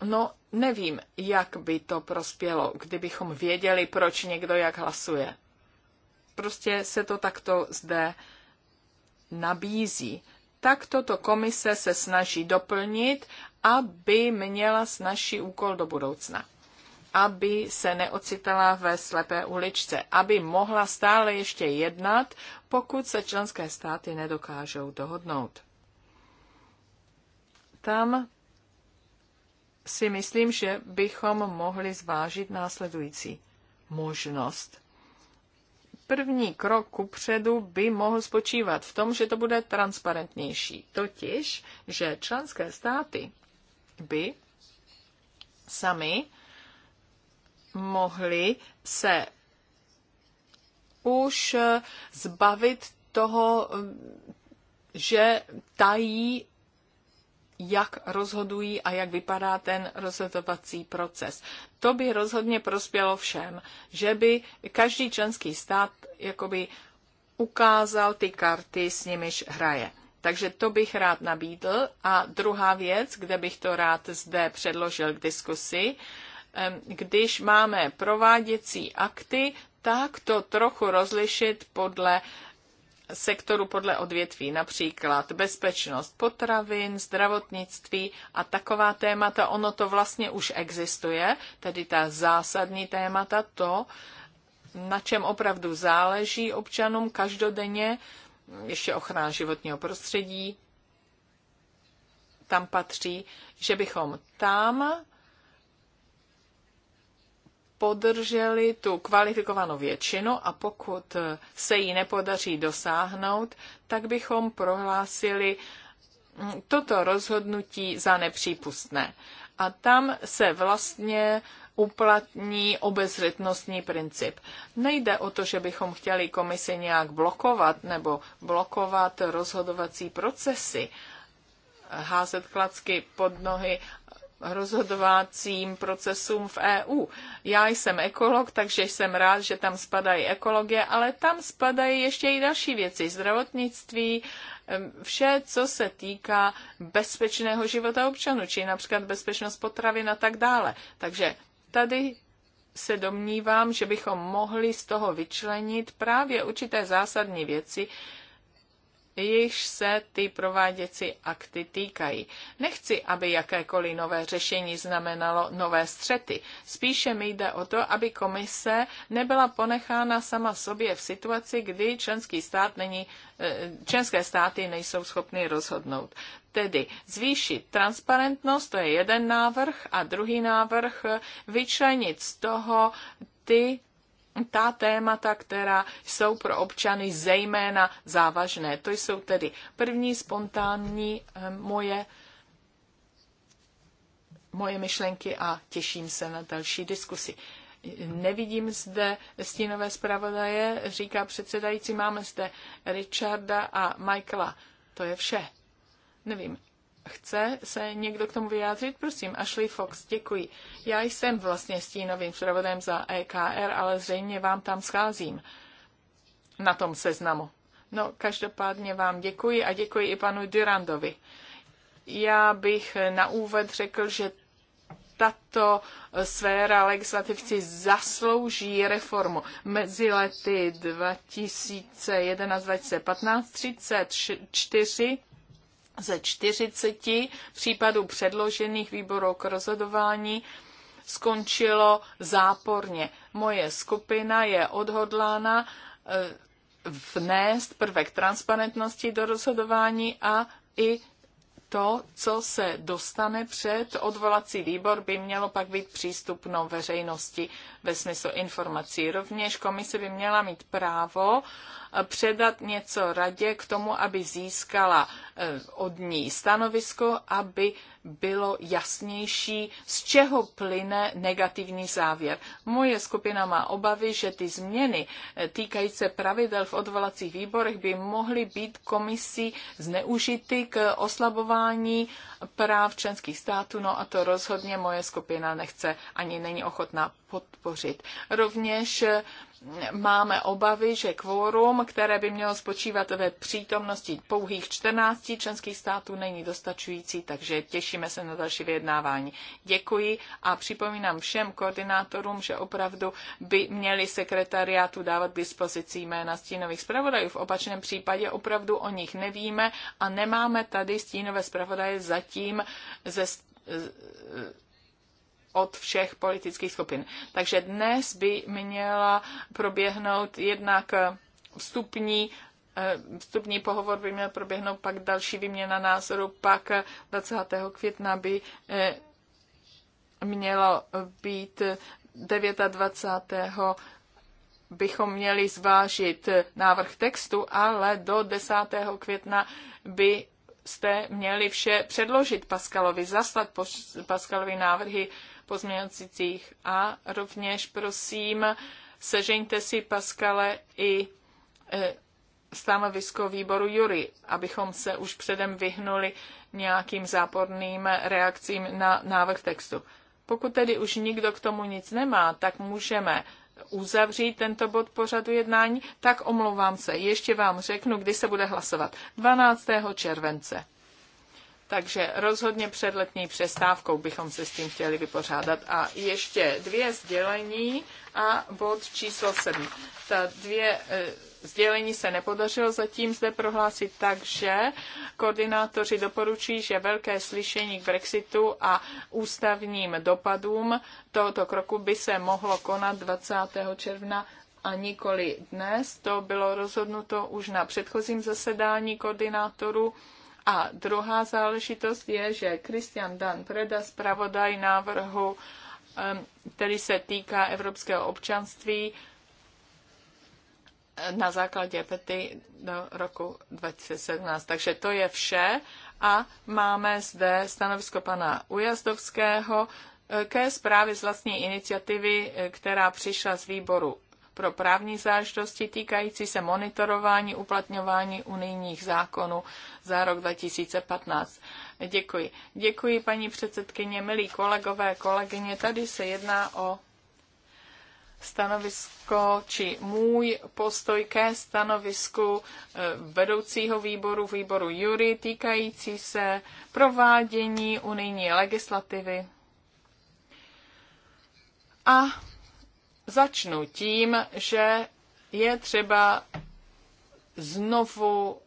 No, nevím, jak by to prospělo, kdybychom věděli, proč někdo jak hlasuje. Prostě se to takto zde nabízí. Tak toto komise se snaží doplnit, aby měla snažší úkol do budoucna. Aby se neocitala ve slepé uličce, aby mohla stále ještě jednat, pokud se členské státy nedokážou dohodnout. Tam si myslím, že bychom mohli zvážit následující možnost. První krok ku předu by mohl spočívat v tom, že to bude transparentnější. Totiž, že členské státy by sami mohli se už zbavit toho, že tají jak rozhodují a jak vypadá ten rozhodovací proces. To by rozhodně prospělo všem, že by každý členský stát jakoby ukázal ty karty, s nimiž hraje. Takže to bych rád nabídl. A druhá věc, kde bych to rád zde předložil k diskusi, když máme prováděcí akty, tak to trochu rozlišit podle sektoru podle odvětví, například bezpečnost potravin, zdravotnictví a taková témata, ono to vlastně už existuje, tedy ta zásadní témata, to, na čem opravdu záleží občanům každodenně, ještě ochrana životního prostředí, tam patří, že bychom tam podrželi tu kvalifikovanou většinu a pokud se jí nepodaří dosáhnout, tak bychom prohlásili mm, toto rozhodnutí za nepřípustné. A tam se vlastně uplatní obezřetnostní princip. Nejde o to, že bychom chtěli komisi nějak blokovat nebo blokovat rozhodovací procesy, házet klacky pod nohy rozhodovacím procesům v EU. Já jsem ekolog, takže jsem rád, že tam spadají ekologie, ale tam spadají ještě i další věci, zdravotnictví, vše, co se týká bezpečného života občanů, či například bezpečnost potravin a tak dále. Takže tady se domnívám, že bychom mohli z toho vyčlenit právě určité zásadní věci, jejichž se ty prováděcí akty týkají. Nechci, aby jakékoliv nové řešení znamenalo nové střety. Spíše mi jde o to, aby komise nebyla ponechána sama sobě v situaci, kdy členský stát není, eh, členské státy nejsou schopny rozhodnout. Tedy zvýšit transparentnost, to je jeden návrh, a druhý návrh eh, vyčlenit z toho ty ta témata, která jsou pro občany zejména závažné. To jsou tedy první spontánní eh, moje, moje myšlenky a těším se na další diskusi. Nevidím zde stínové zpravodaje, říká předsedající, máme zde Richarda a Michaela. To je vše. Nevím, Chce se někdo k tomu vyjádřit? Prosím, Ashley Fox, děkuji. Já jsem vlastně stínovým zpravodem za EKR, ale zřejmě vám tam scházím na tom seznamu. No, každopádně vám děkuji a děkuji i panu Durandovi. Já bych na úvod řekl, že tato sféra legislativci zaslouží reformu. Mezi lety 2011-2015 34 ze 40 případů předložených výborů k rozhodování skončilo záporně. Moje skupina je odhodlána eh, vnést prvek transparentnosti do rozhodování a i to, co se dostane před odvolací výbor, by mělo pak být přístupno veřejnosti ve smyslu informací. Rovněž komise by měla mít právo předat něco radě k tomu, aby získala eh, od ní stanovisko, aby bylo jasnější, z čeho plyne negativní závěr. Moje skupina má obavy, že ty změny eh, týkající se pravidel v odvolacích výborech by mohly být komisí zneužity k oslabování práv členských států, no a to rozhodně moje skupina nechce ani není ochotná podpořit. Rovněž eh, máme obavy, že kvórum, které by mělo spočívat ve přítomnosti pouhých 14 členských států, není dostačující, takže těšíme se na další vyjednávání. Děkuji a připomínám všem koordinátorům, že opravdu by měli sekretariátu dávat k dispozici jména stínových zpravodajů. V opačném případě opravdu o nich nevíme a nemáme tady stínové zpravodaje zatím ze od všech politických skupin. Takže dnes by měla proběhnout jednak eh, vstupní eh, vstupní pohovor by měl proběhnout, pak další výměna názoru, pak 20. Eh, května by mělo být 29 bychom měli zvážit návrh textu, ale do 10. května by jste měli vše předložit Paskalovi, zaslat Paskalovi návrhy pozměňovacích a rovněž prosím, sežeňte si Paskale i e, stanovisko výboru Jury, abychom se už předem vyhnuli nějakým záporným reakcím na návrh textu. Pokud tedy už nikdo k tomu nic nemá, tak můžeme uzavřít tento bod pořadu jednání, tak omlouvám se, ještě vám řeknu, kdy se bude hlasovat. 12. července. Takže rozhodně před letní přestávkou bychom se s tím chtěli vypořádat. A ještě dvě sdělení a bod číslo sedm. Ta dvě eh, sdělení se nepodařilo zatím zde prohlásit takže koordinátoři doporučují, že velké slyšení k Brexitu a ústavním dopadům tohoto kroku by se mohlo konat 20. června a nikoli dnes. To bylo rozhodnuto už na předchozím zasedání koordinátorů a druhá záležitost je, že Christian Dan Preda, zpravodaj návrhu, který se týká evropského občanství, na základě pety do roku 2017. Takže to je vše a máme zde stanovisko pana Ujazdovského eh, ke zprávě z vlastní iniciativy, eh, která přišla z výboru pro právní záležitosti týkající se monitorování uplatňování unijních zákonů za rok 2015. Děkuji. Děkuji, paní předsedkyně, milí kolegové, kolegyně. Tady se jedná o stanovisko či můj postoj ke stanovisku eh, vedoucího výboru, výboru Jury, týkající se provádění unijní legislativy a Začnu tím, že je třeba znovu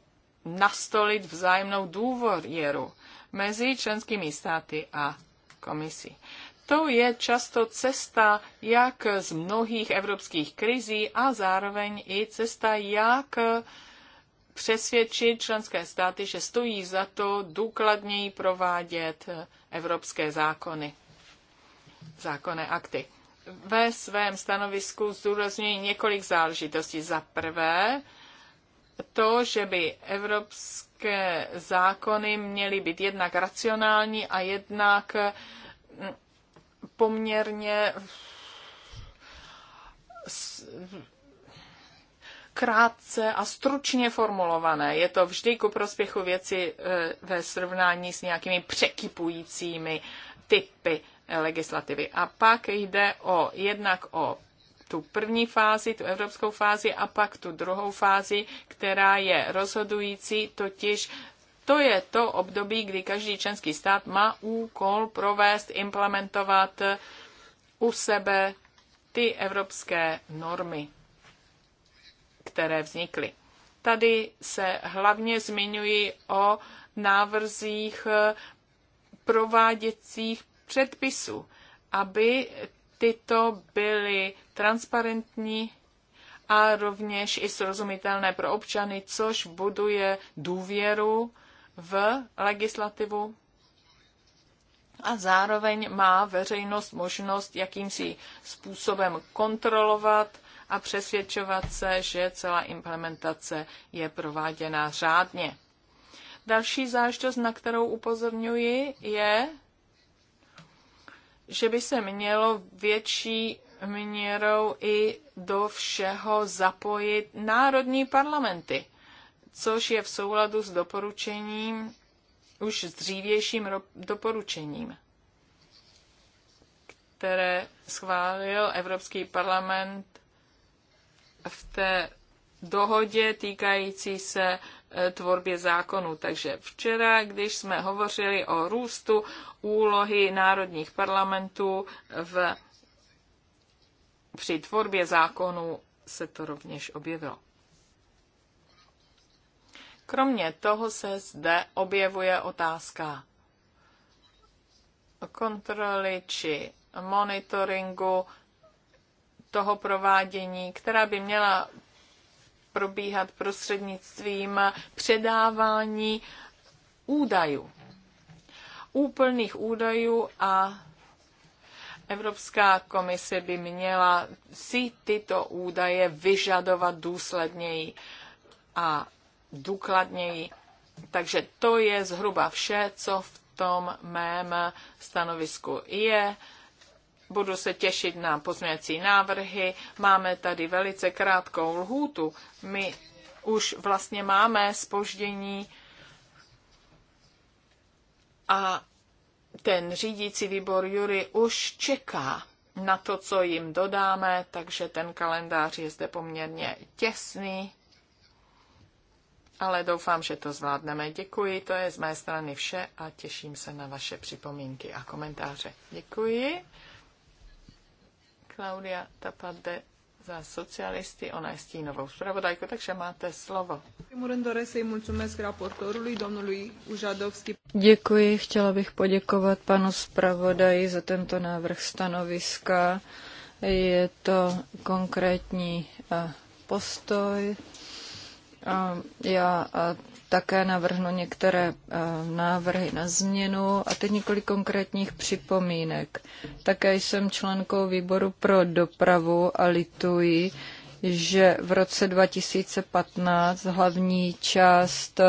nastolit vzájemnou důvěru mezi členskými státy a komisí. To je často cesta, jak z mnohých evropských krizí a zároveň i cesta, jak přesvědčit členské státy, že stojí za to důkladněji provádět evropské zákony, zákonné akty ve svém stanovisku zdůrazňují několik záležitostí. Za prvé, to, že by evropské zákony měly být jednak racionální a jednak mm, poměrně krátce a stručně formulované. Je to vždy ku prospěchu věci e, ve srovnání s nějakými překypujícími typy legislativy. A pak jde o jednak o tu první fázi, tu evropskou fázi a pak tu druhou fázi, která je rozhodující, totiž to je to období, kdy každý členský stát má úkol provést, implementovat u sebe ty evropské normy, které vznikly. Tady se hlavně zmiňuji o návrzích prováděcích předpisů, aby tyto byly transparentní a rovněž i srozumitelné pro občany, což buduje důvěru v legislativu a zároveň má veřejnost možnost jakýmsi způsobem kontrolovat a přesvědčovat se, že celá implementace je prováděna řádně. Další záležitost, na kterou upozorňuji, je že by se mělo větší měrou i do všeho zapojit národní parlamenty, což je v souladu s doporučením, už s dřívějším doporučením, které schválil Evropský parlament v té dohodě týkající se Eh, tvorbě zákonů. Takže včera, když jsme hovořili o růstu úlohy národních parlamentů v, při tvorbě zákonů, se to rovněž objevilo. Kromě toho se zde objevuje otázka kontroly či monitoringu toho provádění, která by měla probíhat prostřednictvím předávání údajů, úplných údajů a Evropská komise by měla si tyto údaje vyžadovat důsledněji a důkladněji. Takže to je zhruba vše, co v tom mém stanovisku je. Budu se těšit na pozměňovací návrhy. Máme tady velice krátkou lhůtu. My už vlastně máme spoždění a ten řídící výbor Jury už čeká na to, co jim dodáme, takže ten kalendář je zde poměrně těsný, ale doufám, že to zvládneme. Děkuji, to je z mé strany vše a těším se na vaše připomínky a komentáře. Děkuji. Klaudia Tapade za socialisty, ona je stínovou zpravodajkou, takže máte slovo. Děkuji, chtěla bych poděkovat panu zpravodaji za tento návrh stanoviska. Je to konkrétní eh, postoj. Já také navrhnu některé eh, návrhy na změnu a teď několik konkrétních připomínek. Také jsem členkou výboru pro dopravu a lituji, že v roce 2015 hlavní část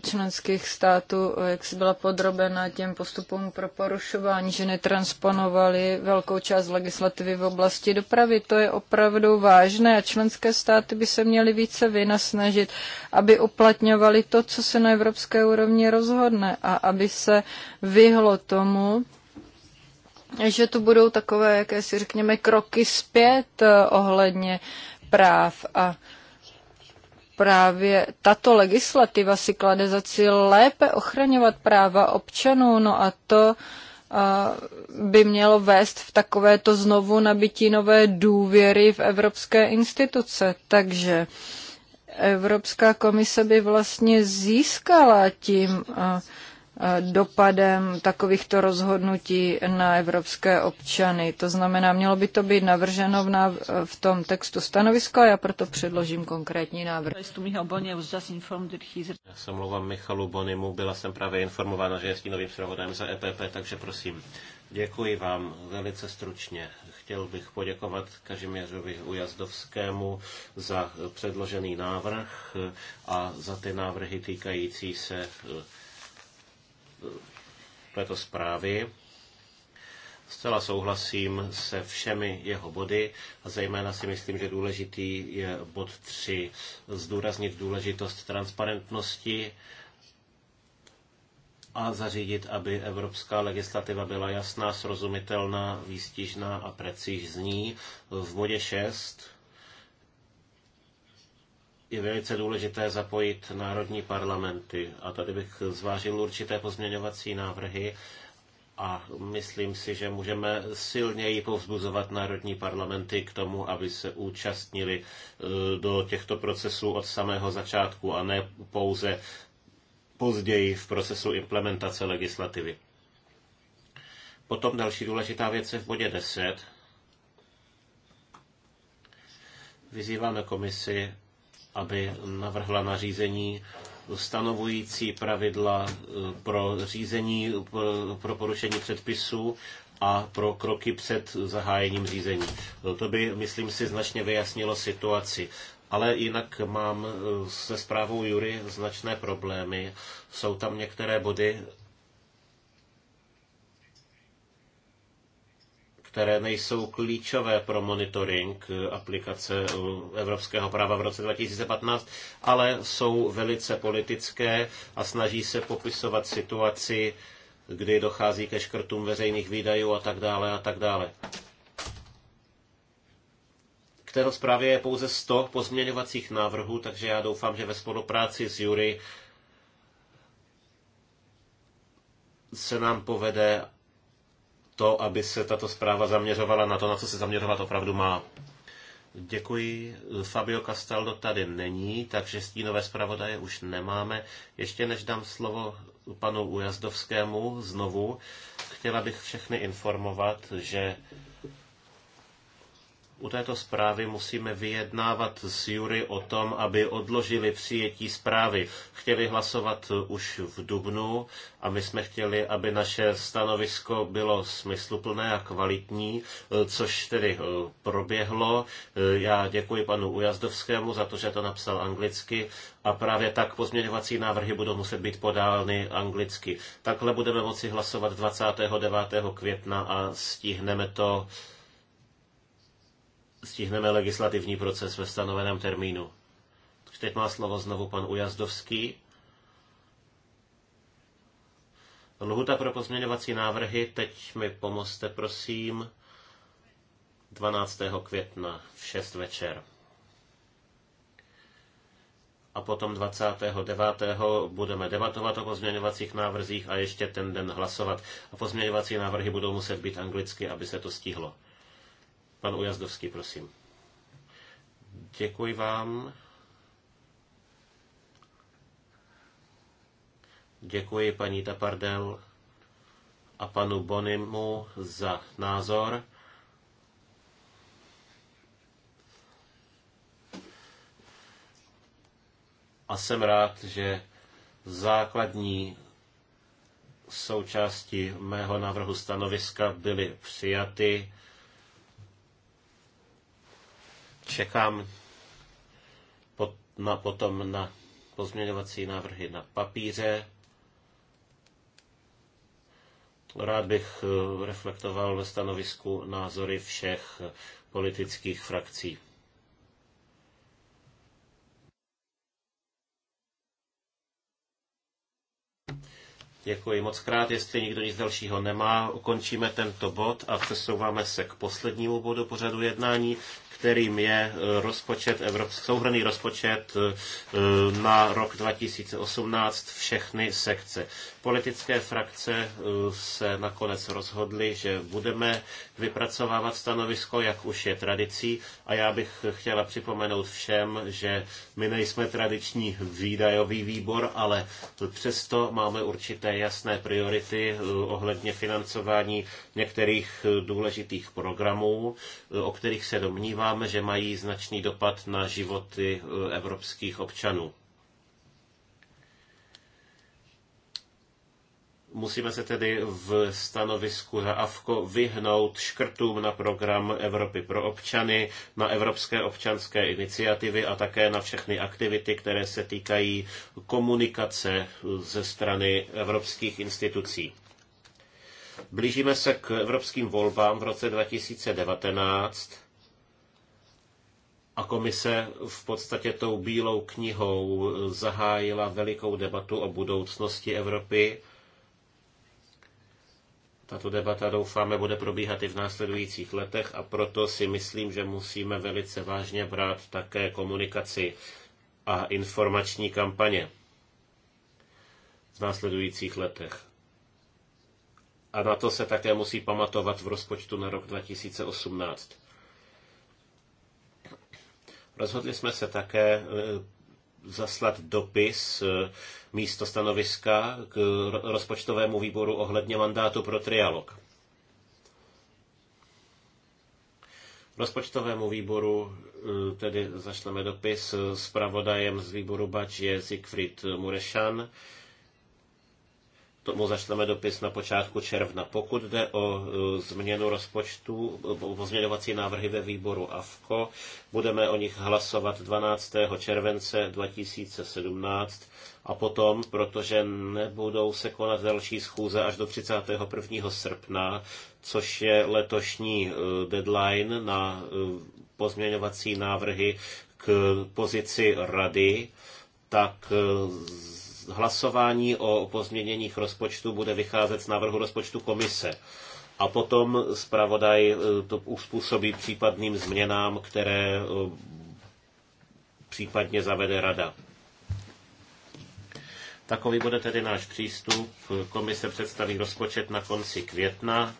členských států, eh, jak si byla podrobena těm postupům pro porušování, že netransponovali velkou část legislativy v oblasti dopravy. To je opravdu vážné a členské státy by se měly více vynasnažit, aby uplatňovali to, co se na evropské úrovni rozhodne a aby se vyhlo tomu, že tu budou takové, jakési řekněme, kroky zpět eh, ohledně práv a právě tato legislativa si klade za cíl lépe ochraňovat práva občanů, no a to by mělo vést v takovéto znovu nabití nové důvěry v evropské instituce. Takže Evropská komise by vlastně získala tím uh, Eh, dopadem takovýchto rozhodnutí na evropské občany. To znamená, mělo by to být navrženo v, nav- v tom textu stanoviska a já proto předložím konkrétní návrh. Já se mluvám Michalu Bonimu, byla jsem právě informována, že je novým zpravodajem za EPP, takže prosím. Děkuji vám velice stručně. Chtěl bych poděkovat Kažiměřovi Ujazdovskému za předložený návrh a za ty návrhy týkající se eh, této zprávy. Zcela souhlasím se všemi jeho body a zejména si myslím, že důležitý je bod 3, zdůraznit důležitost transparentnosti a zařídit, aby evropská legislativa byla jasná, srozumitelná, výstižná a precizní. V bodě 6 je velice důležité zapojit národní parlamenty. A tady bych zvážil určité pozměňovací návrhy a myslím si, že můžeme silněji povzbuzovat národní parlamenty k tomu, aby se účastnili e, do těchto procesů od samého začátku a ne pouze později v procesu implementace legislativy. Potom další důležitá věc je v bodě 10. Vyzýváme komisi, aby navrhla nařízení stanovující pravidla eh, pro řízení, pro porušení předpisů a pro kroky před zahájením řízení. Eh, to by, myslím si, značně vyjasnilo situaci. Ale jinak mám eh, se zprávou Jury značné problémy. Jsou tam některé body, které nejsou klíčové pro monitoring eh, aplikace eh, evropského práva v roce 2015, ale jsou velice politické a snaží se popisovat situaci, kdy dochází ke škrtům veřejných výdajů a tak dále a tak dále. K této zprávě je pouze 100 pozměňovacích návrhů, takže já doufám, že ve spolupráci s Jury se nám povede to, aby se tato zpráva zaměřovala na to, na co se zaměřovat opravdu má. Děkuji. Fabio Castaldo tady není, takže stínové zpravodaje už nemáme. Ještě než dám slovo panu Ujazdovskému znovu, chtěla bych všechny informovat, že u této zprávy musíme vyjednávat s Jury o tom, aby odložili přijetí zprávy. Chtěli hlasovat už v Dubnu a my jsme chtěli, aby naše stanovisko bylo smysluplné a kvalitní, což tedy eh, proběhlo. Eh, já děkuji panu Ujazdovskému za to, že to napsal anglicky a právě tak pozměňovací návrhy budou muset být podány anglicky. Takhle budeme moci hlasovat 29. května a stihneme to stihneme legislativní proces ve stanoveném termínu. Teď má slovo znovu pan Ujazdovský. Lhuta pro pozměňovací návrhy, teď mi pomozte, prosím, 12. května v 6 večer. A potom 29. budeme debatovat o pozměňovacích návrzích a ještě ten den hlasovat. A pozměňovací návrhy budou muset být anglicky, aby se to stihlo. Pan Ujazdovský, prosím. Děkuji vám. Děkuji paní Tapardel a panu Bonimu za názor. A jsem rád, že základní součásti mého návrhu stanoviska byly přijaty Čekám pot, na, potom na pozměňovací návrhy na papíře. Rád bych eh, reflektoval ve stanovisku názory všech politických frakcí. Děkuji moc krát. Jestli nikdo nic dalšího nemá, ukončíme tento bod a přesouváme se k poslednímu bodu pořadu jednání, kterým je eh, rozpočet Evropsk, souhrný rozpočet eh, na rok 2018 všechny sekce. Politické frakce eh, se nakonec rozhodly, že budeme vypracovávat stanovisko, jak už je tradicí. A já bych chtěla připomenout všem, že my nejsme tradiční výdajový výbor, ale přesto máme určité jasné priority ohledně financování některých důležitých programů, o kterých se domnívá, uznáváme, že mají značný dopad na životy eh, evropských občanů. Musíme se tedy v stanovisku za AFKO vyhnout škrtům na program Evropy pro občany, na evropské občanské iniciativy a také na všechny aktivity, které se týkají komunikace eh, ze strany evropských institucí. Blížíme se k evropským volbám v roce 2019 a komise v podstatě tou bílou knihou zahájila velikou debatu o budoucnosti Evropy. Tato debata, doufáme, bude probíhat i v následujících letech a proto si myslím, že musíme velice vážně brát také komunikaci a informační kampaně v následujících letech. A na to se také musí pamatovat v rozpočtu na rok 2018. Rozhodli jsme se také eh, zaslat dopis eh, místo stanoviska k rozpočtovému výboru ohledně mandátu pro trialog. Rozpočtovému výboru eh, tedy zašleme dopis s pravodajem z výboru Bač je Siegfried Murešan tomu zašleme dopis na počátku června. Pokud jde o e, změnu rozpočtu, e, pozměňovací návrhy ve výboru AFKO, budeme o nich hlasovat 12. července 2017 a potom, protože nebudou se konat další schůze až do 31. srpna, což je letošní e, deadline na pozměňovací návrhy k pozici rady, tak hlasování o pozměněních rozpočtu bude vycházet z návrhu rozpočtu komise a potom zpravodaj eh, to uspůsobí případným změnám, které eh, případně zavede rada. Takový bude tedy náš přístup. Komise představí rozpočet na konci května.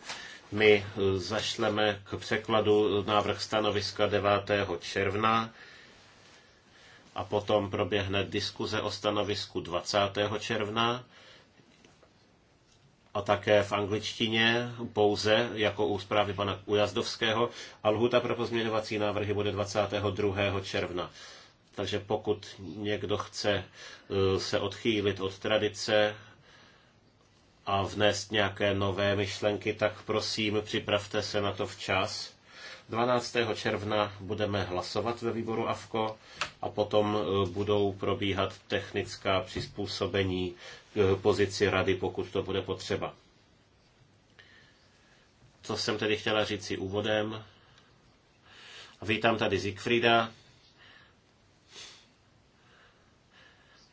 My eh, zašleme k překladu návrh stanoviska 9. června a potom proběhne diskuze o stanovisku 20. června a také v angličtině pouze, jako u zprávy pana Ujazdovského, a lhuta pro pozměňovací návrhy bude 22. června. Takže pokud někdo chce e, se odchýlit od tradice a vnést nějaké nové myšlenky, tak prosím, připravte se na to včas 12. června budeme hlasovat ve výboru AFKO a potom e, budou probíhat technická přizpůsobení k e, pozici rady, pokud to bude potřeba. Co jsem tedy chtěla říct si úvodem. Vítám tady Siegfrieda.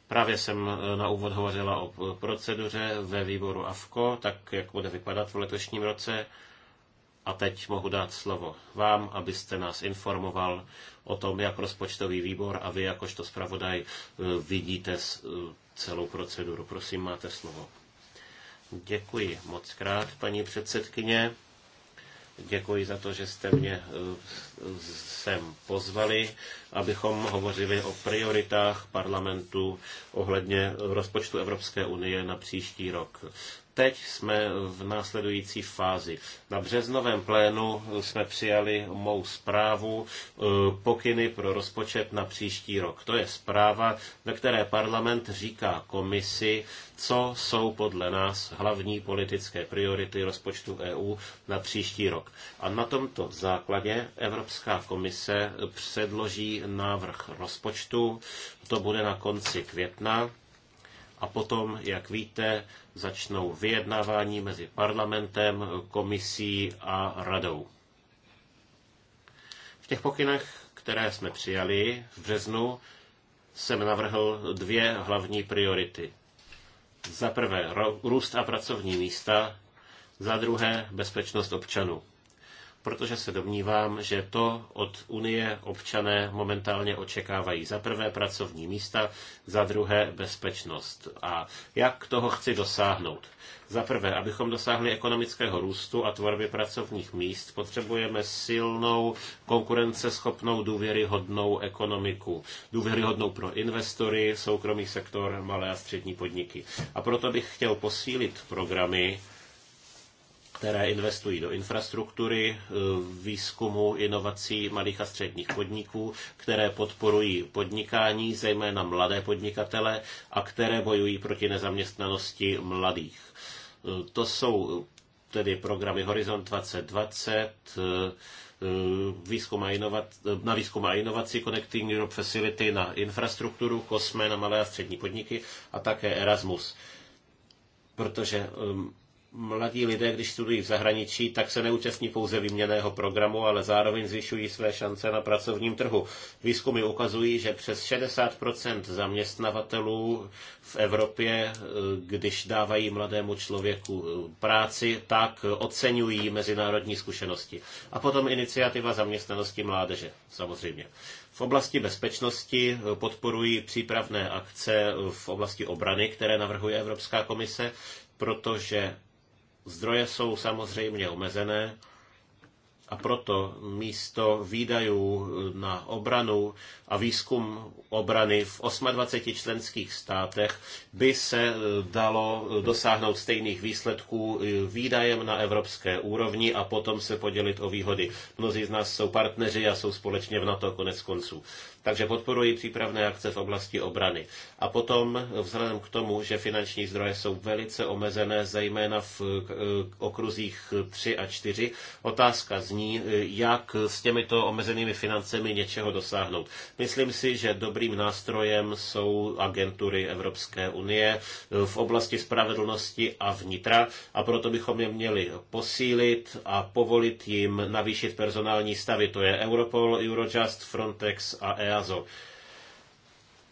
Právě jsem e, na úvod hovořila o proceduře ve výboru AFKO, tak jak bude vypadat v letošním roce. A teď mohu dát slovo vám, abyste nás informoval o tom, jak rozpočtový výbor a vy jakožto zpravodaj eh, vidíte eh, celou proceduru. Prosím, máte slovo. Děkuji moc krát, paní předsedkyně. Děkuji za to, že jste mě eh, sem pozvali, abychom hovořili o prioritách parlamentu ohledně rozpočtu Evropské unie na příští rok teď jsme v následující fázi. Na březnovém plénu jsme přijali mou zprávu e, pokyny pro rozpočet na příští rok. To je zpráva, ve které parlament říká komisi, co jsou podle nás hlavní politické priority rozpočtu EU na příští rok. A na tomto základě Evropská komise předloží návrh rozpočtu. To bude na konci května. A potom, jak víte, začnou vyjednávání mezi parlamentem, komisí a radou. V těch pokynech, které jsme přijali v březnu, jsem navrhl dvě hlavní priority. Za prvé růst a pracovní místa, za druhé bezpečnost občanů protože se domnívám, že to od Unie občané momentálně očekávají. Za prvé pracovní místa, za druhé bezpečnost. A jak toho chci dosáhnout? Za prvé, abychom dosáhli ekonomického růstu a tvorby pracovních míst, potřebujeme silnou, konkurenceschopnou, důvěryhodnou ekonomiku. Důvěryhodnou pro investory, soukromý sektor, malé a střední podniky. A proto bych chtěl posílit programy, které investují do infrastruktury, e, výzkumu, inovací malých a středních podniků, které podporují podnikání, zejména mladé podnikatele, a které bojují proti nezaměstnanosti mladých. E, to jsou tedy programy Horizont 2020, e, výzkum a inovac, na výzkum a inovaci, Connecting Europe Facility na infrastrukturu, COSME na malé a střední podniky a také Erasmus. Protože mladí lidé, když studují v zahraničí, tak se neúčastní pouze výměného programu, ale zároveň zvyšují své šance na pracovním trhu. Výzkumy ukazují, že přes 60 zaměstnavatelů v Evropě, eh, když dávají mladému člověku eh, práci, tak oceňují mezinárodní zkušenosti. A potom iniciativa zaměstnanosti mládeže, samozřejmě. V oblasti bezpečnosti eh, podporují přípravné akce v oblasti obrany, které navrhuje Evropská komise, protože Zdroje jsou samozřejmě omezené a proto místo výdajů na obranu a výzkum obrany v 28 členských státech by se eh, dalo dosáhnout stejných výsledků eh, výdajem na evropské úrovni a potom se podělit o výhody. Mnozí z nás jsou partneři a jsou společně v NATO konec konců. Takže podporuji přípravné akce v oblasti obrany. A potom, vzhledem k tomu, že finanční zdroje jsou velice omezené, zejména v okruzích 3 a 4, otázka zní, jak s těmito omezenými financemi něčeho dosáhnout. Myslím si, že dobrým nástrojem jsou agentury Evropské unie v oblasti spravedlnosti a vnitra a proto bychom je měli posílit a povolit jim navýšit personální stavy. To je Europol, Eurojust, Frontex a EU. EASO.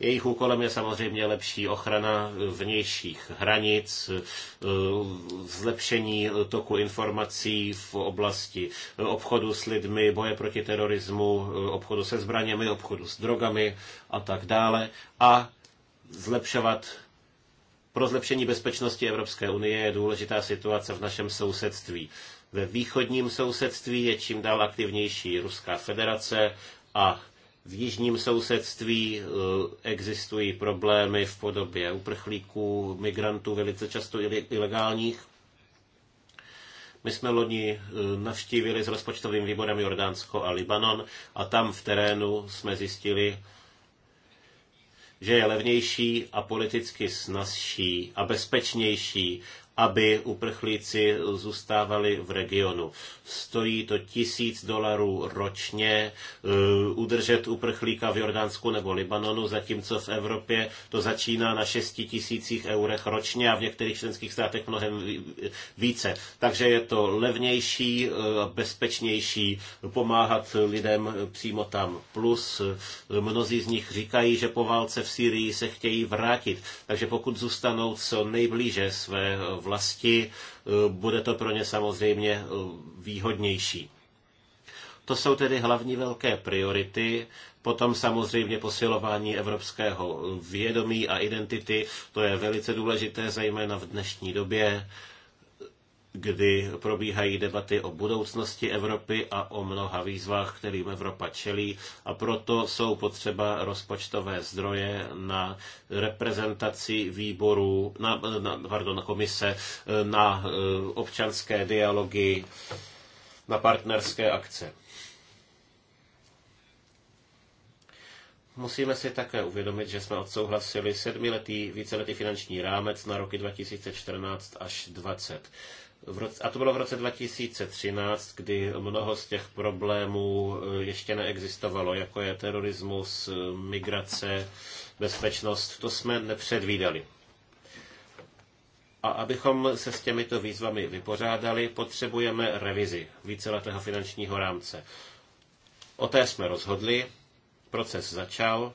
Jejich úkolem je samozřejmě lepší ochrana vnějších hranic, eh, zlepšení toku informací v oblasti obchodu s lidmi, boje proti terorismu, eh, obchodu se zbraněmi, obchodu s drogami a tak dále a zlepšovat pro zlepšení bezpečnosti Evropské unie je důležitá situace v našem sousedství. Ve východním sousedství je čím dál aktivnější Ruská federace a v jižním sousedství eh, existují problémy v podobě uprchlíků, migrantů, velice často ilegálních. My jsme loni eh, navštívili s rozpočtovým výborem Jordánsko a Libanon a tam v terénu jsme zjistili, že je levnější a politicky snazší a bezpečnější aby uprchlíci zůstávali v regionu. Stojí to tisíc dolarů ročně e, udržet uprchlíka v Jordánsku nebo Libanonu, zatímco v Evropě to začíná na šesti tisících eurech ročně a v některých členských státech mnohem více. Takže je to levnější, e, bezpečnější pomáhat lidem přímo tam. Plus e, mnozí z nich říkají, že po válce v Syrii se chtějí vrátit. Takže pokud zůstanou co nejblíže své vlasti, e, bude to pro ně samozřejmě e, výhodnější. To jsou tedy hlavní velké priority. Potom samozřejmě posilování evropského vědomí a identity, to je velice důležité, zejména v dnešní době, kdy probíhají debaty o budoucnosti Evropy a o mnoha výzvách, kterým Evropa čelí a proto jsou potřeba rozpočtové zdroje na reprezentaci výborů, na, na, pardon, komise, na eh, občanské dialogy, na partnerské akce. Musíme si také uvědomit, že jsme odsouhlasili sedmiletý víceletý finanční rámec na roky 2014 až 2020 a to bylo v roce 2013, kdy mnoho z těch problémů eh, ještě neexistovalo, jako je terorismus, eh, migrace, bezpečnost. To jsme nepředvídali. A abychom se s těmito výzvami vypořádali, potřebujeme revizi víceletého finančního rámce. O té jsme rozhodli, proces začal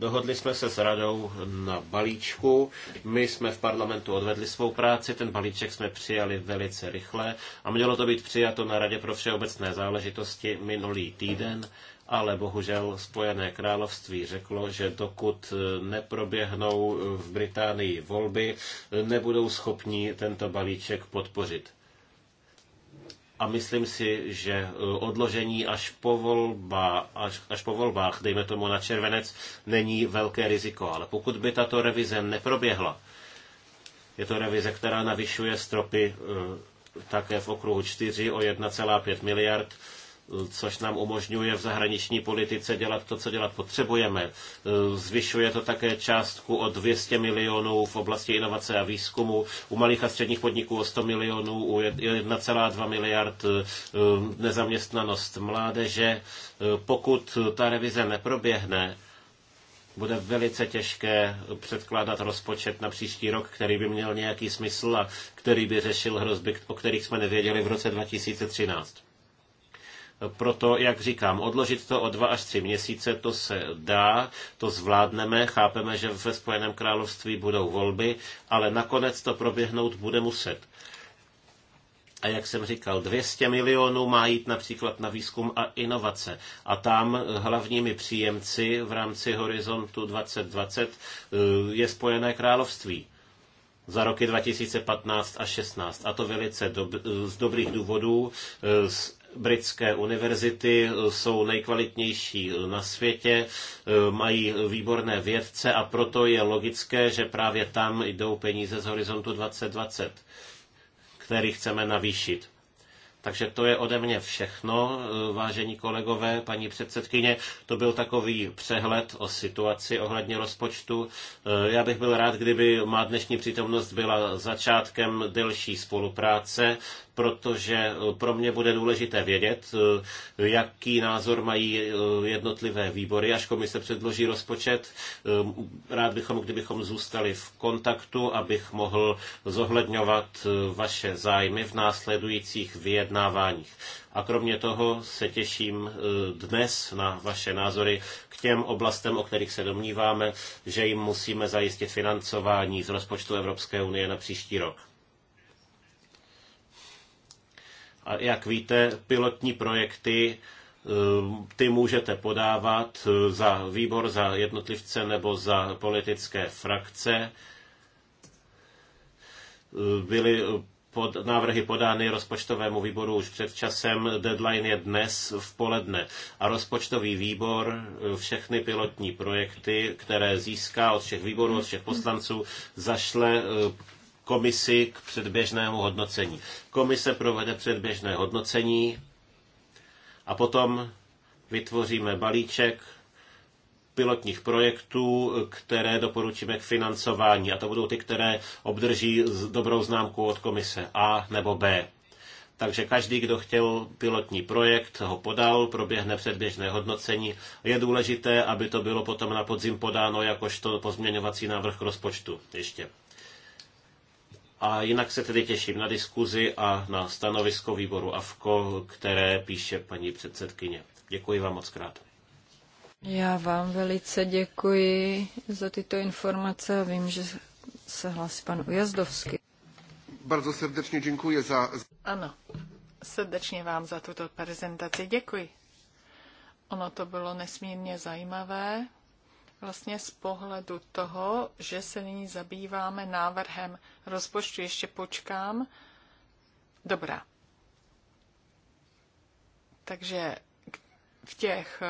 Dohodli jsme se s radou na balíčku. My jsme v parlamentu odvedli svou práci, ten balíček jsme přijali velice rychle a mělo to být přijato na Radě pro všeobecné záležitosti minulý týden, ale bohužel Spojené království řeklo, že dokud neproběhnou v Británii volby, nebudou schopni tento balíček podpořit. A myslím si, že eh, odložení až po, volba, až, až po volbách, dejme tomu na červenec, není velké riziko. Ale pokud by tato revize neproběhla, je to revize, která navyšuje stropy eh, také v okruhu 4 o 1,5 miliard, což nám umožňuje v zahraniční politice dělat to, co dělat potřebujeme. Zvyšuje to také částku o 200 milionů v oblasti inovace a výzkumu, u malých a středních podniků o 100 milionů, u 1,2 miliard eh, nezaměstnanost mládeže. Eh, pokud ta revize neproběhne, bude velice těžké předkládat rozpočet na příští rok, který by měl nějaký smysl a který by řešil hrozby, o kterých jsme nevěděli v roce 2013. Proto, jak říkám, odložit to o dva až tři měsíce, to se dá, to zvládneme, chápeme, že ve Spojeném království budou volby, ale nakonec to proběhnout bude muset. A jak jsem říkal, 200 milionů má jít například na výzkum a inovace. A tam hlavními příjemci v rámci Horizontu 2020 eh, je Spojené království za roky 2015 a 16. A to velice dob- eh, z dobrých důvodů, z eh, britské univerzity eh, jsou nejkvalitnější eh, na světě, eh, mají výborné vědce a proto je logické, že právě tam jdou peníze z horizontu 2020, který chceme navýšit. Takže to je ode mě všechno, vážení kolegové, paní předsedkyně. To byl takový přehled o situaci ohledně rozpočtu. Já bych byl rád, kdyby má dnešní přítomnost byla začátkem delší spolupráce protože eh, pro mě bude důležité vědět, eh, jaký názor mají eh, jednotlivé výbory, až komise předloží rozpočet. Rád bychom, kdybychom zůstali v kontaktu, abych mohl zohledňovat vaše zájmy v následujících vyjednáváních. A kromě toho se těším dnes na vaše názory k těm oblastem, o kterých se domníváme, že jim musíme zajistit financování z rozpočtu Evropské unie na příští rok. A jak víte, pilotní projekty eh, ty můžete podávat eh, za výbor, za jednotlivce nebo za politické frakce. Eh, byly pod, návrhy podány rozpočtovému výboru už před časem, deadline je dnes v poledne. A rozpočtový výbor všechny pilotní projekty, které získá od všech výborů, od všech poslanců, zašle komisi k předběžnému hodnocení. Komise provede předběžné hodnocení a potom vytvoříme balíček pilotních projektů, které doporučíme k financování. A to budou ty, které obdrží dobrou známku od komise A nebo B. Takže každý, kdo chtěl pilotní projekt, ho podal, proběhne předběžné hodnocení. Je důležité, aby to bylo potom na podzim podáno jakožto pozměňovací návrh rozpočtu ještě. A jinak se tedy těším na diskuzi a na stanovisko výboru AFKO, které píše paní předsedkyně. Děkuji vám moc krát. Já vám velice děkuji za tyto informace a vím, že se hlásí pan Ujazdovský. Bardzo srdečně děkuji za... Ano, srdečně vám za tuto prezentaci děkuji. Ono to bylo nesmírně zajímavé vlastně z pohledu toho, že se nyní zabýváme návrhem rozpočtu. Ještě počkám. Dobrá. Takže v těch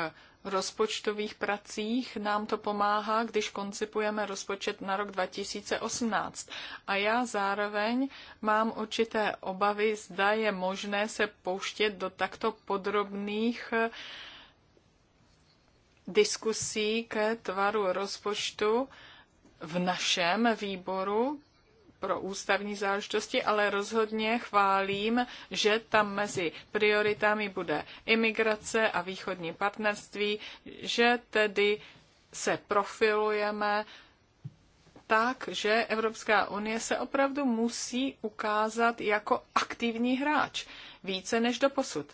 rozpočtových pracích nám to pomáhá, když koncipujeme rozpočet na rok 2018. A já zároveň mám určité obavy, zda je možné se pouštět do takto podrobných uh, diskusí ke tvaru rozpočtu v našem výboru pro ústavní záležitosti, ale rozhodně chválím, že tam mezi prioritami bude imigrace a východní partnerství, že tedy se profilujeme tak, že Evropská unie se opravdu musí ukázat jako aktivní hráč, více než doposud.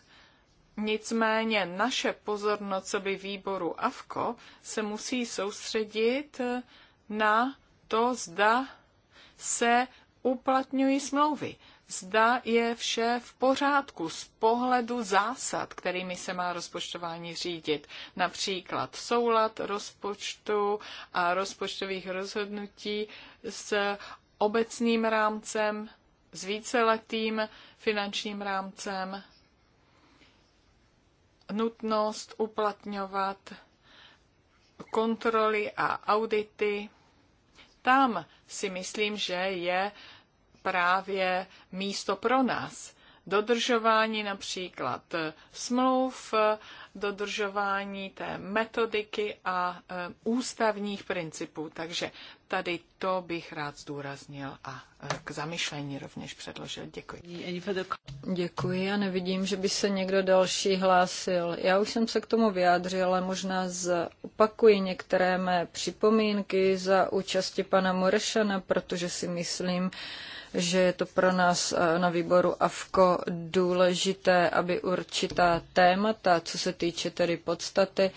Nicméně naše pozornost by výboru AVKO se musí soustředit na to, zda se uplatňují smlouvy. Zda je vše v pořádku z pohledu zásad, kterými se má rozpočtování řídit. Například soulad rozpočtu a rozpočtových rozhodnutí s obecným rámcem, s víceletým finančním rámcem nutnost uplatňovat kontroly a audity. Tam si myslím, že je právě místo pro nás. Dodržování například smluv, dodržování té metodiky a e, ústavních principů. Takže tady to bych rád zdůraznil a e, k zamyšlení rovněž předložil. Děkuji. Děkuji. Já nevidím, že by se někdo další hlásil. Já už jsem se k tomu vyjádřil, ale možná zopakuji některé mé připomínky za účasti pana Morešana, protože si myslím, že je to pro nás eh, na výboru AFKO důležité, aby určitá témata, co se týče tedy podstaty,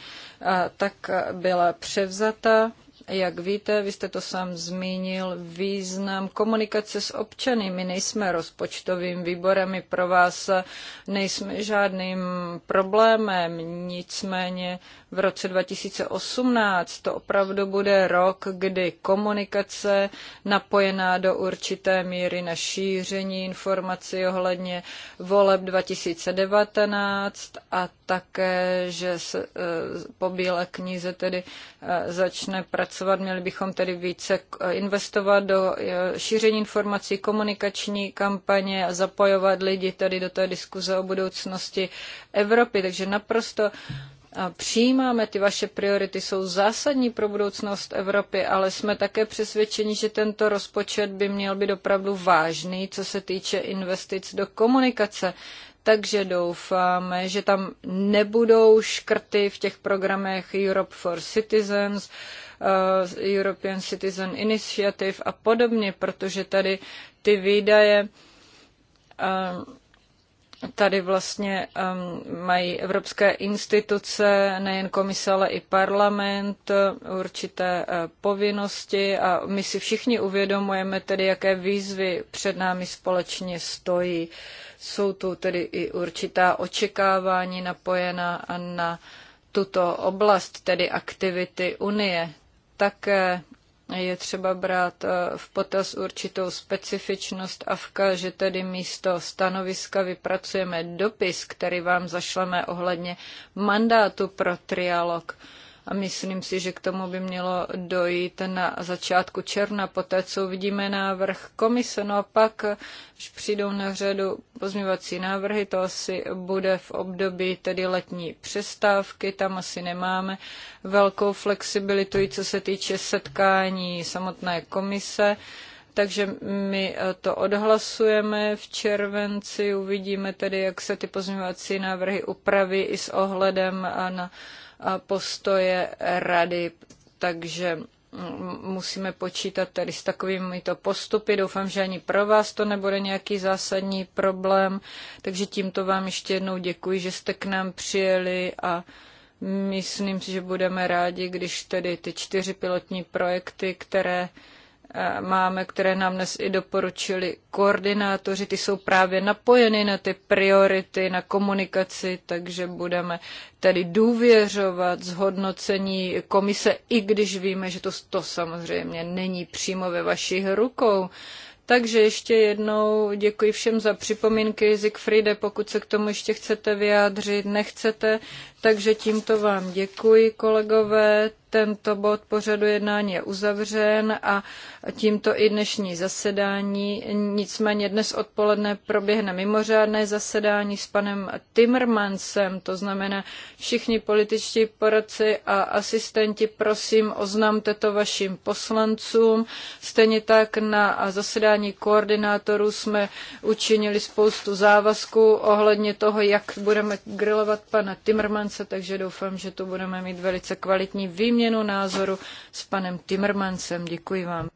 tak eh, byla převzata jak víte, vy jste to sám zmínil, význam komunikace s občany. My nejsme rozpočtovým výborem, my pro vás eh, nejsme žádným problémem, nicméně v roce 2018. To opravdu bude rok, kdy komunikace napojená do určité míry na šíření informací ohledně voleb 2019 a také, že se e, po Bílé knize tedy e, začne pracovat. Měli bychom tedy více e, investovat do šíření informací, komunikační kampaně a zapojovat lidi tedy do té diskuze o budoucnosti Evropy. Takže naprosto přijímáme ty vaše priority, jsou zásadní pro budoucnost Evropy, ale jsme také přesvědčeni, že tento rozpočet by měl být opravdu vážný, co se týče investic do komunikace. Takže doufáme, že tam nebudou škrty v těch programech Europe for Citizens, eh, European Citizen Initiative a podobně, protože tady ty výdaje eh, tady vlastně um, mají evropské instituce, nejen komise, ale i parlament, uh, určité uh, povinnosti a my si všichni uvědomujeme tedy, jaké výzvy před námi společně stojí. Jsou tu tedy i určitá očekávání napojená na tuto oblast, tedy aktivity Unie. Také je třeba brát eh, v potaz určitou specifičnost AFKA, že tedy místo stanoviska vypracujeme dopis, který vám zašleme ohledně mandátu pro trialog a myslím si, že k tomu by mělo dojít na začátku června, poté co uvidíme návrh komise. No a pak, až přijdou na řadu pozměvací návrhy, to asi bude v období tedy letní přestávky, tam asi nemáme velkou flexibilitu, co se týče setkání samotné komise takže my to odhlasujeme v červenci, uvidíme tedy, jak se ty pozměňovací návrhy upraví i s ohledem na postoje rady, takže mm, musíme počítat tedy s takovými to postupy. Doufám, že ani pro vás to nebude nějaký zásadní problém. Takže tímto vám ještě jednou děkuji, že jste k nám přijeli a myslím si, že budeme rádi, když tedy ty čtyři pilotní projekty, které máme, které nám dnes i doporučili koordinátoři, ty jsou právě napojeny na ty priority, na komunikaci, takže budeme tedy důvěřovat zhodnocení komise, i když víme, že to, to samozřejmě není přímo ve vašich rukou. Takže ještě jednou děkuji všem za připomínky. Zigfriede, pokud se k tomu ještě chcete vyjádřit, nechcete, takže tímto vám děkuji, kolegové. Tento bod pořadu jednání je uzavřen a tímto i dnešní zasedání. Nicméně dnes odpoledne proběhne mimořádné zasedání s panem Timmermansem, to znamená všichni političtí poradci a asistenti, prosím, oznamte to vašim poslancům. Stejně tak na zasedání koordinátorů jsme učinili spoustu závazků ohledně toho, jak budeme grilovat pana Timmermanse, takže doufám, že to budeme mít velice kvalitní výměnu výměnu názoru s panem Timmermansem. Děkuji vám.